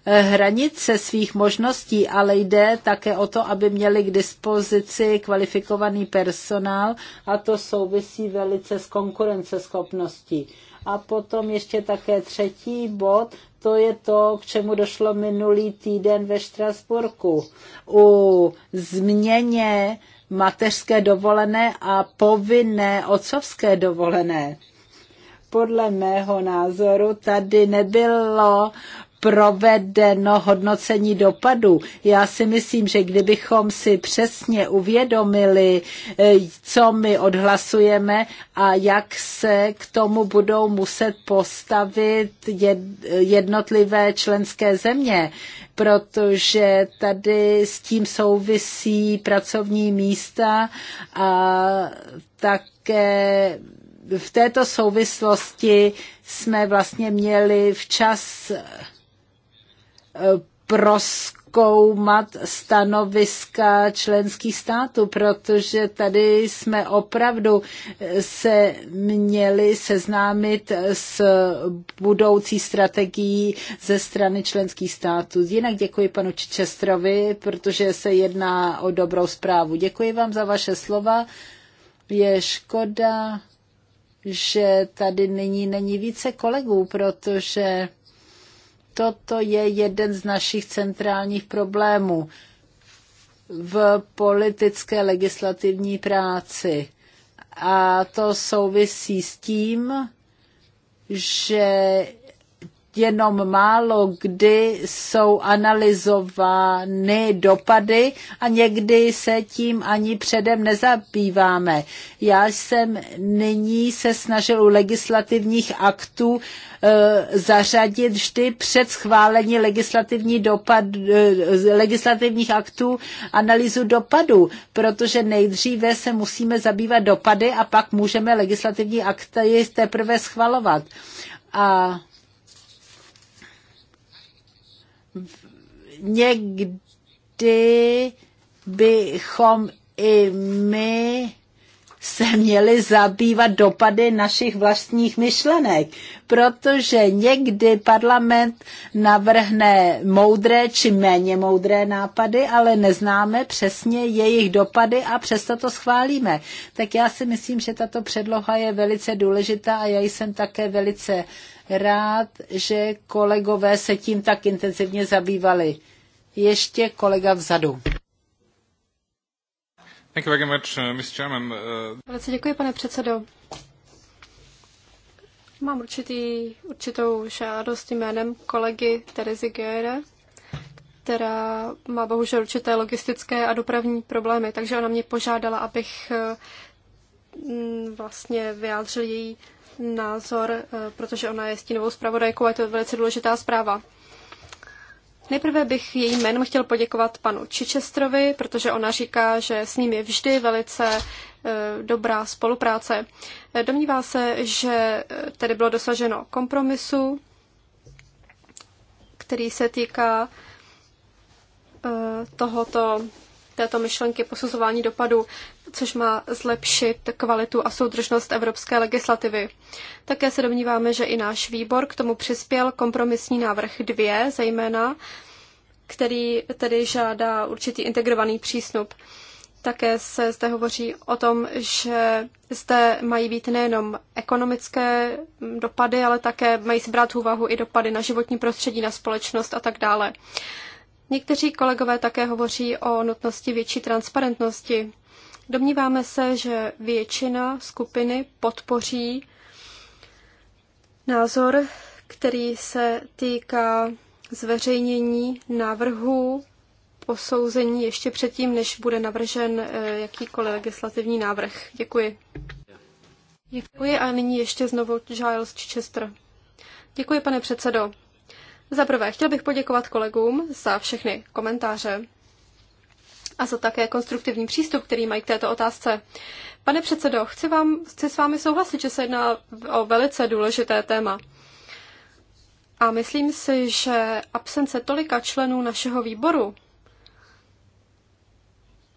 [SPEAKER 2] eh, hranice svých možností, ale jde také o to, aby měli k dispozici kvalifikovaný personál a to souvisí velice s konkurenceschopností. A potom ještě také třetí bod, to je to, k čemu došlo minulý týden ve Štrasburku. U změně mateřské dovolené a povinné otcovské dovolené podle mého názoru tady nebylo provedeno hodnocení dopadů. Já si myslím, že kdybychom si přesně uvědomili, eh, co my odhlasujeme a jak se k tomu budou muset postavit jednotlivé členské země, protože tady s tím souvisí pracovní místa a také v této souvislosti jsme vlastně měli včas eh, proskoumat stanoviska členských států, protože tady jsme opravdu se měli seznámit s budoucí strategií ze strany členských států. Jinak děkuji panu Čestrovi, protože se jedná o dobrou zprávu. Děkuji vám za vaše slova. Je škoda, že tady nyní není více kolegů, protože toto je jeden z našich centrálních problémů v politické legislativní práci. A to souvisí s tím, že jenom málo kdy jsou analyzovány dopady a někdy se tím ani předem nezabýváme. Já jsem nyní se snažil u legislativních aktů e, zařadit vždy před schválení legislativní dopad, e, legislativních aktů analýzu dopadů, protože nejdříve se musíme zabývat dopady a pak můžeme legislativní akty teprve schvalovat. A někdy bychom i my se měli zabývat dopady našich vlastních myšlenek, protože někdy parlament navrhne moudré či méně moudré nápady, ale neznáme přesně jejich dopady a přesto to schválíme. Tak já si myslím, že tato předloha je velice důležitá a já jsem také velice rád, že kolegové se tím tak intenzivně zabývali. Ještě kolega vzadu.
[SPEAKER 1] Thank you
[SPEAKER 3] very much, uh, Chairman. Uh,
[SPEAKER 2] Velice děkuji, pane předsedo.
[SPEAKER 3] Mám určitý, určitou žádost jménem kolegy Terezy Gere, která má bohužel určité logistické a dopravní problémy, takže ona mě požádala, abych mm, vlastně vyjádřil její názor, eh, protože ona je stínovou zpravodajkou a je to velice důležitá zpráva. Nejprve bych její jménem chtěl poděkovat panu Čičestrovi, protože ona říká, že s ním je vždy velice eh, dobrá spolupráce. Eh, domnívá se, že tedy bylo dosaženo kompromisu, který se týká tohoto této myšlenky posuzování dopadu, což má zlepšit kvalitu a soudržnost evropské legislativy. Také se domníváme, že i náš výbor k tomu přispěl kompromisní návrh 2, zejména, který tedy žádá určitý integrovaný přístup. Také se zde hovoří o tom, že zde mají být nejenom ekonomické dopady, ale také mají se brát úvahu i dopady na životní prostředí, na společnost a tak dále. Někteří kolegové také hovoří o nutnosti větší transparentnosti. Domníváme se, že většina skupiny podpoří názor, který se týká zveřejnění návrhu posouzení ještě předtím, než bude navržen eh, jakýkoliv legislativní návrh. Děkuji. Děkuji a nyní ještě znovu Giles Chichester. Děkuji, pane předsedo. Za prvé, chtěl bych poděkovat kolegům za všechny komentáře a za také konstruktivní přístup, který mají k této otázce. Pane předsedo, chci, vám, chci s vámi souhlasit, že se jedná o velice důležité téma. A myslím si, že absence tolika členů našeho výboru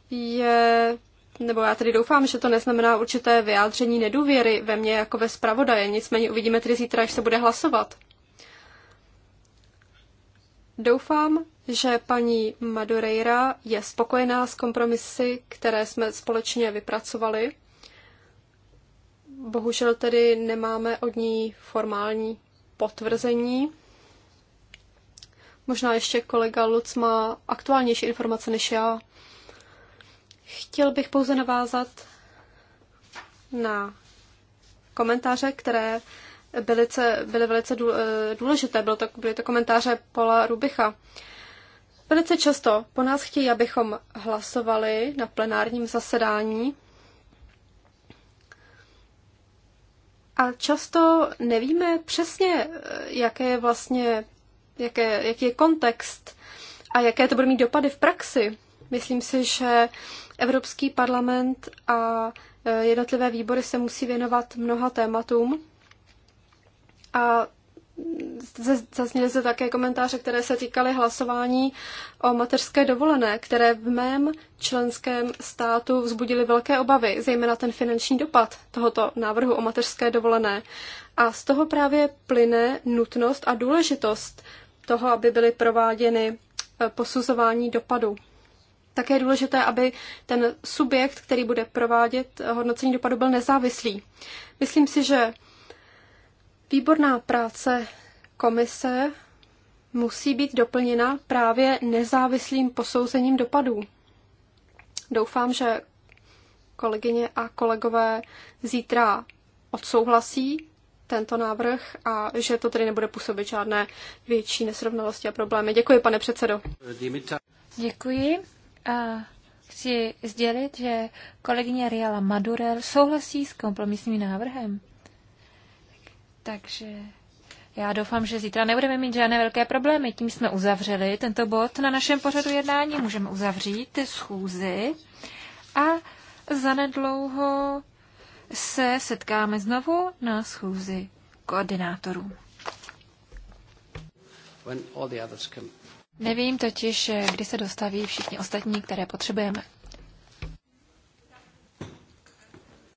[SPEAKER 3] je, nebo já tedy doufám, že to neznamená určité vyjádření nedůvěry ve mně jako ve zpravodaje, nicméně uvidíme tedy zítra, až se bude hlasovat. Doufám, že paní Madureira je spokojená s kompromisy, které jsme společně vypracovali. Bohužel tedy nemáme od ní formální potvrzení. Možná ještě kolega Luc má aktuálnější informace než já. Chtěl bych pouze navázat na komentáře, které velice, byly velice eh, důležité. Byly to, byly to komentáře Paula Rubicha. Velice často po nás chtějí, abychom hlasovali na plenárním zasedání. A často nevíme přesně, eh, jaké je vlastně, jaké, jaký je kontext a jaké to bude mít dopady v praxi. Myslím si, že Evropský parlament a eh, jednotlivé výbory se musí věnovat mnoha tématům, a zazněly se také komentáře, které se týkaly hlasování o mateřské dovolené, které v mém členském státu vzbudily velké obavy, zejména ten finanční dopad tohoto návrhu o mateřské dovolené. A z toho právě plyne nutnost a důležitost toho, aby byly prováděny eh, posuzování dopadu. Také je důležité, aby ten subjekt, který bude provádět eh, hodnocení dopadu, byl nezávislý. Myslím si, že Výborná práce komise musí být doplněna právě nezávislým posouzením dopadů. Doufám, že kolegyně a kolegové zítra odsouhlasí tento návrh a že to tedy nebude působit žádné větší nesrovnalosti a problémy. Děkuji, pane předsedo.
[SPEAKER 1] Děkuji. A chci sdělit, že kolegyně Riala Madurel souhlasí s kompromisním návrhem. Takže já doufám, že zítra nebudeme mít žádné velké problémy. Tím jsme uzavřeli tento bod na našem pořadu jednání. Můžeme uzavřít schůzi a zanedlouho se setkáme znovu na schůzi koordinátorů. Nevím totiž, kdy se dostaví všichni ostatní, které potřebujeme.